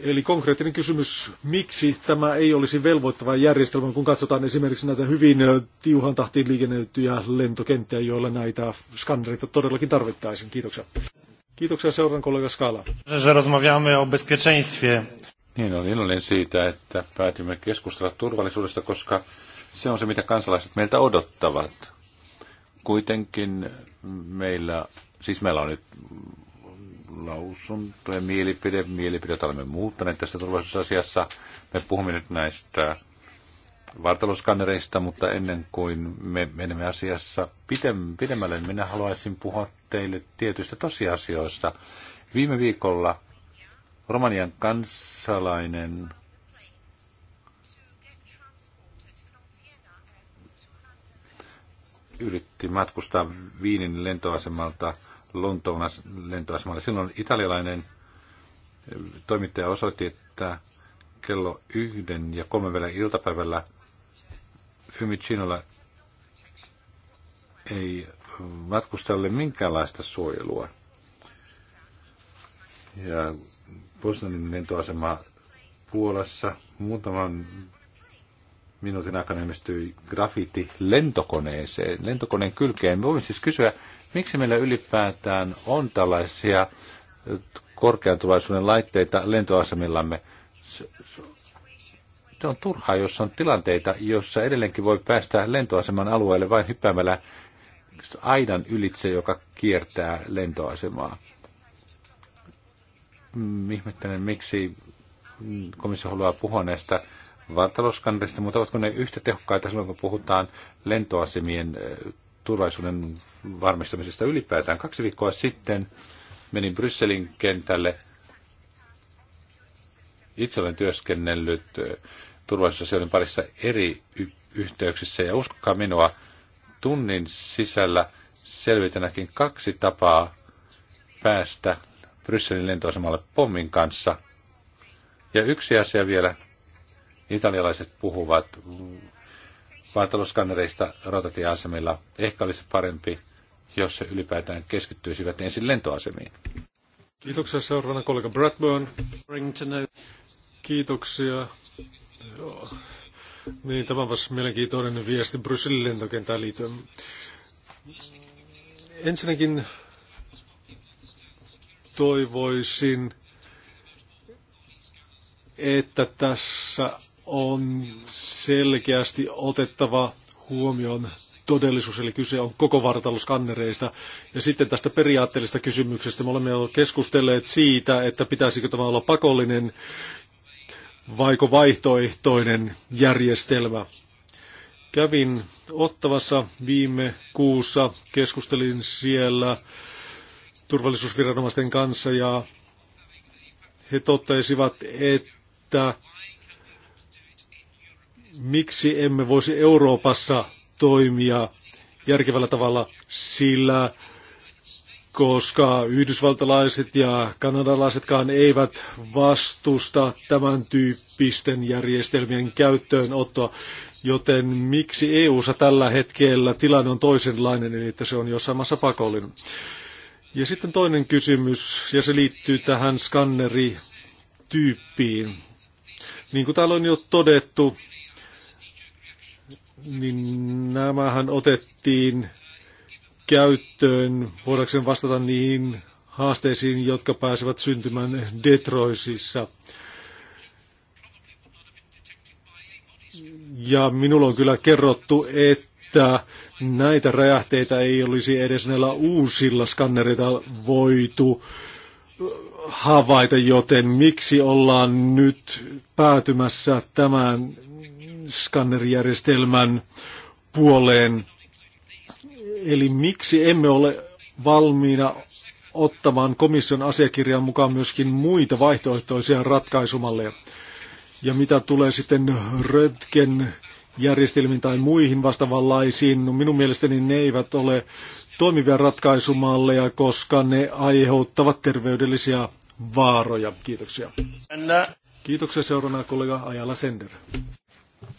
Eli konkreettinen kysymys, miksi tämä ei olisi velvoittava järjestelmä, kun katsotaan esimerkiksi näitä hyvin tiuhan tahtiin liikennöityjä lentokenttiä, joilla näitä skannereita todellakin tarvittaisiin. Kiitoksia. Kiitoksia seuraan kollega Skala. Niin, olen iloinen siitä, että päätimme keskustella turvallisuudesta, koska se on se, mitä kansalaiset meiltä odottavat. Kuitenkin meillä, siis meillä on nyt lausunto ja mielipide. Mielipide, olemme muuttaneet tässä turvallisuusasiassa. Me puhumme nyt näistä vartaloskannereista, mutta ennen kuin me menemme asiassa pidemmälle, minä haluaisin puhua teille tietyistä tosiasioista. Viime viikolla Romanian kansalainen yritti matkustaa Viinin lentoasemalta Lontoon lentoasemalle. Silloin italialainen eh, toimittaja osoitti, että kello yhden ja kolmen välillä iltapäivällä Fiumicinolla ei matkustajalle minkäänlaista suojelua. Ja Bosnanin lentoasema Puolassa muutaman minuutin aikana ilmestyi grafiitti lentokoneeseen, lentokoneen kylkeen. Voin siis kysyä, Miksi meillä ylipäätään on tällaisia korkeantulaisuuden laitteita lentoasemillamme? Se on turhaa, jos on tilanteita, jossa edelleenkin voi päästä lentoaseman alueelle vain hyppäämällä aidan ylitse, joka kiertää lentoasemaa. Mm, ihmettelen, miksi komissio haluaa puhua näistä vartaloskannerista, mutta ovatko ne yhtä tehokkaita silloin, kun puhutaan lentoasemien eh, turvallisuuden varmistamisesta ylipäätään. Kaksi viikkoa sitten menin Brysselin kentälle. Itse olen työskennellyt eh, turvallisuusasioiden parissa eri yhteyksissä ja uskokaa minua, tunnin sisällä selvitänäkin kaksi tapaa päästä Brysselin lentoasemalle pommin kanssa. Ja yksi asia vielä, italialaiset puhuvat vaateluskannereista rotatieasemilla. Ehkä olisi parempi jos se ylipäätään keskittyisivät ensin lentoasemiin. Kiitoksia seuraavana kollega Bradburn. Kiitoksia. Joo. Niin, tämä on mielenkiintoinen viesti Brysselin lentokentään liittyen. Ensinnäkin toivoisin, että tässä on selkeästi otettava huomioon todellisuus, eli kyse on koko vartaloskannereista. Ja sitten tästä periaatteellisesta kysymyksestä me olemme jo keskustelleet siitä, että pitäisikö tämä olla pakollinen vaiko vaihtoehtoinen järjestelmä. Kävin Ottavassa viime kuussa, keskustelin siellä turvallisuusviranomaisten kanssa ja he totesivat, että miksi emme voisi Euroopassa toimia järkevällä tavalla, sillä koska yhdysvaltalaiset ja kanadalaisetkaan eivät vastusta tämän tyyppisten järjestelmien käyttöönottoa, joten miksi EU-ssa tällä hetkellä tilanne on toisenlainen, eli että se on jossain maassa pakollinen. Ja sitten toinen kysymys, ja se liittyy tähän skannerityyppiin. Niin kuin täällä on jo todettu, niin nämähän otettiin käyttöön, voidaanko vastata niihin haasteisiin, jotka pääsevät syntymään Detroitissa. Ja minulla on kyllä kerrottu, että näitä räjähteitä ei olisi edes näillä uusilla skannereita voitu havaita, joten miksi ollaan nyt päätymässä tämän skannerijärjestelmän puoleen. Eli miksi emme ole valmiina ottamaan komission asiakirjan mukaan myöskin muita vaihtoehtoisia ratkaisumalleja. Ja mitä tulee sitten röntgen järjestelmiin tai muihin vastaavanlaisiin, no minun mielestäni ne eivät ole toimivia ratkaisumalleja, koska ne aiheuttavat terveydellisiä vaaroja. Kiitoksia. Kiitoksia seurana kollega Ajala Sender.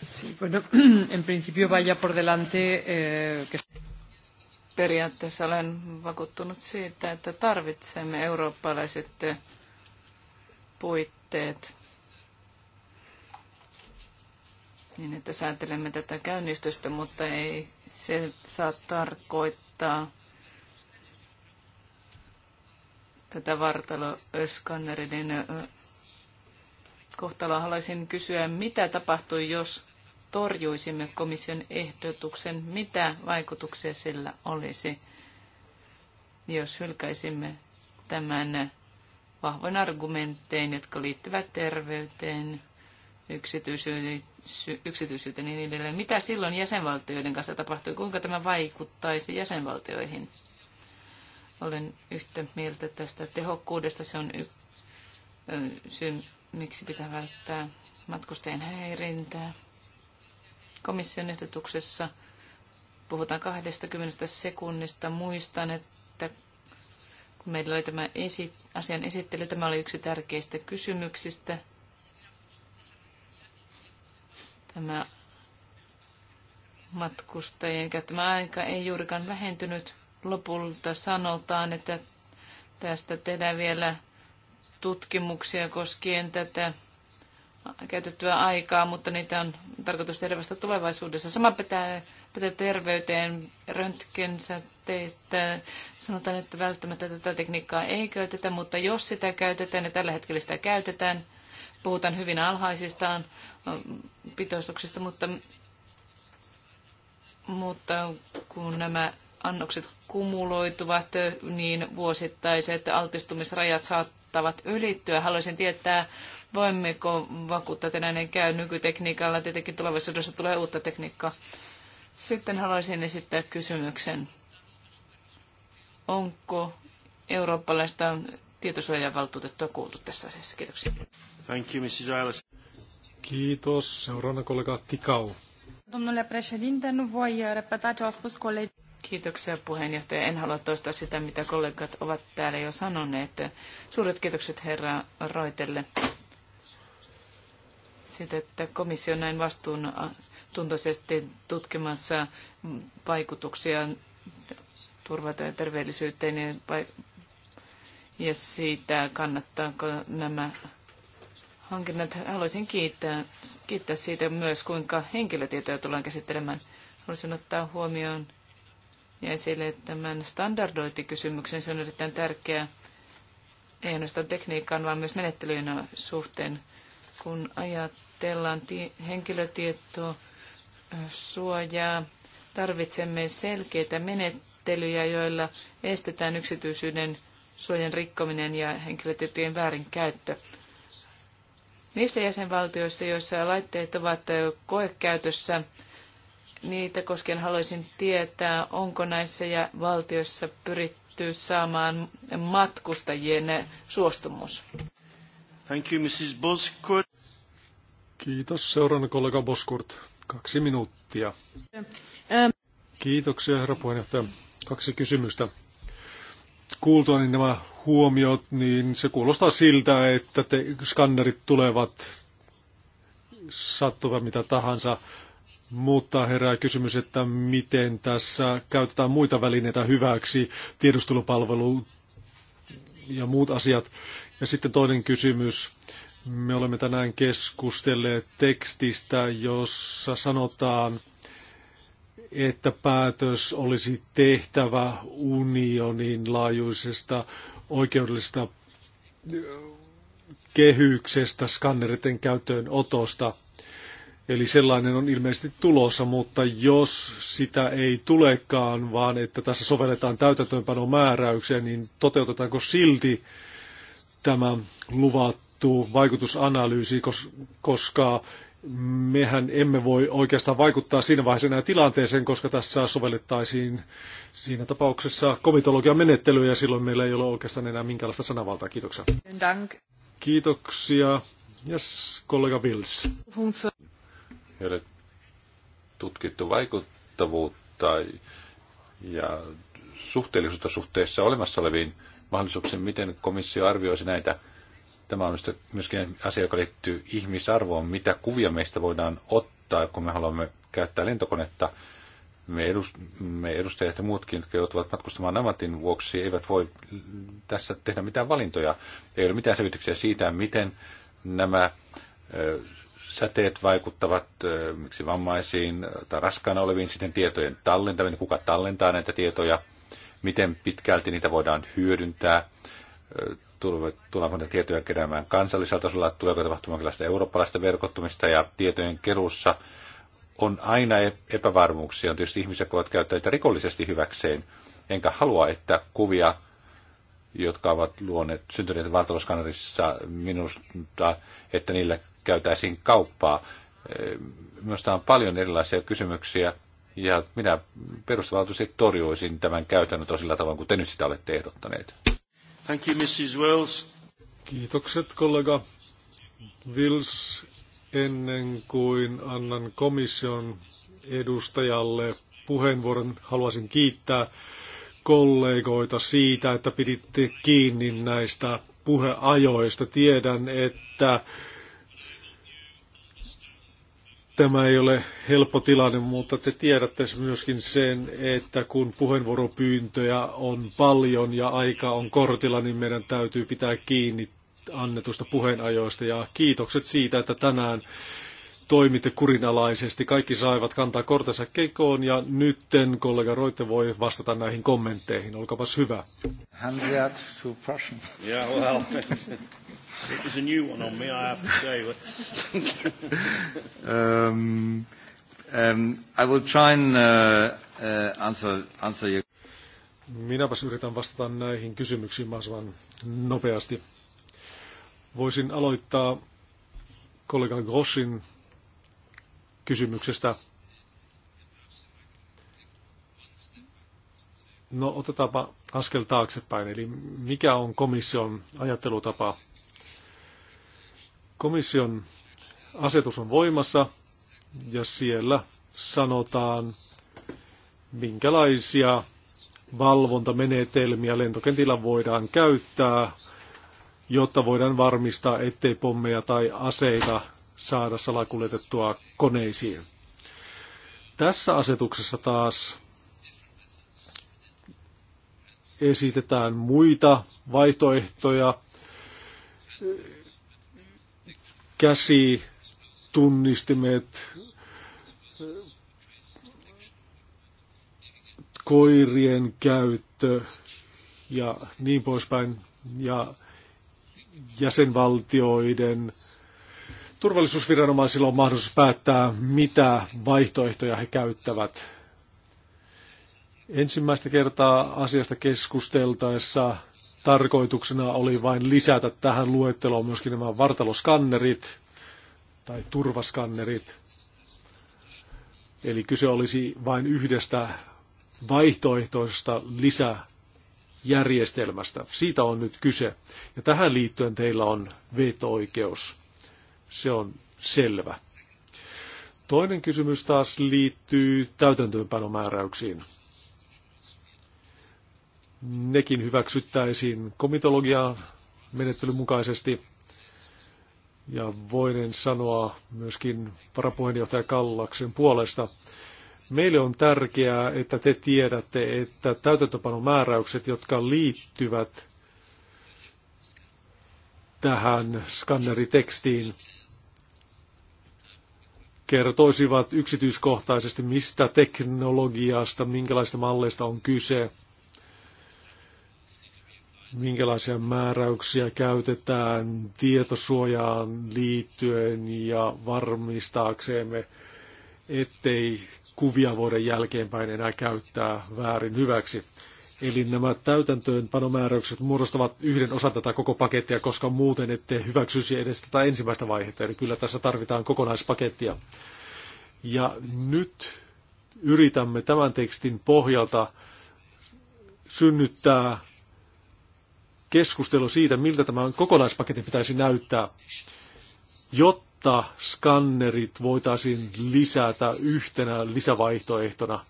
Sí, bueno, en principio vaya por delante. Eh, que... Periaatteessa olen vakuuttunut siitä, että tarvitsemme eurooppalaiset eh, puitteet niin, että säätelemme tätä käynnistystä, mutta ei se saa tarkoittaa tätä vartaloskanneriden eh, kohtaloa. Haluaisin kysyä, mitä tapahtui, jos torjuisimme komission ehdotuksen, mitä vaikutuksia sillä olisi, jos hylkäisimme tämän vahvoin argumenttein, jotka liittyvät terveyteen, yksityisyyteen ja niin edelleen. Mitä silloin jäsenvaltioiden kanssa tapahtui? Kuinka tämä vaikuttaisi jäsenvaltioihin? Olen yhtä mieltä tästä tehokkuudesta. Se on y- syy, miksi pitää välttää matkustajien häirintää. Komission ehdotuksessa puhutaan 20 sekunnista. Muistan, että kun meillä oli tämä esi- asian esittely, tämä oli yksi tärkeistä kysymyksistä. Tämä matkustajien käyttämä aika ei juurikaan vähentynyt. Lopulta sanotaan, että tästä tehdään vielä tutkimuksia koskien tätä käytettyä aikaa, mutta niitä on tarkoitus tehdä vasta tulevaisuudessa. Sama pitää, pitää terveyteen, röntgensäteistä. Sanotaan, että välttämättä tätä tekniikkaa ei käytetä, mutta jos sitä käytetään, ja tällä hetkellä sitä käytetään, puhutaan hyvin alhaisistaan pitoisuuksista, mutta, mutta kun nämä annokset kumuloituvat, niin vuosittaiset altistumisrajat saattavat ylittyä. Haluaisin tietää, Voimmeko vakuuttaa, että näin ei käy nykytekniikalla? Tietenkin tulevaisuudessa tulee uutta tekniikkaa. Sitten haluaisin esittää kysymyksen. Onko eurooppalaista tietosuojavaltuutettua kuultu tässä asiassa? Kiitoksia. Thank you, Mrs. Ailes. Kiitos. Seuraavana kollega Tikau. voi Kiitoksia puheenjohtaja. En halua toistaa sitä, mitä kollegat ovat täällä jo sanoneet. Suuret kiitokset herra Roitelle mainitsit, että komissio on näin vastuuntuntoisesti tutkimassa vaikutuksia turvata ja terveellisyyteen ja, ja siitä kannattaako nämä hankinnat. Haluaisin kiittää, kiittää siitä myös, kuinka henkilötietoja tullaan käsittelemään. Haluaisin ottaa huomioon ja esille tämän standardointikysymyksen. Se on erittäin tärkeää, ei ainoastaan tekniikkaan, vaan myös menettelyjen suhteen, kun ajat ajatellaan henkilötietoa suojaa, tarvitsemme selkeitä menettelyjä, joilla estetään yksityisyyden suojan rikkominen ja henkilötietojen väärinkäyttö. Niissä jäsenvaltioissa, joissa laitteet ovat koekäytössä, niitä koskien haluaisin tietää, onko näissä ja valtioissa pyritty saamaan matkustajien suostumus. Thank you, Mrs. Kiitos. Seuraavana kollega Boskurt. Kaksi minuuttia. Kiitoksia, herra puheenjohtaja. Kaksi kysymystä. Kuultuani niin nämä huomiot, niin se kuulostaa siltä, että te, skannerit tulevat sattuva mitä tahansa. Mutta herää kysymys, että miten tässä käytetään muita välineitä hyväksi, tiedustelupalvelu ja muut asiat. Ja sitten toinen kysymys me olemme tänään keskustelleet tekstistä, jossa sanotaan, että päätös olisi tehtävä unionin laajuisesta oikeudellisesta kehyksestä, skanneriten käyttöönotosta. Eli sellainen on ilmeisesti tulossa, mutta jos sitä ei tulekaan, vaan että tässä sovelletaan täytäntöönpanon niin toteutetaanko silti tämä luvat sanottu vaikutusanalyysi, koska mehän emme voi oikeastaan vaikuttaa siinä vaiheessa enää tilanteeseen, koska tässä sovellettaisiin siinä tapauksessa komitologian menettelyä ja silloin meillä ei ole oikeastaan enää minkäänlaista sanavaltaa. Kiitoksia. Dank. Kiitoksia. Yes, kollega Vils. Ei ole tutkittu vaikuttavuutta ja suhteellisuutta suhteessa olemassa oleviin mahdollisuuksiin, miten komissio arvioisi näitä Tämä on myöskin asia, joka liittyy ihmisarvoon, mitä kuvia meistä voidaan ottaa, kun me haluamme käyttää lentokonetta. Me, edust- me edustajat ja muutkin, jotka joutuvat matkustamaan ammatin vuoksi, eivät voi tässä tehdä mitään valintoja. Ei ole mitään selityksiä siitä, miten nämä säteet vaikuttavat miksi vammaisiin tai raskaana oleviin, sitten tietojen tallentaminen, kuka tallentaa näitä tietoja, miten pitkälti niitä voidaan hyödyntää tuleeko tietojen tietoja keräämään kansallisella tasolla, tuleeko tapahtumaan tällaista eurooppalaista verkottumista ja tietojen keruussa on aina e-, epävarmuuksia. On tietysti ihmisiä, jotka ovat käyttäneet rikollisesti hyväkseen. Enkä halua, että kuvia, jotka ovat luoneet syntyneet valtavaskanarissa minusta, että niillä käytäisiin kauppaa. Minusta on paljon erilaisia kysymyksiä, ja minä perustavaltuisesti torjuisin tämän käytännön tosilla tavoin, kun te nyt sitä olette ehdottaneet. Thank you, Mrs. Wells. Kiitokset, kollega Wills. Ennen kuin annan komission edustajalle puheenvuoron, haluaisin kiittää kollegoita siitä, että piditte kiinni näistä puheajoista. Tiedän, että Tämä ei ole helppo tilanne, mutta te tiedätte myöskin sen, että kun puheenvuoropyyntöjä on paljon ja aika on kortilla, niin meidän täytyy pitää kiinni annetusta puheenajoista. Ja kiitokset siitä, että tänään toimitte kurinalaisesti. Kaikki saivat kantaa kortensa kekoon ja nytten kollega Roitte voi vastata näihin kommentteihin. Olkapas hyvä. Hands out to Prussian. Yeah, well. It was a new one on me, I have to say. um, um, I will try and uh, uh, answer, answer you. Minäpäs yritän vastata näihin kysymyksiin mahdollisimman nopeasti. Voisin aloittaa kollega Grossin kysymyksestä. No otetaanpa askel taaksepäin, eli mikä on komission ajattelutapa Komission asetus on voimassa ja siellä sanotaan, minkälaisia valvontamenetelmiä lentokentillä voidaan käyttää, jotta voidaan varmistaa, ettei pommeja tai aseita saada salakuljetettua koneisiin. Tässä asetuksessa taas esitetään muita vaihtoehtoja, käsitunnistimet, koirien käyttö ja niin poispäin. Ja jäsenvaltioiden turvallisuusviranomaisilla on mahdollisuus päättää, mitä vaihtoehtoja he käyttävät Ensimmäistä kertaa asiasta keskusteltaessa tarkoituksena oli vain lisätä tähän luetteloon myöskin nämä vartaloskannerit tai turvaskannerit. Eli kyse olisi vain yhdestä vaihtoehtoisesta lisäjärjestelmästä. Siitä on nyt kyse. Ja tähän liittyen teillä on veto-oikeus. Se on selvä. Toinen kysymys taas liittyy täytäntöönpanomääräyksiin. määräyksiin nekin hyväksyttäisiin komitologian menettelyn mukaisesti. Ja voinen sanoa myöskin varapuheenjohtaja Kallaksen puolesta. Meille on tärkeää, että te tiedätte, että täytäntöpanomääräykset, jotka liittyvät tähän skanneritekstiin, kertoisivat yksityiskohtaisesti, mistä teknologiasta, minkälaista malleista on kyse, minkälaisia määräyksiä käytetään tietosuojaan liittyen ja varmistaaksemme, ettei kuvia voida jälkeenpäin enää käyttää väärin hyväksi. Eli nämä täytäntöönpanomääräykset muodostavat yhden osan tätä koko pakettia, koska muuten ette hyväksyisi edes tätä ensimmäistä vaihetta. Eli kyllä tässä tarvitaan kokonaispakettia. Ja nyt yritämme tämän tekstin pohjalta synnyttää keskustelu siitä, miltä tämä kokonaispaketti pitäisi näyttää, jotta skannerit voitaisiin lisätä yhtenä lisävaihtoehtona,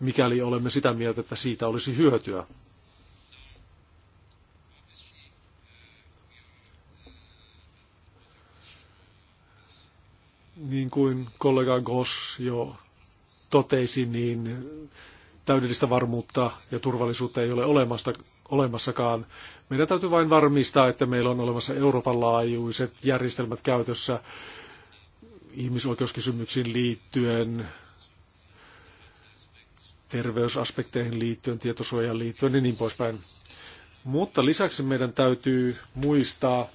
mikäli olemme sitä mieltä, että siitä olisi hyötyä. Niin kuin kollega Goss jo totesi, niin täydellistä varmuutta ja turvallisuutta ei ole olemasta, olemassakaan. Meidän täytyy vain varmistaa, että meillä on olemassa Euroopan laajuiset järjestelmät käytössä ihmisoikeuskysymyksiin liittyen, terveysaspekteihin liittyen, tietosuojaan liittyen ja niin poispäin. Mutta lisäksi meidän täytyy muistaa,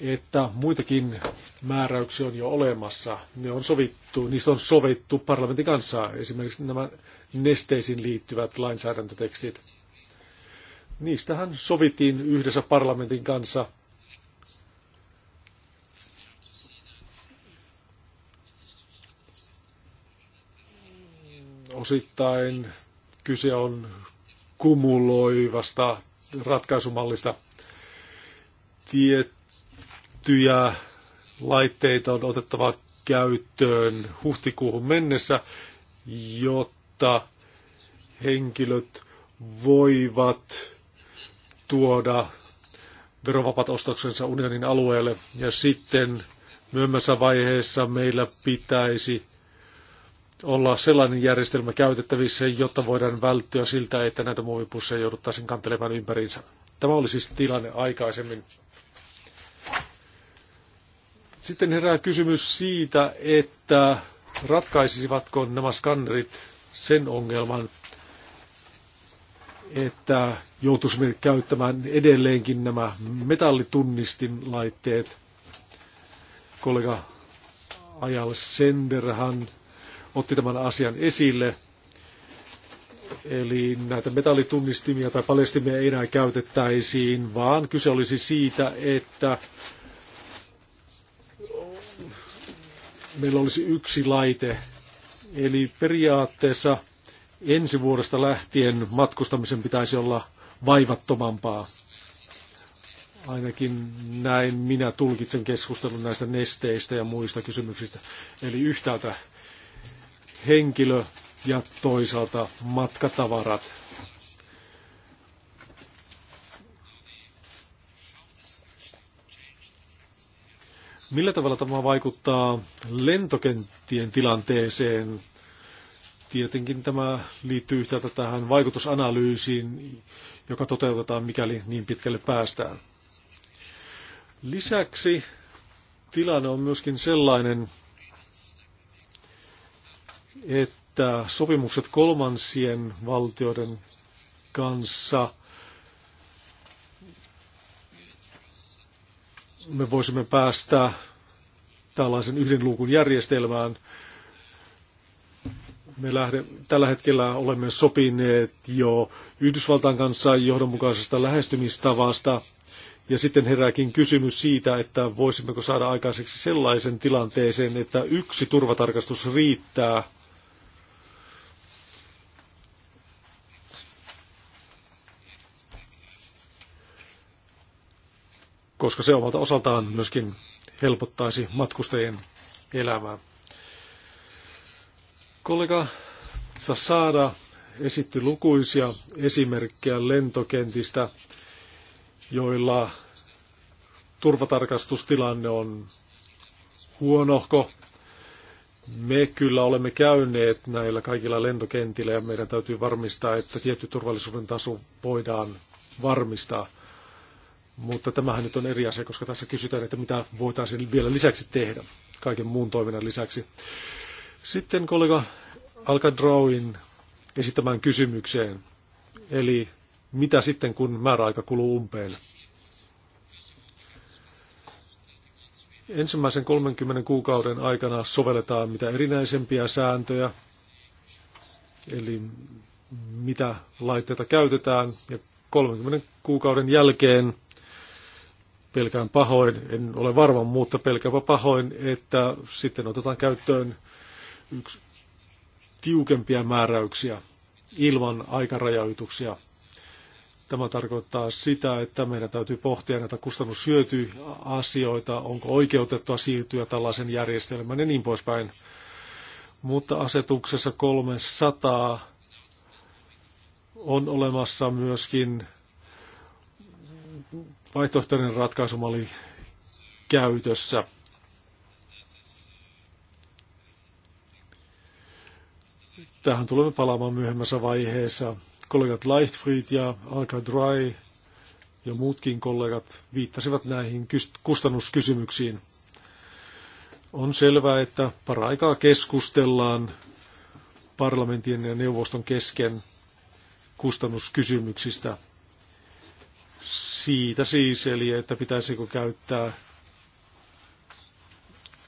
että muitakin määräyksiä on jo olemassa. Ne on sovittu, niistä on sovittu parlamentin kanssa, esimerkiksi nämä nesteisiin liittyvät lainsäädäntötekstit niistähän sovittiin yhdessä parlamentin kanssa. Osittain kyse on kumuloivasta ratkaisumallista. Tiettyjä laitteita on otettava käyttöön huhtikuuhun mennessä, jotta henkilöt voivat tuoda verovapaat ostoksensa unionin alueelle. Ja sitten myöhemmässä vaiheessa meillä pitäisi olla sellainen järjestelmä käytettävissä, jotta voidaan välttyä siltä, että näitä muovipusseja jouduttaisiin kantelemaan ympäriinsä. Tämä oli siis tilanne aikaisemmin. Sitten herää kysymys siitä, että ratkaisisivatko nämä skannerit sen ongelman, että joutuisimme käyttämään edelleenkin nämä metallitunnistinlaitteet. Kollega Ajal Senderhan otti tämän asian esille. Eli näitä metallitunnistimia tai paljastimia ei enää käytettäisiin, vaan kyse olisi siitä, että meillä olisi yksi laite. Eli periaatteessa ensi vuodesta lähtien matkustamisen pitäisi olla vaivattomampaa. Ainakin näin minä tulkitsen keskustelun näistä nesteistä ja muista kysymyksistä. Eli yhtäältä henkilö ja toisaalta matkatavarat. Millä tavalla tämä vaikuttaa lentokenttien tilanteeseen Tietenkin tämä liittyy yhtäältä tähän vaikutusanalyysiin, joka toteutetaan, mikäli niin pitkälle päästään. Lisäksi tilanne on myöskin sellainen, että sopimukset kolmansien valtioiden kanssa me voisimme päästä tällaisen yhden luukun järjestelmään, me lähde, tällä hetkellä olemme sopineet jo Yhdysvaltain kanssa johdonmukaisesta lähestymistavasta. Ja sitten herääkin kysymys siitä, että voisimmeko saada aikaiseksi sellaisen tilanteeseen, että yksi turvatarkastus riittää koska se omalta osaltaan myöskin helpottaisi matkustajien elämää. Kollega Sassada esitti lukuisia esimerkkejä lentokentistä, joilla turvatarkastustilanne on huonohko. Me kyllä olemme käyneet näillä kaikilla lentokentillä ja meidän täytyy varmistaa, että tietty turvallisuuden taso voidaan varmistaa. Mutta tämähän nyt on eri asia, koska tässä kysytään, että mitä voitaisiin vielä lisäksi tehdä kaiken muun toiminnan lisäksi. Sitten kollega Alcadrawin esittämään kysymykseen. Eli mitä sitten, kun määräaika kuluu umpeen? Ensimmäisen 30 kuukauden aikana sovelletaan mitä erinäisempiä sääntöjä, eli mitä laitteita käytetään, ja 30 kuukauden jälkeen pelkään pahoin, en ole varma, mutta pelkäänpä pahoin, että sitten otetaan käyttöön yksi tiukempia määräyksiä ilman aikarajoituksia. Tämä tarkoittaa sitä, että meidän täytyy pohtia näitä kustannushyötyasioita, onko oikeutettua siirtyä tällaisen järjestelmän ja niin poispäin. Mutta asetuksessa 300 on olemassa myöskin vaihtoehtoinen ratkaisumalli käytössä. Tähän tulemme palaamaan myöhemmässä vaiheessa. Kollegat Leichtfried ja Alka Dry ja muutkin kollegat viittasivat näihin kustannuskysymyksiin. On selvää, että paraikaa keskustellaan parlamentin ja neuvoston kesken kustannuskysymyksistä. Siitä siis, eli että pitäisikö käyttää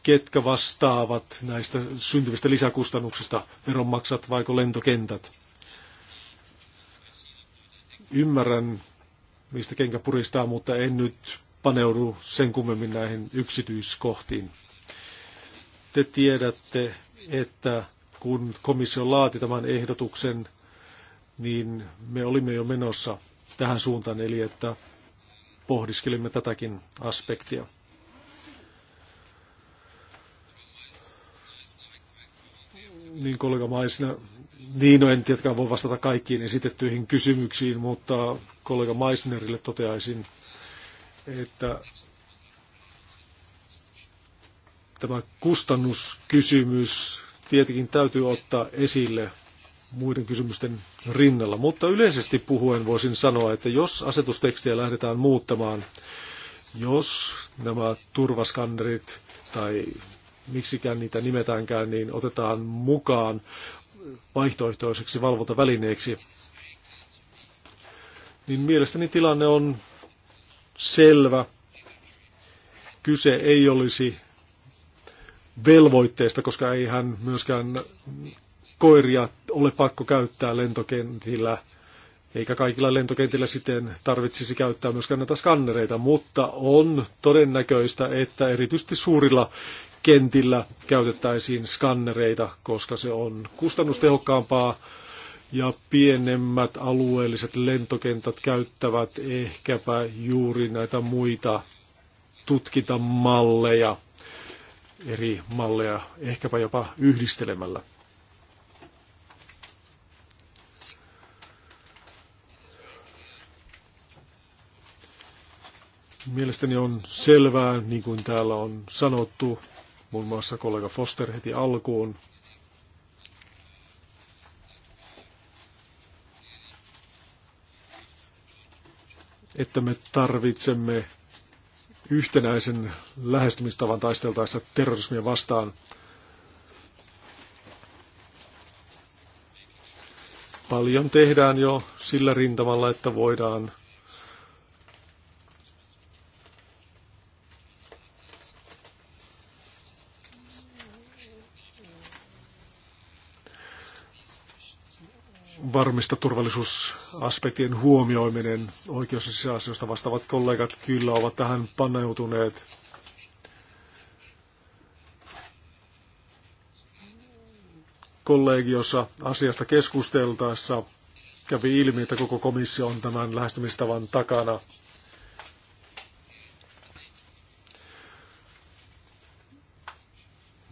ketkä vastaavat näistä syntyvistä lisäkustannuksista, veronmaksat vaiko lentokentät. Ymmärrän, mistä kenkä puristaa, mutta en nyt paneudu sen kummemmin näihin yksityiskohtiin. Te tiedätte, että kun komissio laati tämän ehdotuksen, niin me olimme jo menossa tähän suuntaan, eli että pohdiskelimme tätäkin aspektia. niin kollega niin, no en tietenkään voi vastata kaikkiin esitettyihin kysymyksiin, mutta kollega Maisnerille toteaisin, että tämä kustannuskysymys tietenkin täytyy ottaa esille muiden kysymysten rinnalla. Mutta yleisesti puhuen voisin sanoa, että jos asetustekstiä lähdetään muuttamaan, jos nämä turvaskannerit tai miksikään niitä nimetäänkään, niin otetaan mukaan vaihtoehtoiseksi valvontavälineeksi. Niin mielestäni tilanne on selvä. Kyse ei olisi velvoitteesta, koska ei hän myöskään koiria ole pakko käyttää lentokentillä, eikä kaikilla lentokentillä siten tarvitsisi käyttää myöskään näitä skannereita, mutta on todennäköistä, että erityisesti suurilla kentillä käytettäisiin skannereita, koska se on kustannustehokkaampaa ja pienemmät alueelliset lentokentät käyttävät ehkäpä juuri näitä muita tutkintamalleja, eri malleja, ehkäpä jopa yhdistelemällä. Mielestäni on selvää, niin kuin täällä on sanottu, muun muassa kollega Foster heti alkuun. Että me tarvitsemme yhtenäisen lähestymistavan taisteltaessa terrorismia vastaan. Paljon tehdään jo sillä rintamalla, että voidaan varmista turvallisuusaspektien huomioiminen. Oikeus- ja sisäasioista vastaavat kollegat kyllä ovat tähän paneutuneet. kollegiossa asiasta keskusteltaessa kävi ilmi, että koko komissio on tämän lähestymistavan takana.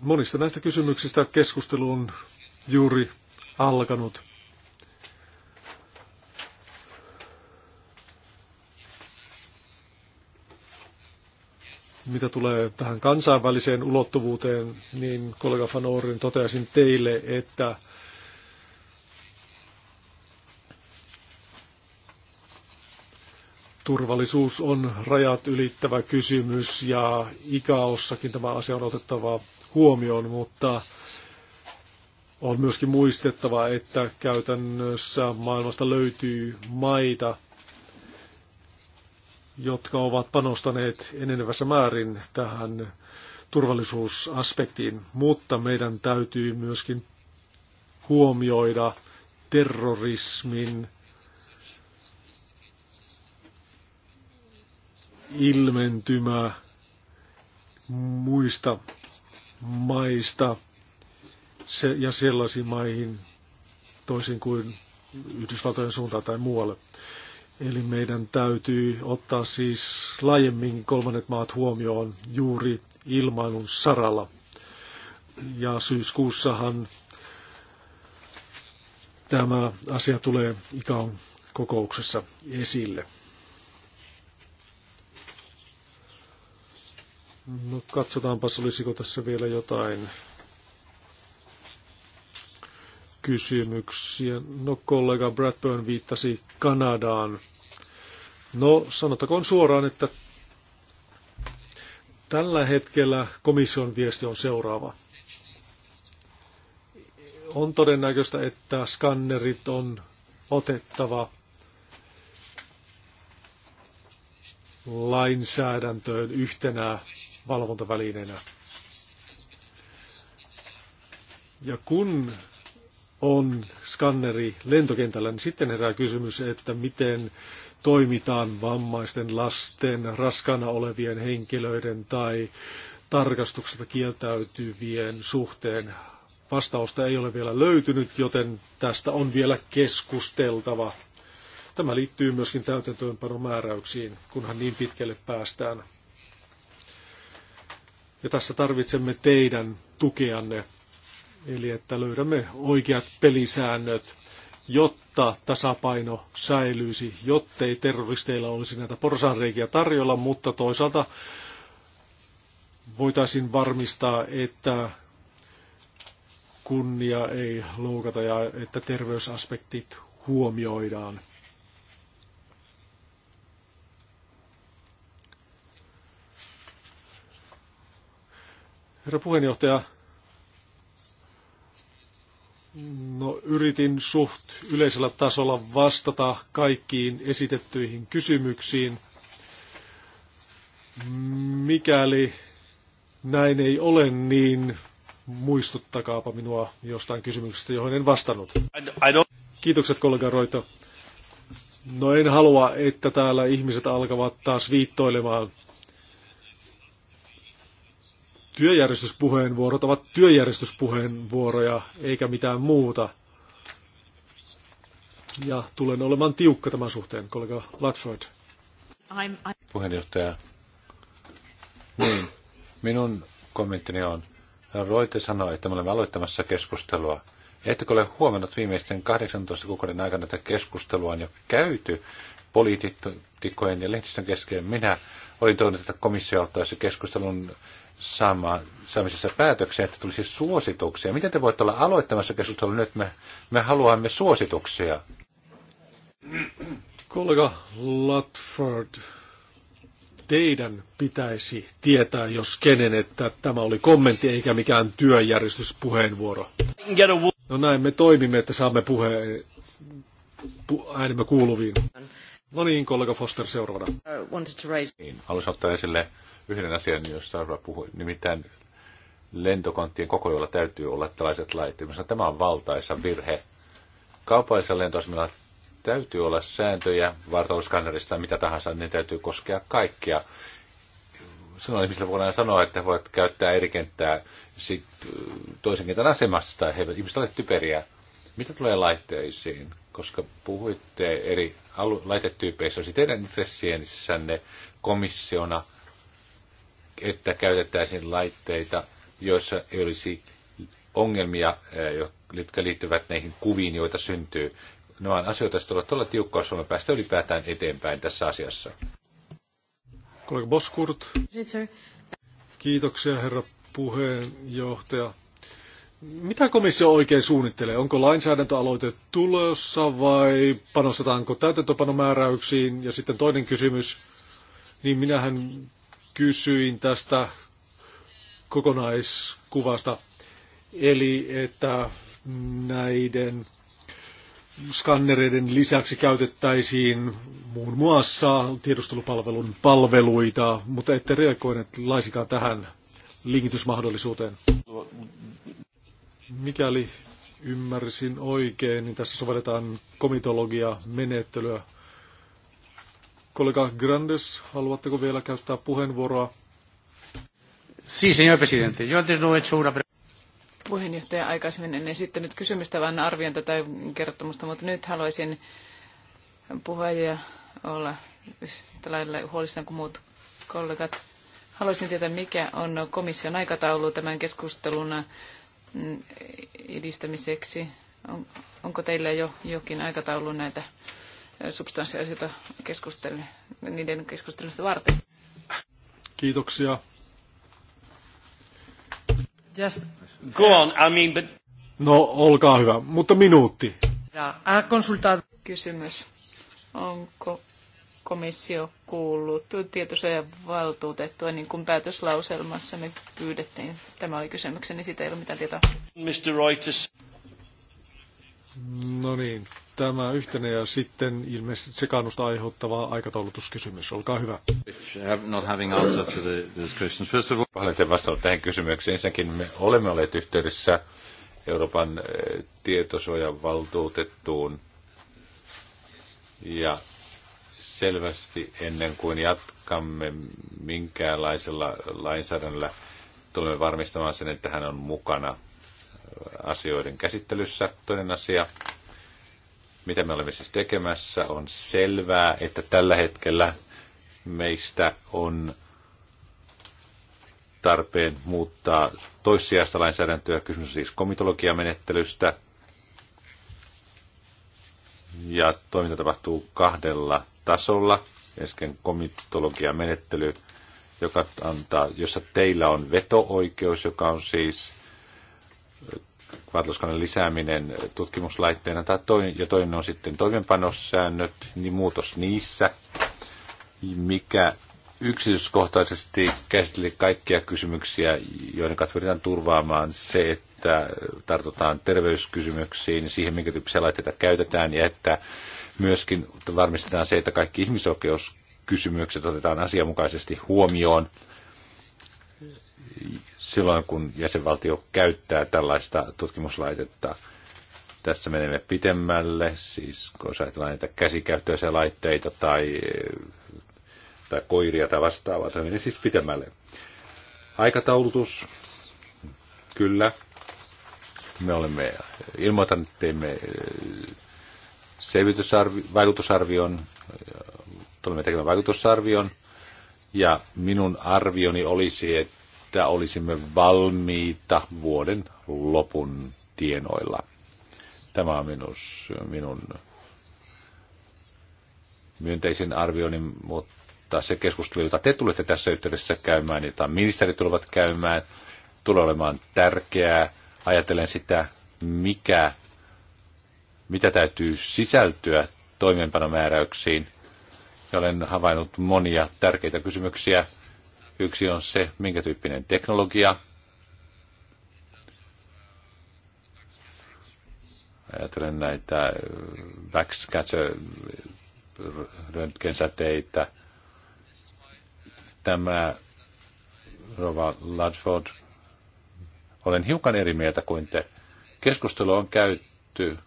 Monista näistä kysymyksistä keskustelu on juuri alkanut. mitä tulee tähän kansainväliseen ulottuvuuteen, niin kollega Van toteaisin teille, että turvallisuus on rajat ylittävä kysymys ja ikaossakin tämä asia on otettava huomioon, mutta on myöskin muistettava, että käytännössä maailmasta löytyy maita – jotka ovat panostaneet enenevässä määrin tähän turvallisuusaspektiin, mutta meidän täytyy myöskin huomioida terrorismin ilmentymä muista maista se, ja sellaisiin maihin toisin kuin Yhdysvaltojen suuntaan tai muualle. Eli meidän täytyy ottaa siis laajemmin kolmannet maat huomioon juuri ilmailun saralla. Ja syyskuussahan tämä asia tulee ikään kokouksessa esille. No katsotaanpas, olisiko tässä vielä jotain kysymyksiä. No kollega Bradburn viittasi Kanadaan. No, sanottakoon suoraan, että tällä hetkellä komission viesti on seuraava. On todennäköistä, että skannerit on otettava lainsäädäntöön yhtenä valvontavälineenä. Ja kun on skanneri lentokentällä, niin sitten herää kysymys, että miten toimitaan vammaisten lasten, raskana olevien henkilöiden tai tarkastuksesta kieltäytyvien suhteen. Vastausta ei ole vielä löytynyt, joten tästä on vielä keskusteltava. Tämä liittyy myöskin täytäntöönpanomääräyksiin, kunhan niin pitkälle päästään. Ja tässä tarvitsemme teidän tukeanne, eli että löydämme oikeat pelisäännöt jotta tasapaino säilyisi, jottei terroristeilla olisi näitä porsanreikiä tarjolla, mutta toisaalta voitaisiin varmistaa, että kunnia ei loukata ja että terveysaspektit huomioidaan. Herra puheenjohtaja, No, yritin suht yleisellä tasolla vastata kaikkiin esitettyihin kysymyksiin. Mikäli näin ei ole, niin muistuttakaapa minua jostain kysymyksestä, johon en vastannut. Kiitokset kollega Roito. No en halua, että täällä ihmiset alkavat taas viittoilemaan työjärjestyspuheenvuorot ovat työjärjestyspuheenvuoroja eikä mitään muuta. Ja tulen olemaan tiukka tämän suhteen, kollega Latford. Puheenjohtaja. Niin, minun kommenttini on, Roite sanoi, että me olemme aloittamassa keskustelua. Ettekö ole huomannut viimeisten 18 kuukauden aikana, että keskustelua on jo käyty poliitikkojen ja lehdistön kesken? Minä olin toivonut, että komissio ottaisi keskustelun sama saamisessa päätökseen, että tulisi suosituksia. Miten te voitte olla aloittamassa keskustelua nyt? Me, me haluamme suosituksia. Kollega Latford, teidän pitäisi tietää, jos kenen, että tämä oli kommentti eikä mikään työjärjestyspuheenvuoro. No näin me toimimme, että saamme puheen, pu, äänemme kuuluviin. No niin, kollega Foster seuraavana. Uh, niin, haluaisin ottaa esille yhden asian, josta Arva puhui, nimittäin lentokonttien koko, jolla täytyy olla tällaiset laitteet. tämä on valtaisa virhe. Kaupallisella lentoasemilla täytyy olla sääntöjä, vartaloskannerista mitä tahansa, ne niin täytyy koskea kaikkia. Silloin ihmisille voidaan sanoa, että voit käyttää eri kenttää sit, toisen kentän asemasta, he ihmiset ole typeriä. Mitä tulee laitteisiin? koska puhuitte eri alu- laitetyypeissä, olisi teidän intressiensänne komissiona, että käytettäisiin laitteita, joissa ei olisi ongelmia, eh, jotka liittyvät näihin kuviin, joita syntyy. Nämä on asioita, joista ovat todella tiukkaa, jos päästä ylipäätään eteenpäin tässä asiassa. Kollega Boskurt. Kiitoksia herra puheenjohtaja. Mitä komissio oikein suunnittelee? Onko lainsäädäntöaloite tulossa vai panostetaanko täytäntöpanomääräyksiin? Ja sitten toinen kysymys, niin minähän kysyin tästä kokonaiskuvasta. Eli että näiden skannereiden lisäksi käytettäisiin muun muassa tiedustelupalvelun palveluita, mutta ette reagoineet laisinkaan tähän linkitysmahdollisuuteen. Mikäli ymmärsin oikein, niin tässä sovelletaan komitologia-menettelyä. Kollega Grandes, haluatteko vielä käyttää puheenvuoroa? Sí, señor presidente. Yo antes no he hecho una Puheenjohtaja aikaisemmin en esittänyt kysymystä, vaan arvion tätä kertomusta, mutta nyt haluaisin puheenjohtaja ja olla yhtä lailla huolissaan kuin muut kollegat. Haluaisin tietää, mikä on komission aikataulu tämän keskustelun edistämiseksi? On, onko teillä jo jokin aikataulu näitä substanssiasioita keskustelun niiden keskustelusta varten? Kiitoksia. Just go on, I mean, but... No, olkaa hyvä, mutta minuutti. Ja, ha Kysymys. Onko komissio kuullut valtuutettua niin kuin päätöslauselmassa me pyydettiin. Tämä oli kysymykseni, niin siitä ei ole mitään tietoa. Mr. Reuters. No niin, tämä yhtenä ja sitten ilmeisesti sekaannusta aiheuttava aikataulutuskysymys. Olkaa hyvä. Not having vastannut tähän kysymykseen. Ensinnäkin me olemme olleet yhteydessä Euroopan eh, tietosuojan valtuutettuun ja selvästi ennen kuin jatkamme minkäänlaisella lainsäädännöllä. Tulemme varmistamaan sen, että hän on mukana asioiden käsittelyssä. Toinen asia, mitä me olemme siis tekemässä, on selvää, että tällä hetkellä meistä on tarpeen muuttaa toissijaista lainsäädäntöä. Kysymys on siis komitologiamenettelystä, ja toiminta tapahtuu kahdella tasolla. Ensinnäkin komitologian menettely, joka antaa, jossa teillä on veto-oikeus, joka on siis äh, vaatluskannan lisääminen tutkimuslaitteena, tai toinen, ja toinen on sitten toimenpanossäännöt, niin muutos niissä, mikä yksityiskohtaisesti käsitteli kaikkia kysymyksiä, joiden katsotaan turvaamaan se, että että tartutaan terveyskysymyksiin, siihen minkä tyyppisiä laitteita käytetään ja että myöskin varmistetaan se, että kaikki ihmisoikeuskysymykset otetaan asianmukaisesti huomioon silloin, kun jäsenvaltio käyttää tällaista tutkimuslaitetta. Tässä menemme pitemmälle, siis kun ajatellaan näitä käsikäyttöisiä laitteita tai, tai koiria tai vastaavaa, tämä niin menee siis pitemmälle. Aikataulutus, kyllä, me olemme ilmoittaneet, että teemme vaikutusarvion, tulemme tekemään vaikutusarvion, ja minun arvioni olisi, että olisimme valmiita vuoden lopun tienoilla. Tämä on minus, minun myönteisin arvioni, mutta se keskustelu, jota te tulette tässä yhteydessä käymään, jota ministerit tulevat käymään, tulee olemaan tärkeää ajatellen sitä, mikä, mitä täytyy sisältyä toimeenpanomääräyksiin. Ja olen havainnut monia tärkeitä kysymyksiä. Yksi on se, minkä tyyppinen teknologia. Ajattelen näitä äh, backscatter röntgensäteitä. Tämä Rova Ludford olen hiukan eri mieltä kuin te. Keskustelu on käyty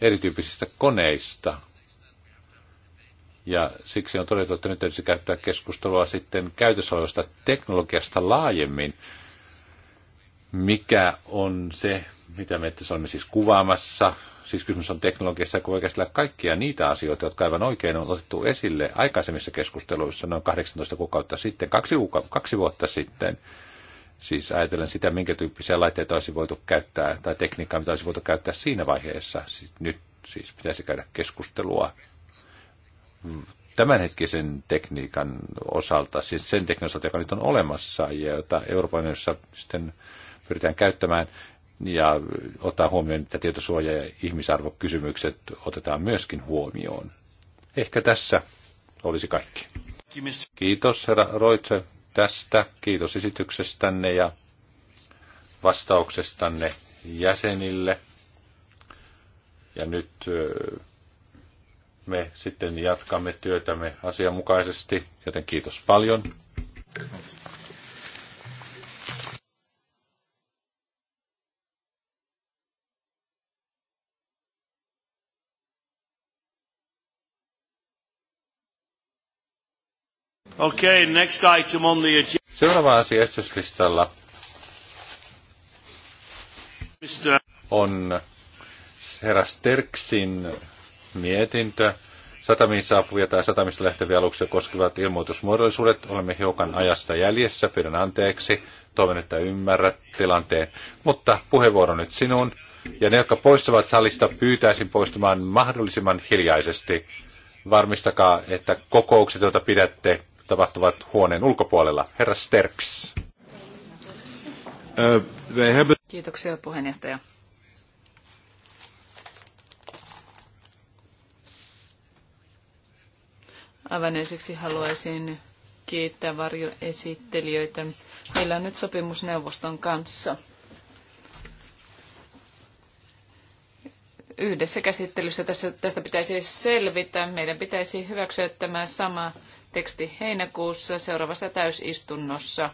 erityyppisistä koneista. Ja siksi on todettu, että nyt täytyisi käyttää keskustelua sitten käytössä olevasta teknologiasta laajemmin. Mikä on se, mitä me tässä olemme siis kuvaamassa? Siis kysymys on teknologiassa, kun oikeastaan kaikkia niitä asioita, jotka aivan oikein on otettu esille aikaisemmissa keskusteluissa noin 18 kuukautta sitten, kaksi, kaksi vuotta sitten – Siis ajatellen sitä, minkä tyyppisiä laitteita olisi voitu käyttää tai tekniikkaa, mitä olisi voitu käyttää siinä vaiheessa. Siis nyt siis pitäisi käydä keskustelua tämänhetkisen tekniikan osalta, siis sen tekniikan osalta, joka nyt on olemassa ja jota Euroopan unionissa sitten pyritään käyttämään ja ottaa huomioon, että tietosuoja- ja ihmisarvokysymykset otetaan myöskin huomioon. Ehkä tässä olisi kaikki. Kiitos herra Roitse tästä. Kiitos esityksestänne ja vastauksestanne jäsenille. Ja nyt me sitten jatkamme työtämme asianmukaisesti, joten kiitos paljon. Okay, next item on the agenda. Seuraava asia esityslistalla Mister. on herra Sterksin mietintö. Satamiin saapuvia tai satamista lähteviä aluksia koskevat ilmoitusmuodollisuudet. Olemme hiukan ajasta jäljessä, pyydän anteeksi. Toivon, että ymmärrät tilanteen. Mutta puheenvuoro nyt sinun. Ja ne, jotka poistuvat salista, pyytäisin poistumaan mahdollisimman hiljaisesti. Varmistakaa, että kokoukset, joita pidätte, tapahtuvat huoneen ulkopuolella. Herra Sterks. Kiitoksia puheenjohtaja. Aivan ensiksi haluaisin kiittää varjoesittelijöitä. Meillä on nyt sopimusneuvoston kanssa. Yhdessä käsittelyssä tässä, tästä pitäisi selvitä. Meidän pitäisi hyväksyä tämä sama teksti heinäkuussa seuraavassa täysistunnossa.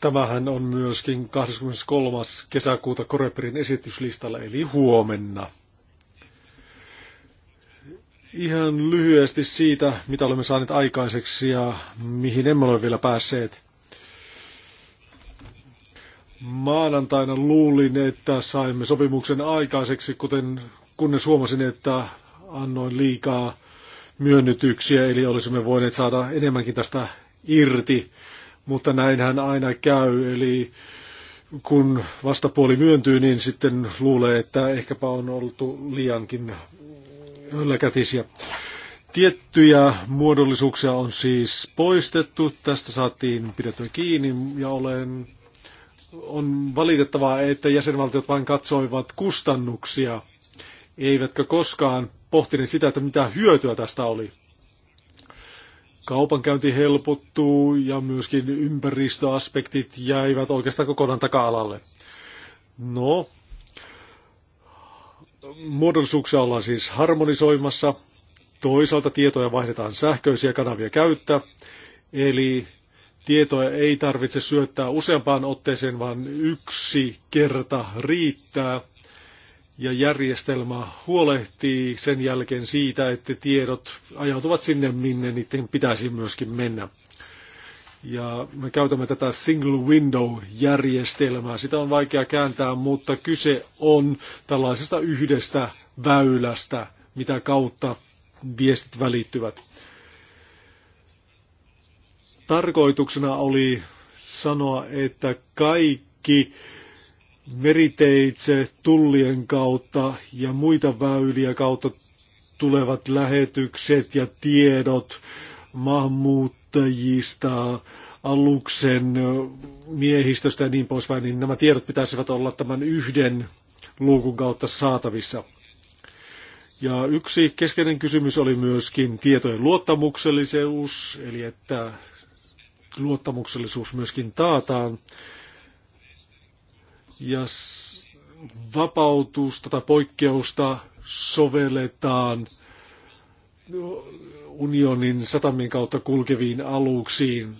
Tämähän on myöskin 23. kesäkuuta Koreperin esityslistalla, eli huomenna. Ihan lyhyesti siitä, mitä olemme saaneet aikaiseksi ja mihin emme ole vielä päässeet. Maanantaina luulin, että saimme sopimuksen aikaiseksi, kuten kunnes huomasin, että annoin liikaa myönnytyksiä, eli olisimme voineet saada enemmänkin tästä irti, mutta näinhän aina käy, eli kun vastapuoli myöntyy, niin sitten luulee, että ehkäpä on oltu liiankin ylläkätisiä. Tiettyjä muodollisuuksia on siis poistettu. Tästä saatiin pidettyä kiinni ja olen, on valitettavaa, että jäsenvaltiot vain katsoivat kustannuksia, eivätkä koskaan pohtinen sitä, että mitä hyötyä tästä oli. Kaupankäynti helpottuu ja myöskin ympäristöaspektit jäivät oikeastaan kokonaan taka-alalle. No, muodollisuuksia ollaan siis harmonisoimassa. Toisaalta tietoja vaihdetaan sähköisiä kanavia käyttää, eli tietoja ei tarvitse syöttää useampaan otteeseen, vaan yksi kerta riittää – ja järjestelmä huolehtii sen jälkeen siitä, että tiedot ajautuvat sinne, minne niiden pitäisi myöskin mennä. Ja me käytämme tätä single window-järjestelmää. Sitä on vaikea kääntää, mutta kyse on tällaisesta yhdestä väylästä, mitä kautta viestit välittyvät. Tarkoituksena oli sanoa, että kaikki meriteitse, tullien kautta ja muita väyliä kautta tulevat lähetykset ja tiedot maahanmuuttajista, aluksen miehistöstä ja niin poispäin, niin nämä tiedot pitäisivät olla tämän yhden luukun kautta saatavissa. Ja yksi keskeinen kysymys oli myöskin tietojen luottamuksellisuus, eli että luottamuksellisuus myöskin taataan ja vapautusta tai poikkeusta sovelletaan unionin satamien kautta kulkeviin aluksiin.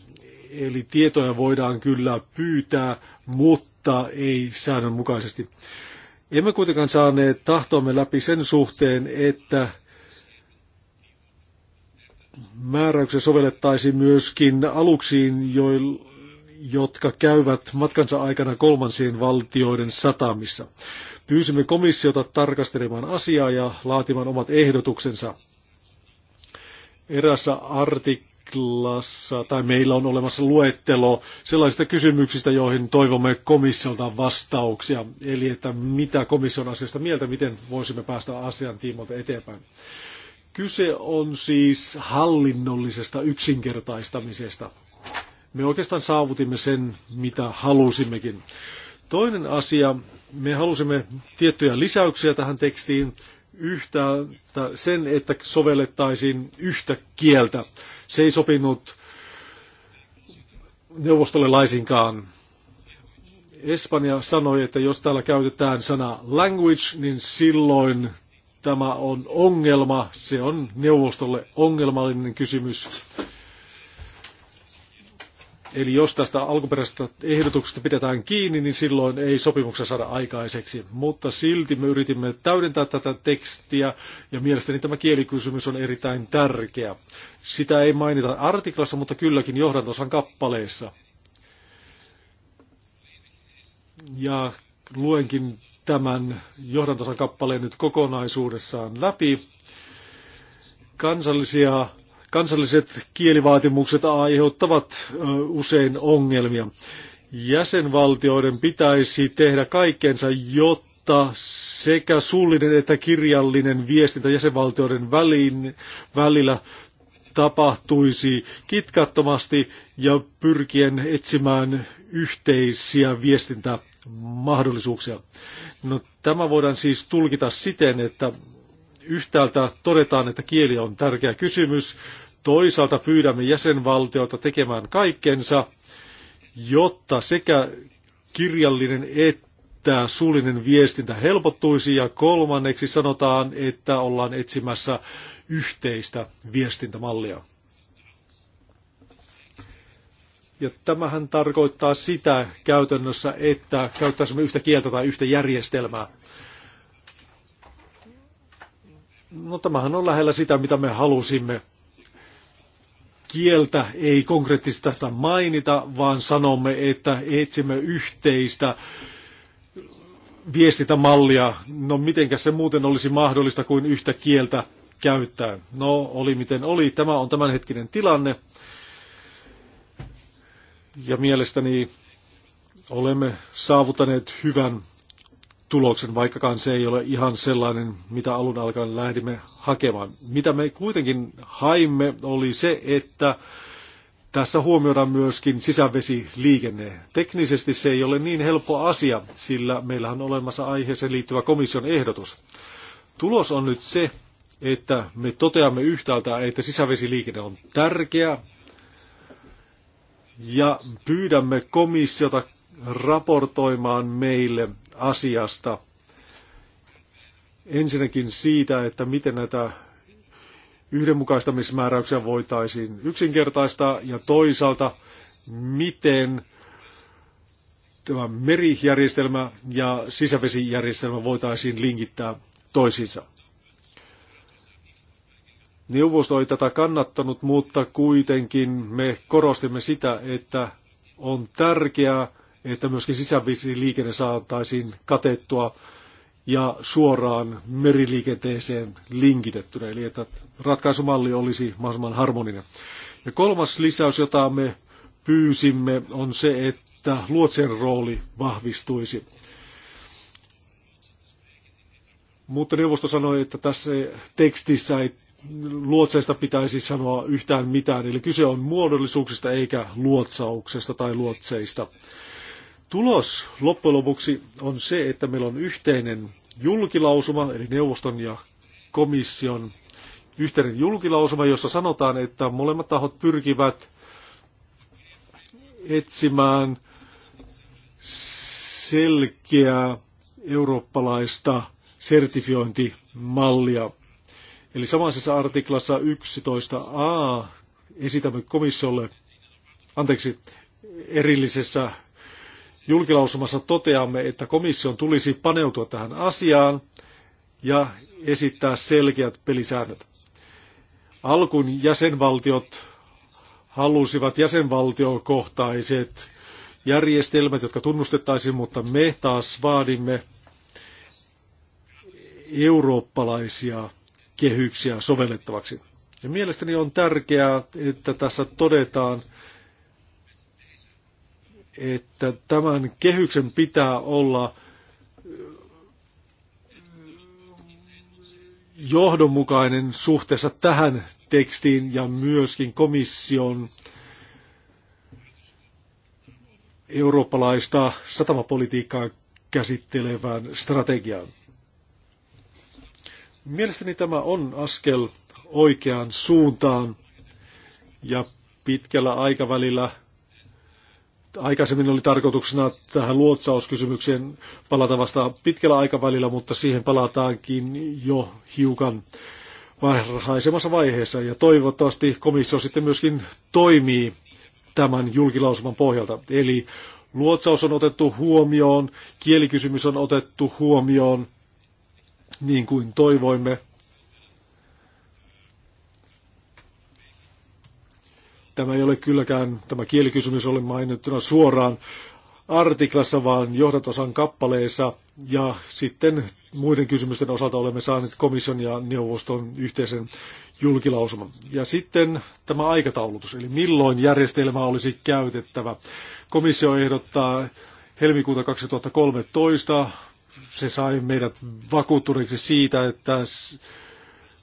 Eli tietoja voidaan kyllä pyytää, mutta ei säännönmukaisesti. Emme kuitenkaan saaneet tahtoamme läpi sen suhteen, että määräyksiä sovellettaisiin myöskin aluksiin, joilla jotka käyvät matkansa aikana kolmansien valtioiden satamissa. Pyysimme komissiota tarkastelemaan asiaa ja laatimaan omat ehdotuksensa. Erässä artiklassa, tai meillä on olemassa luettelo sellaisista kysymyksistä, joihin toivomme komissiolta vastauksia. Eli että mitä komission asiasta mieltä, miten voisimme päästä asian tiimoilta eteenpäin. Kyse on siis hallinnollisesta yksinkertaistamisesta me oikeastaan saavutimme sen, mitä halusimmekin. Toinen asia, me halusimme tiettyjä lisäyksiä tähän tekstiin, yhtä, sen, että sovellettaisiin yhtä kieltä. Se ei sopinut neuvostolle laisinkaan. Espanja sanoi, että jos täällä käytetään sana language, niin silloin tämä on ongelma. Se on neuvostolle ongelmallinen kysymys. Eli jos tästä alkuperäisestä ehdotuksesta pidetään kiinni, niin silloin ei sopimuksen saada aikaiseksi. Mutta silti me yritimme täydentää tätä tekstiä, ja mielestäni tämä kielikysymys on erittäin tärkeä. Sitä ei mainita artiklassa, mutta kylläkin johdantosan kappaleissa. Ja luenkin tämän johdantosan kappaleen nyt kokonaisuudessaan läpi. Kansallisia Kansalliset kielivaatimukset aiheuttavat usein ongelmia. Jäsenvaltioiden pitäisi tehdä kaikkensa, jotta sekä suullinen että kirjallinen viestintä jäsenvaltioiden välin välillä tapahtuisi kitkattomasti ja pyrkien etsimään yhteisiä viestintämahdollisuuksia. No, tämä voidaan siis tulkita siten, että yhtäältä todetaan, että kieli on tärkeä kysymys, toisaalta pyydämme jäsenvaltioita tekemään kaikkensa, jotta sekä kirjallinen että suullinen viestintä helpottuisi ja kolmanneksi sanotaan, että ollaan etsimässä yhteistä viestintämallia. Ja tämähän tarkoittaa sitä käytännössä, että käyttäisimme yhtä kieltä tai yhtä järjestelmää. No tämähän on lähellä sitä, mitä me halusimme. Kieltä ei konkreettisesti tästä mainita, vaan sanomme, että etsimme yhteistä viestintämallia. No mitenkä se muuten olisi mahdollista kuin yhtä kieltä käyttää. No oli miten oli, tämä on tämänhetkinen tilanne. Ja mielestäni olemme saavuttaneet hyvän tuloksen, vaikkakaan se ei ole ihan sellainen, mitä alun alkaen lähdimme hakemaan. Mitä me kuitenkin haimme oli se, että tässä huomioidaan myöskin sisävesiliikenne. Teknisesti se ei ole niin helppo asia, sillä meillähän on olemassa aiheeseen liittyvä komission ehdotus. Tulos on nyt se, että me toteamme yhtäältä, että sisävesiliikenne on tärkeä, ja pyydämme komissiota raportoimaan meille asiasta. Ensinnäkin siitä, että miten näitä yhdenmukaistamismääräyksiä voitaisiin yksinkertaistaa ja toisaalta miten tämä merijärjestelmä ja sisävesijärjestelmä voitaisiin linkittää toisiinsa. Neuvosto ei tätä kannattanut, mutta kuitenkin me korostimme sitä, että on tärkeää että myöskin sisävesiliikenne saataisiin katettua ja suoraan meriliikenteeseen linkitettynä, eli että ratkaisumalli olisi mahdollisimman harmoninen. Ja kolmas lisäys, jota me pyysimme, on se, että luotsien rooli vahvistuisi. Mutta neuvosto sanoi, että tässä tekstissä ei luotseista pitäisi sanoa yhtään mitään, eli kyse on muodollisuuksista eikä luotsauksesta tai luotseista. Tulos loppujen lopuksi on se, että meillä on yhteinen julkilausuma, eli neuvoston ja komission yhteinen julkilausuma, jossa sanotaan, että molemmat tahot pyrkivät etsimään selkeää eurooppalaista sertifiointimallia. Eli samaisessa artiklassa 11a esitämme komissiolle, anteeksi, erillisessä julkilausumassa toteamme, että komission tulisi paneutua tähän asiaan ja esittää selkeät pelisäännöt. Alkun jäsenvaltiot halusivat jäsenvaltiokohtaiset järjestelmät, jotka tunnustettaisiin, mutta me taas vaadimme eurooppalaisia kehyksiä sovellettavaksi. Ja mielestäni on tärkeää, että tässä todetaan, että tämän kehyksen pitää olla äh, johdonmukainen suhteessa tähän tekstiin ja myöskin komission eurooppalaista satamapolitiikkaa käsittelevään strategiaan. Mielestäni tämä on askel oikeaan suuntaan ja pitkällä aikavälillä Aikaisemmin oli tarkoituksena tähän luotsauskysymykseen palata vasta pitkällä aikavälillä, mutta siihen palataankin jo hiukan varhaisemmassa vaiheessa. Ja toivottavasti komissio sitten myöskin toimii tämän julkilausuman pohjalta. Eli luotsaus on otettu huomioon, kielikysymys on otettu huomioon, niin kuin toivoimme. Tämä ei ole kylläkään tämä kielikysymys oli mainittuna suoraan artiklassa, vaan johdatosan kappaleessa. Ja sitten muiden kysymysten osalta olemme saaneet komission ja neuvoston yhteisen julkilausuman. Ja sitten tämä aikataulutus, eli milloin järjestelmä olisi käytettävä. Komissio ehdottaa helmikuuta 2013. Se sai meidät vakuuttuneeksi siitä, että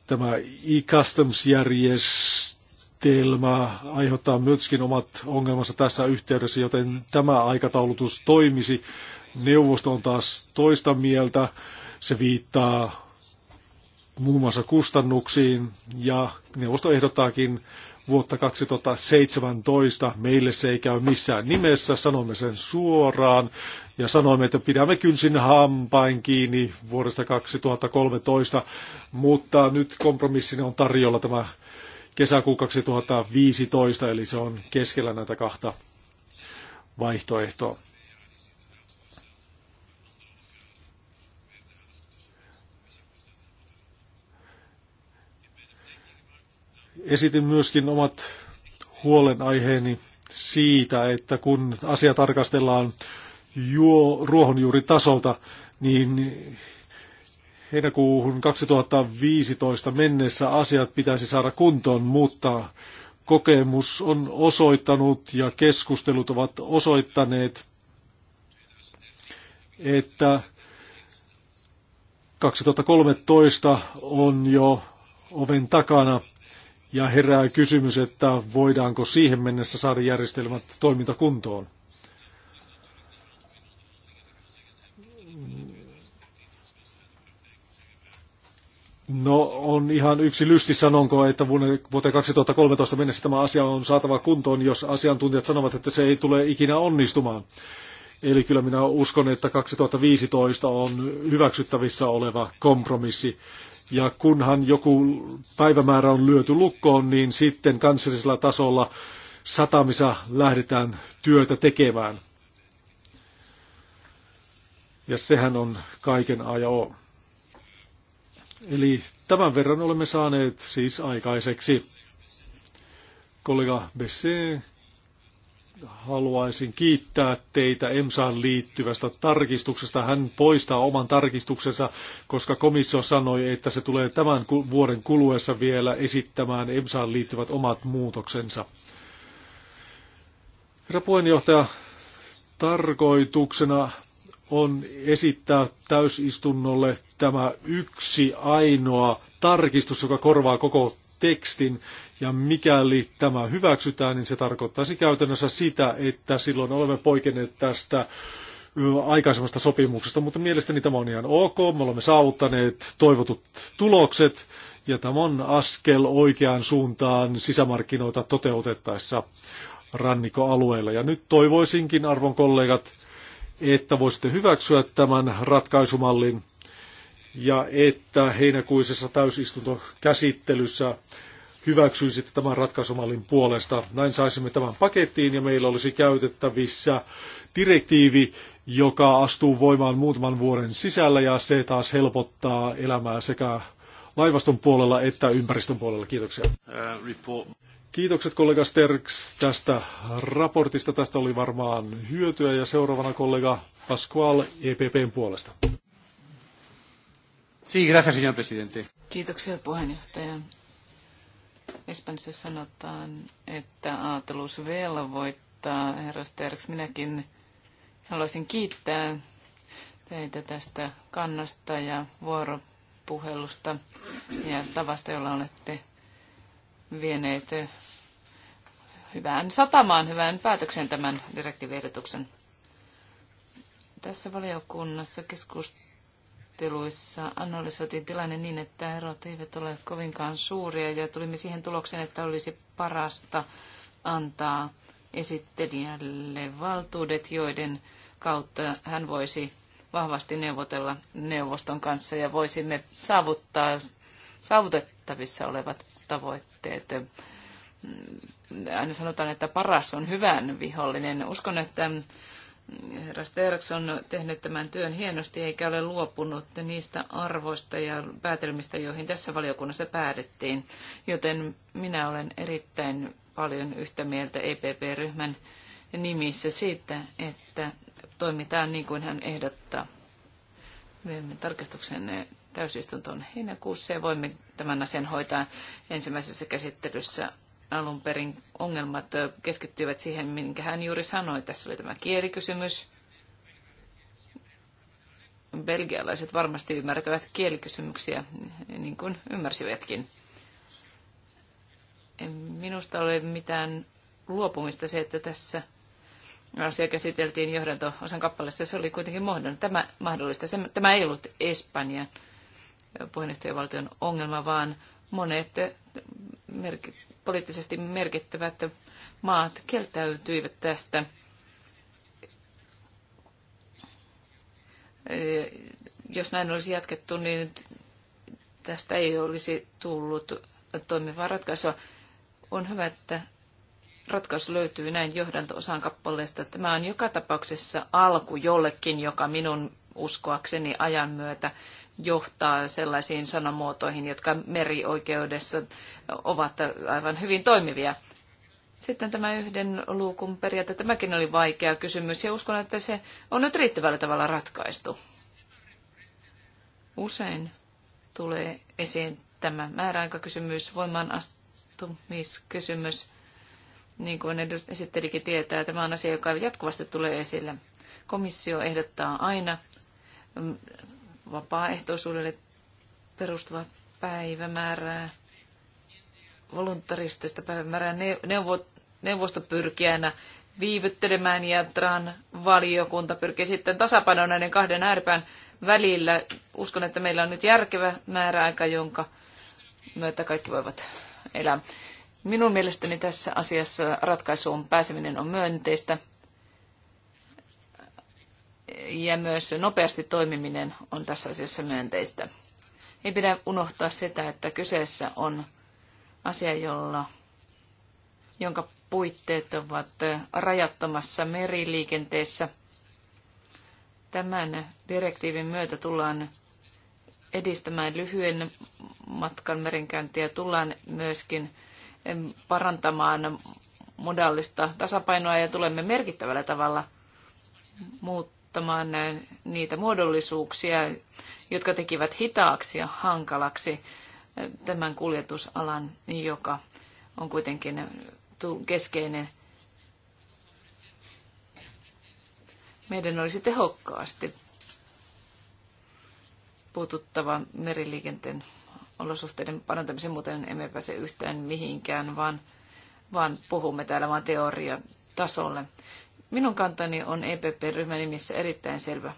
tämä e-customs-järjestelmä suunnitelma aiheuttaa myöskin omat ongelmansa tässä yhteydessä, joten tämä aikataulutus toimisi. Neuvosto on taas toista mieltä. Se viittaa muun muassa kustannuksiin ja neuvosto ehdottaakin vuotta 2017. Meille se ei käy missään nimessä, sanomme sen suoraan ja sanoimme, että pidämme kynsin hampain kiinni vuodesta 2013, mutta nyt kompromissina on tarjolla tämä kesäkuu 2015, eli se on keskellä näitä kahta vaihtoehtoa. Esitin myöskin omat huolenaiheeni siitä, että kun asia tarkastellaan juo, ruohonjuuritasolta, niin heinäkuuhun 2015 mennessä asiat pitäisi saada kuntoon, mutta kokemus on osoittanut ja keskustelut ovat osoittaneet, että 2013 on jo oven takana ja herää kysymys, että voidaanko siihen mennessä saada järjestelmät toimintakuntoon. No on ihan yksi lysti sanonko, että vuoteen 2013 mennessä tämä asia on saatava kuntoon, jos asiantuntijat sanovat, että se ei tule ikinä onnistumaan. Eli kyllä minä uskon, että 2015 on hyväksyttävissä oleva kompromissi. Ja kunhan joku päivämäärä on lyöty lukkoon, niin sitten kansallisella tasolla satamissa lähdetään työtä tekemään. Ja sehän on kaiken aja o. Eli tämän verran olemme saaneet siis aikaiseksi. Kollega Bessé, haluaisin kiittää teitä EMSAan liittyvästä tarkistuksesta. Hän poistaa oman tarkistuksensa, koska komissio sanoi, että se tulee tämän vuoden kuluessa vielä esittämään EMSAan liittyvät omat muutoksensa. Herra puheenjohtaja, tarkoituksena on esittää täysistunnolle tämä yksi ainoa tarkistus, joka korvaa koko tekstin. Ja mikäli tämä hyväksytään, niin se tarkoittaisi käytännössä sitä, että silloin olemme poikenneet tästä aikaisemmasta sopimuksesta, mutta mielestäni tämä on ihan ok. Me olemme saavuttaneet toivotut tulokset ja tämä on askel oikeaan suuntaan sisämarkkinoita toteutettaessa rannikkoalueilla. Ja nyt toivoisinkin, arvon kollegat, että voisitte hyväksyä tämän ratkaisumallin ja että heinäkuisessa täysistuntokäsittelyssä hyväksyisitte tämän ratkaisumallin puolesta. Näin saisimme tämän pakettiin ja meillä olisi käytettävissä direktiivi, joka astuu voimaan muutaman vuoden sisällä ja se taas helpottaa elämää sekä laivaston puolella että ympäristön puolella. Kiitoksia. Kiitokset kollega Sterks tästä raportista. Tästä oli varmaan hyötyä ja seuraavana kollega Pascual EPPn puolesta. Sí, gracias, señor presidente. Kiitoksia puheenjohtaja. Espanjassa sanotaan, että vielä velvoittaa. Herra Sterks, minäkin haluaisin kiittää teitä tästä kannasta ja vuoropuhelusta ja tavasta, jolla olette vieneet hyvään satamaan, hyvään päätökseen tämän direktiivehdotuksen. Tässä valiokunnassa keskusteluissa analysoitiin tilanne niin, että erot eivät ole kovinkaan suuria ja tulimme siihen tulokseen, että olisi parasta antaa esittelijälle valtuudet, joiden kautta hän voisi vahvasti neuvotella neuvoston kanssa ja voisimme saavuttaa saavutettavissa olevat tavoitteet. Mm, aina sanotaan, että paras on hyvän vihollinen. Uskon, että mm, herra Sterks on tehnyt tämän työn hienosti eikä ole luopunut niistä arvoista ja päätelmistä, joihin tässä valiokunnassa päädyttiin. Joten minä olen erittäin paljon yhtä mieltä EPP-ryhmän nimissä siitä, että toimitaan niin kuin hän ehdottaa. Viemme tarkastuksen täysistuntoon heinäkuussa ja voimme tämän asian hoitaa ensimmäisessä käsittelyssä. Alun perin ongelmat keskittyivät siihen, minkä hän juuri sanoi. Tässä oli tämä kielikysymys. Belgialaiset varmasti ymmärtävät kielikysymyksiä, niin kuin ymmärsivätkin. En minusta ole mitään luopumista se, että tässä asia käsiteltiin johdanto-osan kappaleessa. Se oli kuitenkin mahdollista. Tämä, mahdollista. tämä ei ollut Espanja puheenjohtajavaltion ongelma, vaan monet merkit, poliittisesti merkittävät maat kieltäytyivät tästä. E, jos näin olisi jatkettu, niin tästä ei olisi tullut toimivaa ratkaisua. On hyvä, että ratkaisu löytyy näin johdanto-osan kappaleesta. Tämä on joka tapauksessa alku jollekin, joka minun uskoakseni ajan myötä johtaa sellaisiin sanamuotoihin, jotka merioikeudessa ovat aivan hyvin toimivia. Sitten tämä yhden luukun periaate, tämäkin oli vaikea kysymys ja uskon, että se on nyt riittävällä tavalla ratkaistu. Usein tulee esiin tämä määräaikakysymys, voimaanastumiskysymys, Niin kuin esittelikin tietää, tämä on asia, joka jatkuvasti tulee esille. Komissio ehdottaa aina vapaaehtoisuudelle perustuva päivämäärää, voluntaristista päivämäärää neuvo, neuvostopyrkijänä viivyttelemään ja TRAN valiokunta pyrkii sitten tasapainoon näiden kahden ääripään välillä. Uskon, että meillä on nyt järkevä määräaika, jonka myötä kaikki voivat elää. Minun mielestäni tässä asiassa ratkaisuun pääseminen on myönteistä ja myös nopeasti toimiminen on tässä asiassa myönteistä. Ei pidä unohtaa sitä, että kyseessä on asia, jolla, jonka puitteet ovat rajattomassa meriliikenteessä. Tämän direktiivin myötä tullaan edistämään lyhyen matkan merenkäyntiä, tullaan myöskin parantamaan modallista tasapainoa ja tulemme merkittävällä tavalla muuttamaan muuttamaan niitä muodollisuuksia, jotka tekivät hitaaksi ja hankalaksi tämän kuljetusalan, joka on kuitenkin keskeinen. Meidän olisi tehokkaasti puututtava meriliikenteen olosuhteiden parantamiseen, muuten emme pääse yhtään mihinkään, vaan, vaan puhumme täällä vain teoriatasolle. Minun kantani on EPP-ryhmän nimissä erittäin selvä.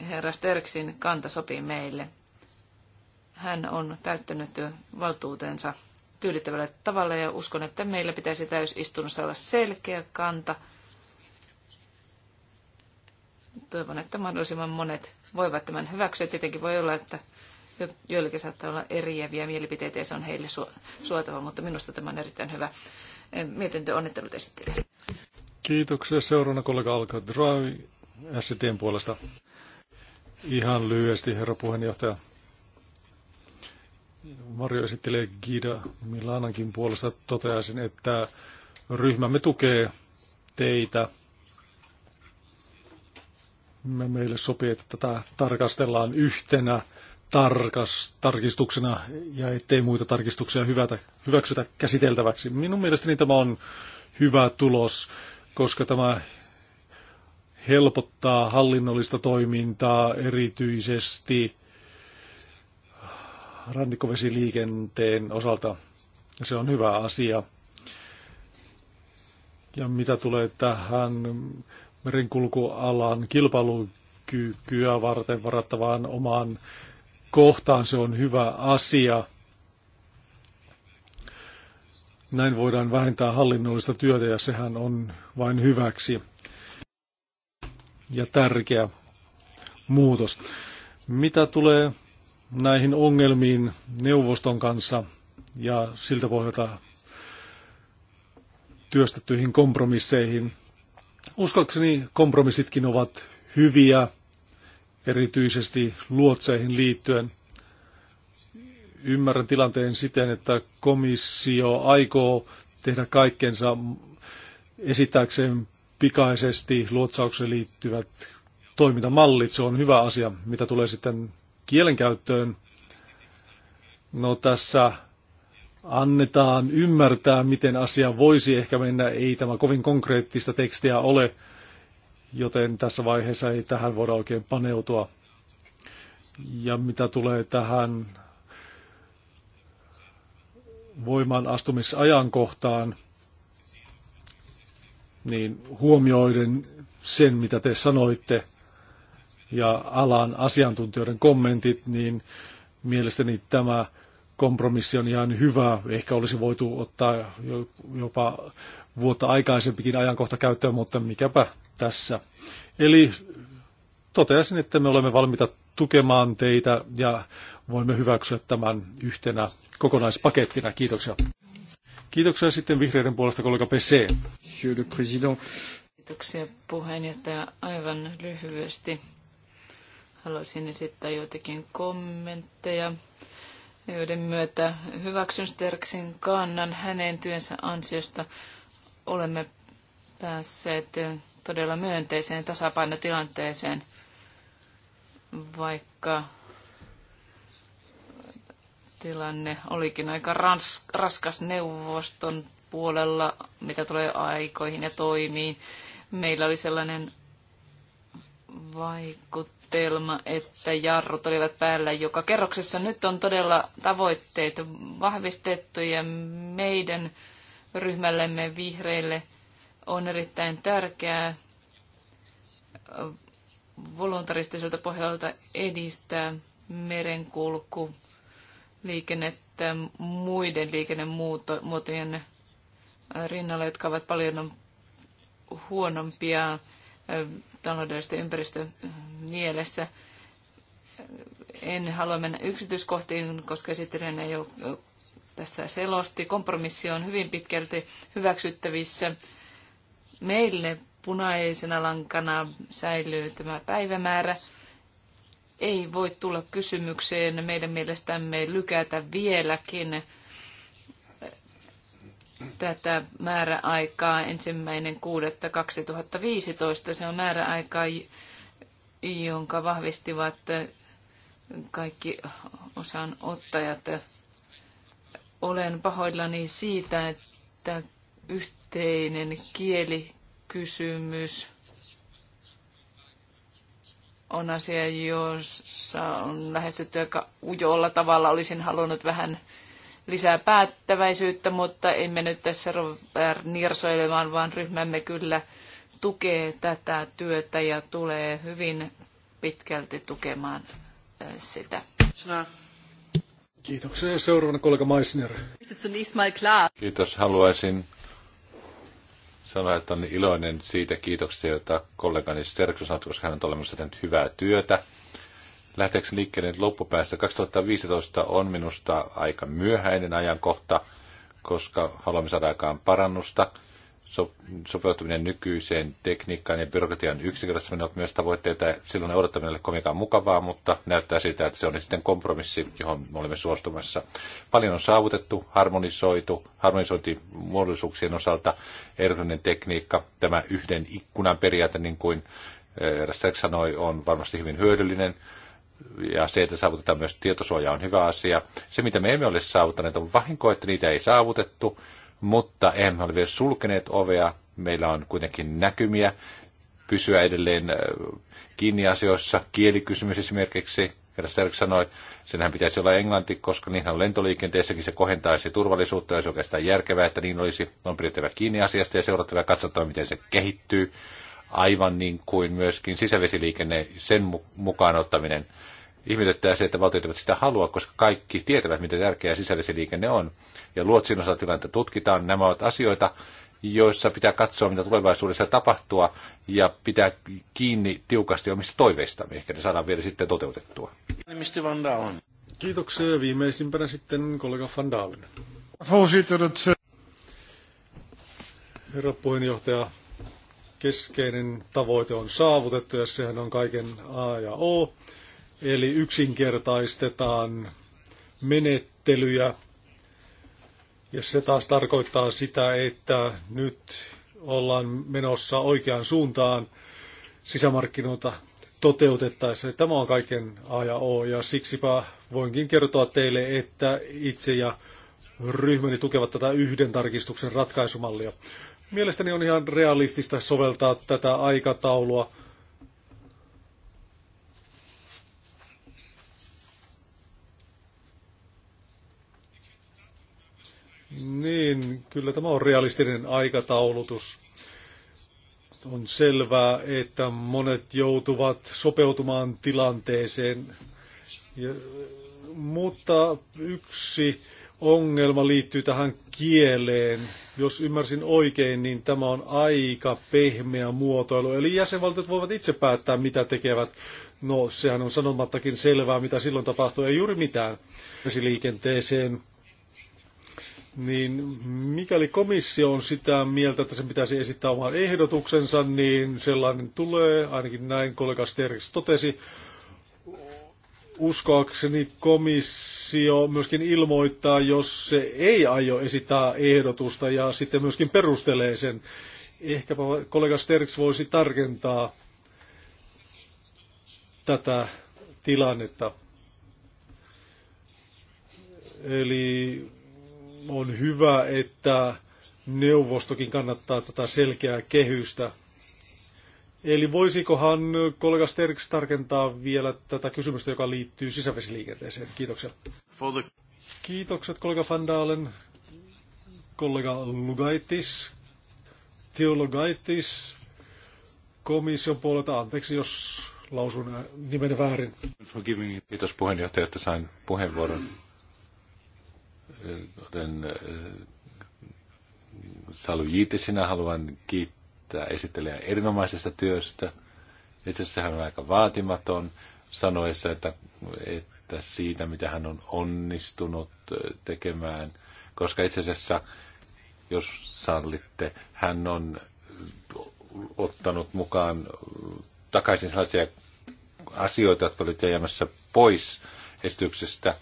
Herra Sterksin kanta sopii meille. Hän on täyttänyt valtuutensa tyydyttävällä tavalla ja uskon, että meillä pitäisi täysistunnossa olla selkeä kanta. Toivon, että mahdollisimman monet voivat tämän hyväksyä. Tietenkin voi olla, että joillekin saattaa olla eriäviä mielipiteitä ja se on heille suotava, mutta minusta tämä on erittäin hyvä mietintö onnittelut esittelijä. Kiitoksia. Seuraavana kollega alkaa Drive SDn puolesta. Ihan lyhyesti, herra puheenjohtaja. Mario esittelee Gida Milanankin puolesta. Toteaisin, että ryhmämme tukee teitä. Me meille sopii, että tätä tarkastellaan yhtenä tarkas, tarkistuksena ja ettei muita tarkistuksia hyvätä, hyväksytä käsiteltäväksi. Minun mielestäni tämä on hyvä tulos, koska tämä helpottaa hallinnollista toimintaa erityisesti rannikkovesiliikenteen osalta. Se on hyvä asia. Ja mitä tulee tähän merenkulkualan kilpailukykyä varten varattavaan omaan kohtaan. Se on hyvä asia. Näin voidaan vähentää hallinnollista työtä ja sehän on vain hyväksi ja tärkeä muutos. Mitä tulee näihin ongelmiin neuvoston kanssa ja siltä pohjalta työstettyihin kompromisseihin? Uskoakseni kompromissitkin ovat hyviä erityisesti luotseihin liittyen. Ymmärrän tilanteen siten, että komissio aikoo tehdä kaikkensa esittääkseen pikaisesti luotsaukseen liittyvät toimintamallit. Se on hyvä asia, mitä tulee sitten kielenkäyttöön. No tässä annetaan ymmärtää, miten asia voisi ehkä mennä. Ei tämä kovin konkreettista tekstiä ole, joten tässä vaiheessa ei tähän voida oikein paneutua. Ja mitä tulee tähän voimaan astumisajankohtaan, niin huomioiden sen, mitä te sanoitte, ja alan asiantuntijoiden kommentit, niin mielestäni tämä kompromissi on ihan hyvä. Ehkä olisi voitu ottaa jopa vuotta aikaisempikin ajankohta käyttöön, mutta mikäpä tässä. Eli toteaisin, että me olemme valmiita tukemaan teitä ja voimme hyväksyä tämän yhtenä kokonaispakettina. Kiitoksia. Kiitoksia sitten vihreiden puolesta kollega PC. Kiitoksia puheenjohtaja. Aivan lyhyesti haluaisin esittää joitakin kommentteja joiden myötä hyväksyn Sterksin kannan hänen työnsä ansiosta. Olemme päässeet todella myönteiseen tasapainotilanteeseen, vaikka tilanne olikin aika rans, raskas neuvoston puolella, mitä tulee aikoihin ja toimiin. Meillä oli sellainen vaikut vaikutelma, että jarrut olivat päällä joka kerroksessa. Nyt on todella tavoitteet vahvistettu ja meidän ryhmällemme vihreille on erittäin tärkeää voluntaristiselta pohjalta edistää merenkulku liikennettä muiden liikennemuotojen rinnalla, jotka ovat paljon huonompia taloudellista ympäristömielessä. Mm, en halua mennä yksityiskohtiin, koska esittelen ei ole tässä selosti. Kompromissi on hyvin pitkälti hyväksyttävissä. Meille punaisena lankana säilyy tämä päivämäärä. Ei voi tulla kysymykseen meidän mielestämme lykätä vieläkin tätä määräaikaa ensimmäinen 6.2015. Se on määräaika, jonka vahvistivat kaikki osanottajat. Olen pahoillani siitä, että yhteinen kielikysymys on asia, jossa on lähestytty aika ujolla tavalla. Olisin halunnut vähän lisää päättäväisyyttä, mutta emme nyt tässä nirsoilemaan, vaan ryhmämme kyllä tukee tätä työtä ja tulee hyvin pitkälti tukemaan äh, sitä. Kiitoksia. Ja seuraavana kollega Meissner. Kiitos. Haluaisin sanoa, että on iloinen siitä kiitoksia, jota kollegani Sterkson sanoi, koska hän on olemassa tehnyt hyvää työtä lähteäkseni liikkeelle loppupäästä. 2015 on minusta aika myöhäinen ajankohta, koska haluamme saada aikaan parannusta. So, sopeutuminen nykyiseen tekniikkaan ja byrokratian yksinkertaistaminen on myös tavoitteita. Silloin odottaminen ei ole kovinkaan mukavaa, mutta näyttää siltä, että se on sitten kompromissi, johon me olemme suostumassa. Paljon on saavutettu, harmonisoitu, harmonisointimuodollisuuksien osalta, erilainen tekniikka, tämä yhden ikkunan periaate, niin kuin eh, Rastek sanoi, on varmasti hyvin hyödyllinen ja se, että saavutetaan myös tietosuoja on hyvä asia. Se, mitä me emme ole saavuttaneet, on vahinko, että niitä ei saavutettu, mutta emme ole vielä sulkeneet ovea. Meillä on kuitenkin näkymiä pysyä edelleen äh, kiinni asioissa. Kielikysymys esimerkiksi, herra Sterk sanoi, senhän pitäisi olla englanti, koska niinhän on lentoliikenteessäkin se kohentaisi turvallisuutta ja oikeastaan järkevää, että niin olisi. On pidettävä kiinni asiasta ja seurattava ja katsottava, miten se kehittyy aivan niin kuin myöskin sisävesiliikenne, sen mukaan ottaminen. Ihmetyttää se, että valtiot eivät sitä halua, koska kaikki tietävät, miten tärkeää sisävesiliikenne on. Ja Luotsin osalta tilannetta tutkitaan. Nämä ovat asioita, joissa pitää katsoa, mitä tulevaisuudessa tapahtua, ja pitää kiinni tiukasti omista toiveistamme. Ehkä ne saadaan vielä sitten toteutettua. Kiitoksia. Viimeisimpänä sitten kollega Van Dalen. Eh, Herra puheenjohtaja, keskeinen tavoite on saavutettu ja sehän on kaiken A ja O. Eli yksinkertaistetaan menettelyjä ja se taas tarkoittaa sitä, että nyt ollaan menossa oikeaan suuntaan sisämarkkinoita toteutettaessa. Tämä on kaiken A ja O ja siksipä voinkin kertoa teille, että itse ja ryhmäni tukevat tätä yhden tarkistuksen ratkaisumallia. Mielestäni on ihan realistista soveltaa tätä aikataulua. Niin, kyllä tämä on realistinen aikataulutus. On selvää, että monet joutuvat sopeutumaan tilanteeseen. Ja, mutta yksi ongelma liittyy tähän kieleen. Jos ymmärsin oikein, niin tämä on aika pehmeä muotoilu. Eli jäsenvaltiot voivat itse päättää, mitä tekevät. No, sehän on sanomattakin selvää, mitä silloin tapahtuu. Ei juuri mitään vesiliikenteeseen. Niin mikäli komissio on sitä mieltä, että sen pitäisi esittää oman ehdotuksensa, niin sellainen tulee, ainakin näin kollega Sterks totesi uskoakseni komissio myöskin ilmoittaa, jos se ei aio esittää ehdotusta ja sitten myöskin perustelee sen. Ehkäpä kollega Sterks voisi tarkentaa tätä tilannetta. Eli on hyvä, että neuvostokin kannattaa tätä selkeää kehystä. Eli voisikohan kollega Sterks tarkentaa vielä tätä kysymystä, joka liittyy sisävesiliikenteeseen? Kiitoksia. Kiitokset kollega Van Dalen, kollega Lugaitis, Teologaitis, komission puolelta. Anteeksi, jos lausun nimen väärin. Kiitos puheenjohtaja, että sain puheenvuoron. Joten Salujiiti, sinä haluan kiittää kiittää esittelijää erinomaisesta työstä. Itse asiassa hän on aika vaatimaton sanoessa, että, että siitä, mitä hän on onnistunut tekemään, koska itse asiassa, jos sallitte, hän on ottanut mukaan takaisin sellaisia asioita, jotka olivat jäämässä pois esityksestä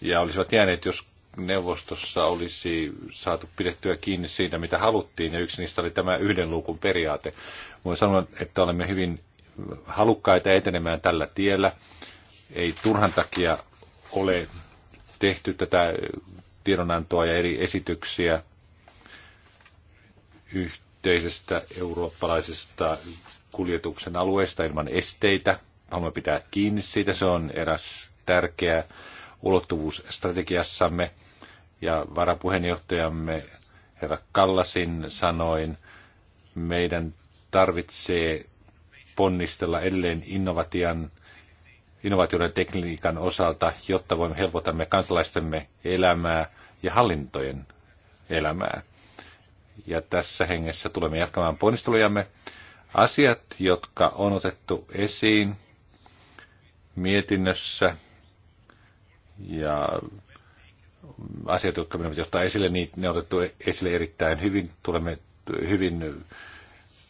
ja olisivat jääneet, jos neuvostossa olisi saatu pidettyä kiinni siitä, mitä haluttiin, ja yksi niistä oli tämä yhden luukun periaate. Voin sanoa, että olemme hyvin halukkaita etenemään tällä tiellä. Ei turhan takia ole tehty tätä tiedonantoa ja eri esityksiä yhteisestä eurooppalaisesta kuljetuksen alueesta ilman esteitä. Haluamme pitää kiinni siitä. Se on eräs tärkeä ulottuvuus strategiassamme ja varapuheenjohtajamme herra Kallasin sanoin, meidän tarvitsee ponnistella edelleen innovatian, innovaatioiden tekniikan osalta, jotta voimme helpotamme kansalaistemme elämää ja hallintojen elämää. Ja tässä hengessä tulemme jatkamaan ponnistelujamme. Asiat, jotka on otettu esiin mietinnössä ja asiat, jotka minä ottaa esille, niin ne on otettu esille erittäin hyvin. Tulemme hyvin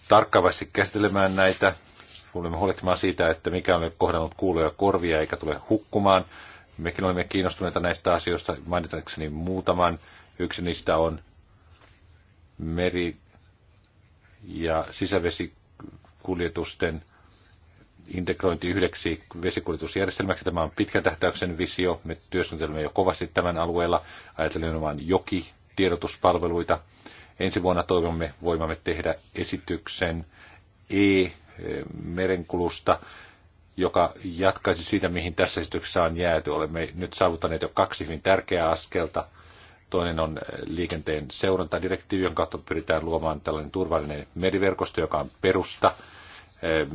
tarkkaavasti käsittelemään näitä. Tulemme huolehtimaan siitä, että mikä on kohdannut kuuloja korvia eikä tule hukkumaan. Mekin olemme kiinnostuneita näistä asioista. Mainitakseni muutaman. Yksi niistä on meri- ja sisävesikuljetusten integrointi yhdeksi vesikuljetusjärjestelmäksi. Tämä on pitkän tähtäyksen visio. Me työskentelemme jo kovasti tämän alueella. Ajatellen vain joki tiedotuspalveluita. Ensi vuonna toivomme voimamme tehdä esityksen e-merenkulusta, joka jatkaisi siitä, mihin tässä esityksessä on jääty. Olemme nyt saavuttaneet jo kaksi hyvin tärkeää askelta. Toinen on liikenteen seurantadirektiivi, jonka kautta pyritään luomaan tällainen turvallinen meriverkosto, joka on perusta –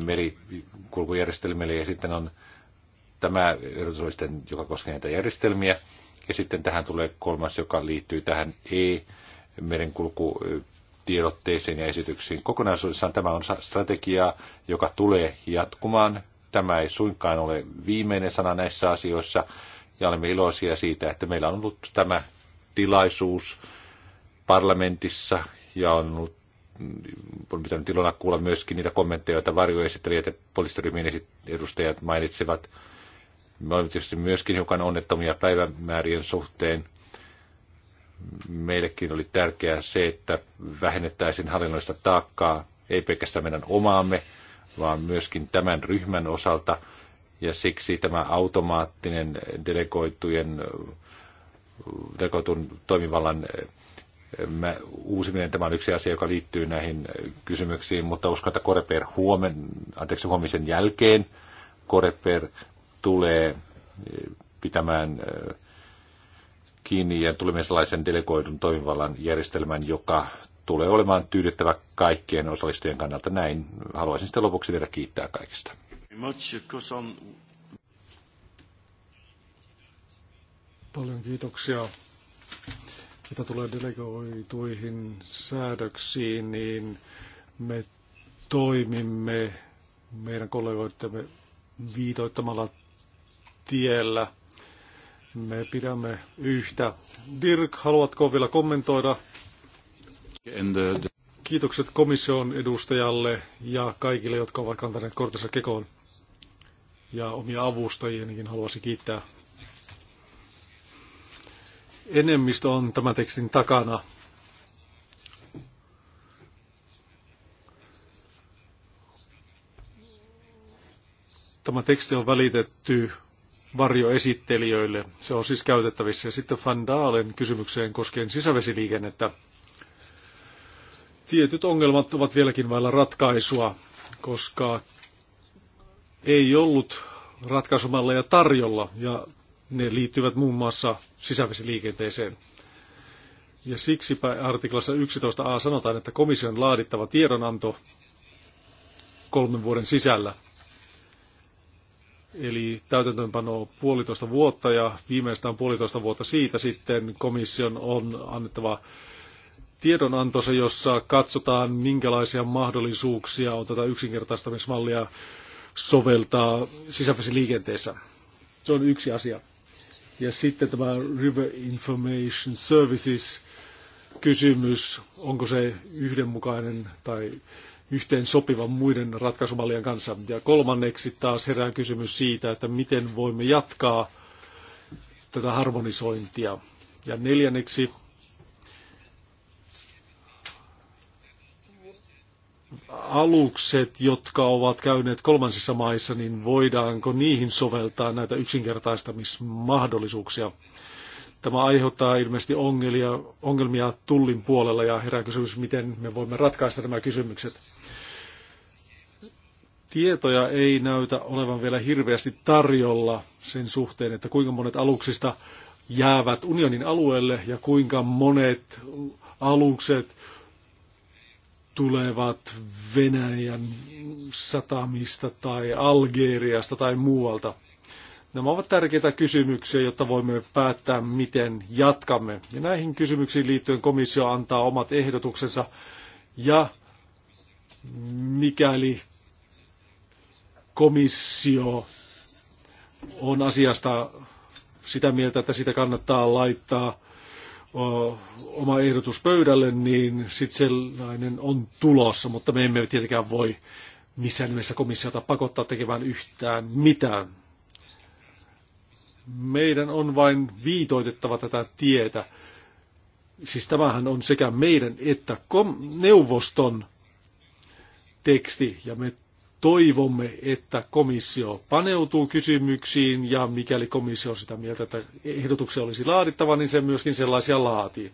merikulkujärjestelmille ja sitten on tämä ehdotus, joka koskee näitä järjestelmiä. Ja sitten tähän tulee kolmas, joka liittyy tähän e-merenkulkutiedotteeseen ja esityksiin. Kokonaisuudessaan tämä on strategia, joka tulee jatkumaan. Tämä ei suinkaan ole viimeinen sana näissä asioissa, ja olemme iloisia siitä, että meillä on ollut tämä tilaisuus parlamentissa ja on ollut on pitänyt tilona kuulla myöskin niitä kommentteja, joita varjoesittelijät ja poliisiryhmien edustajat mainitsevat. Me olemme tietysti myöskin hiukan onnettomia päivämäärien suhteen. Meillekin oli tärkeää se, että vähennettäisiin hallinnollista taakkaa, ei pelkästään meidän omaamme, vaan myöskin tämän ryhmän osalta. Ja siksi tämä automaattinen delegoitujen delegoitun toimivallan Mä, uusiminen tämä on yksi asia, joka liittyy näihin kysymyksiin, mutta uskon, että Koreper huomen, anteeksi, huomisen jälkeen Koreper tulee eh, pitämään eh, kiinni ja tulemme sellaisen delegoidun toimivallan järjestelmän, joka tulee olemaan tyydyttävä kaikkien osallistujien kannalta. Näin haluaisin sitten lopuksi vielä kiittää kaikista. Paljon kiitoksia mitä tulee delegoituihin säädöksiin, niin me toimimme meidän kollegoittemme viitoittamalla tiellä. Me pidämme yhtä. Dirk, haluatko vielä kommentoida? Uh, Kiitokset komission edustajalle ja kaikille, jotka ovat kantaneet kortensa kekoon. Ja omia avustajienkin haluaisin kiittää enemmistö on tämän tekstin takana. Tämä teksti on välitetty varjoesittelijöille. Se on siis käytettävissä. Ja sitten Van Daalen kysymykseen koskien sisävesiliikennettä. Tietyt ongelmat ovat vieläkin vailla ratkaisua, koska ei ollut ratkaisumalleja tarjolla ja ne liittyvät muun muassa sisävesiliikenteeseen. Ja siksipä artiklassa 11a sanotaan, että komission laadittava tiedonanto kolmen vuoden sisällä. Eli täytäntöönpano puolitoista vuotta ja viimeistään puolitoista vuotta siitä sitten komission on annettava tiedonantonsa, jossa katsotaan, minkälaisia mahdollisuuksia on tätä yksinkertaistamismallia soveltaa sisävesiliikenteessä. Se on yksi asia. Ja sitten tämä River Information Services kysymys, onko se yhdenmukainen tai yhteen sopiva muiden ratkaisumallien kanssa. Ja kolmanneksi taas herää kysymys siitä, että miten voimme jatkaa tätä harmonisointia. Ja neljänneksi alukset, jotka ovat käyneet kolmansissa maissa, niin voidaanko niihin soveltaa näitä yksinkertaistamismahdollisuuksia? Tämä aiheuttaa ilmeisesti ongelmia, ongelmia tullin puolella ja herää kysymys, miten me voimme ratkaista nämä kysymykset. Tietoja ei näytä olevan vielä hirveästi tarjolla sen suhteen, että kuinka monet aluksista jäävät unionin alueelle ja kuinka monet alukset tulevat Venäjän satamista tai Algeriasta tai muualta. Nämä ovat tärkeitä kysymyksiä, jotta voimme päättää, miten jatkamme. Ja näihin kysymyksiin liittyen komissio antaa omat ehdotuksensa. Ja mikäli komissio on asiasta sitä mieltä, että sitä kannattaa laittaa oma ehdotus pöydälle, niin sitten sellainen on tulossa, mutta me emme tietenkään voi missään nimessä komissiota pakottaa tekemään yhtään mitään. Meidän on vain viitoitettava tätä tietä. Siis tämähän on sekä meidän että kom- neuvoston teksti, ja me toivomme, että komissio paneutuu kysymyksiin ja mikäli komissio on sitä mieltä, että ehdotuksia olisi laadittava, niin se myöskin sellaisia laatii.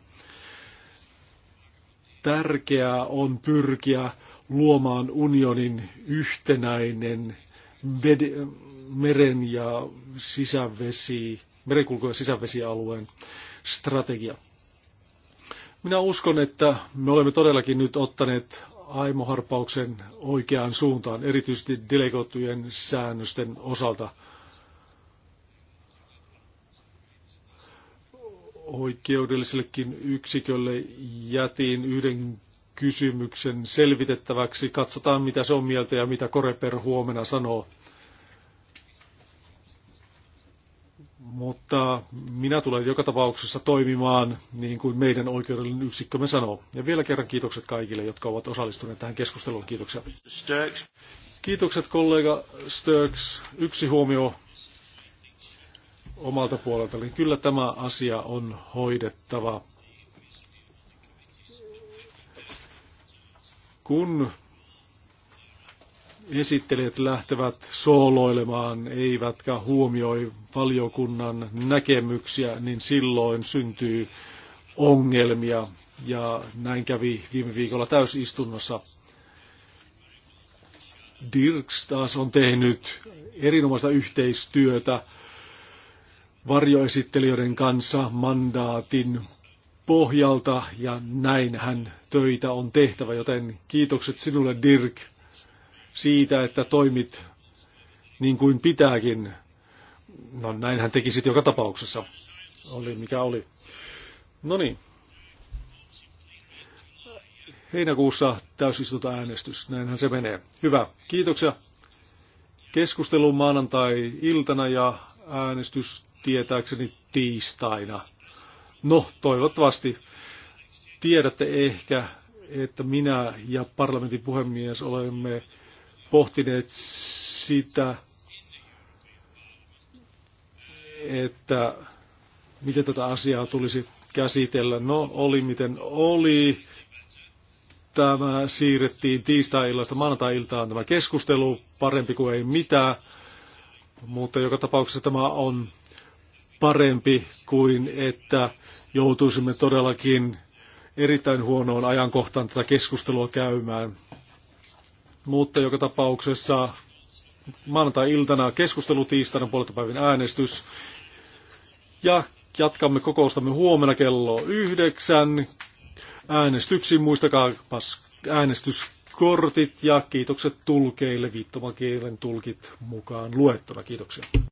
Tärkeää on pyrkiä luomaan unionin yhtenäinen meren ja sisävesi, merenkulku- ja sisävesialueen strategia. Minä uskon, että me olemme todellakin nyt ottaneet aimoharppauksen oikeaan suuntaan, erityisesti delegoitujen säännösten osalta. Oikeudellisellekin yksikölle jätin yhden kysymyksen selvitettäväksi. Katsotaan, mitä se on mieltä ja mitä Koreper huomenna sanoo. mutta minä tulen joka tapauksessa toimimaan niin kuin meidän oikeudellinen yksikkömme sanoo. Ja vielä kerran kiitokset kaikille, jotka ovat osallistuneet tähän keskusteluun. Kiitoksia. Sturks. Kiitokset kollega Sturks. Yksi huomio omalta puolelta. Eli kyllä tämä asia on hoidettava. Kun esittelijät lähtevät sooloilemaan eivätkä huomioi valiokunnan näkemyksiä, niin silloin syntyy ongelmia. Ja näin kävi viime viikolla täysistunnossa. Dirks taas on tehnyt erinomaista yhteistyötä varjoesittelijöiden kanssa mandaatin pohjalta ja näin hän töitä on tehtävä, joten kiitokset sinulle Dirk siitä, että toimit niin kuin pitääkin. No näin hän teki sitten joka tapauksessa. Oli mikä oli. No niin. Heinäkuussa äänestys. Näinhän se menee. Hyvä. Kiitoksia. Keskustelu maanantai-iltana ja äänestys tietääkseni tiistaina. No, toivottavasti. Tiedätte ehkä, että minä ja parlamentin puhemies olemme pohtineet sitä, että miten tätä asiaa tulisi käsitellä. No, oli miten oli. Tämä siirrettiin tiistai-illasta maanantai-iltaan tämä keskustelu, parempi kuin ei mitään. Mutta joka tapauksessa tämä on parempi kuin että joutuisimme todellakin erittäin huonoon ajankohtaan tätä keskustelua käymään. Mutta joka tapauksessa maanantai-iltana keskustelu, tiistaina puoleltapäivän äänestys. Ja jatkamme kokoustamme huomenna kello yhdeksän. Äänestyksiin muistakaa äänestyskortit ja kiitokset tulkeille, viittomakielen tulkit mukaan luettuna. Kiitoksia.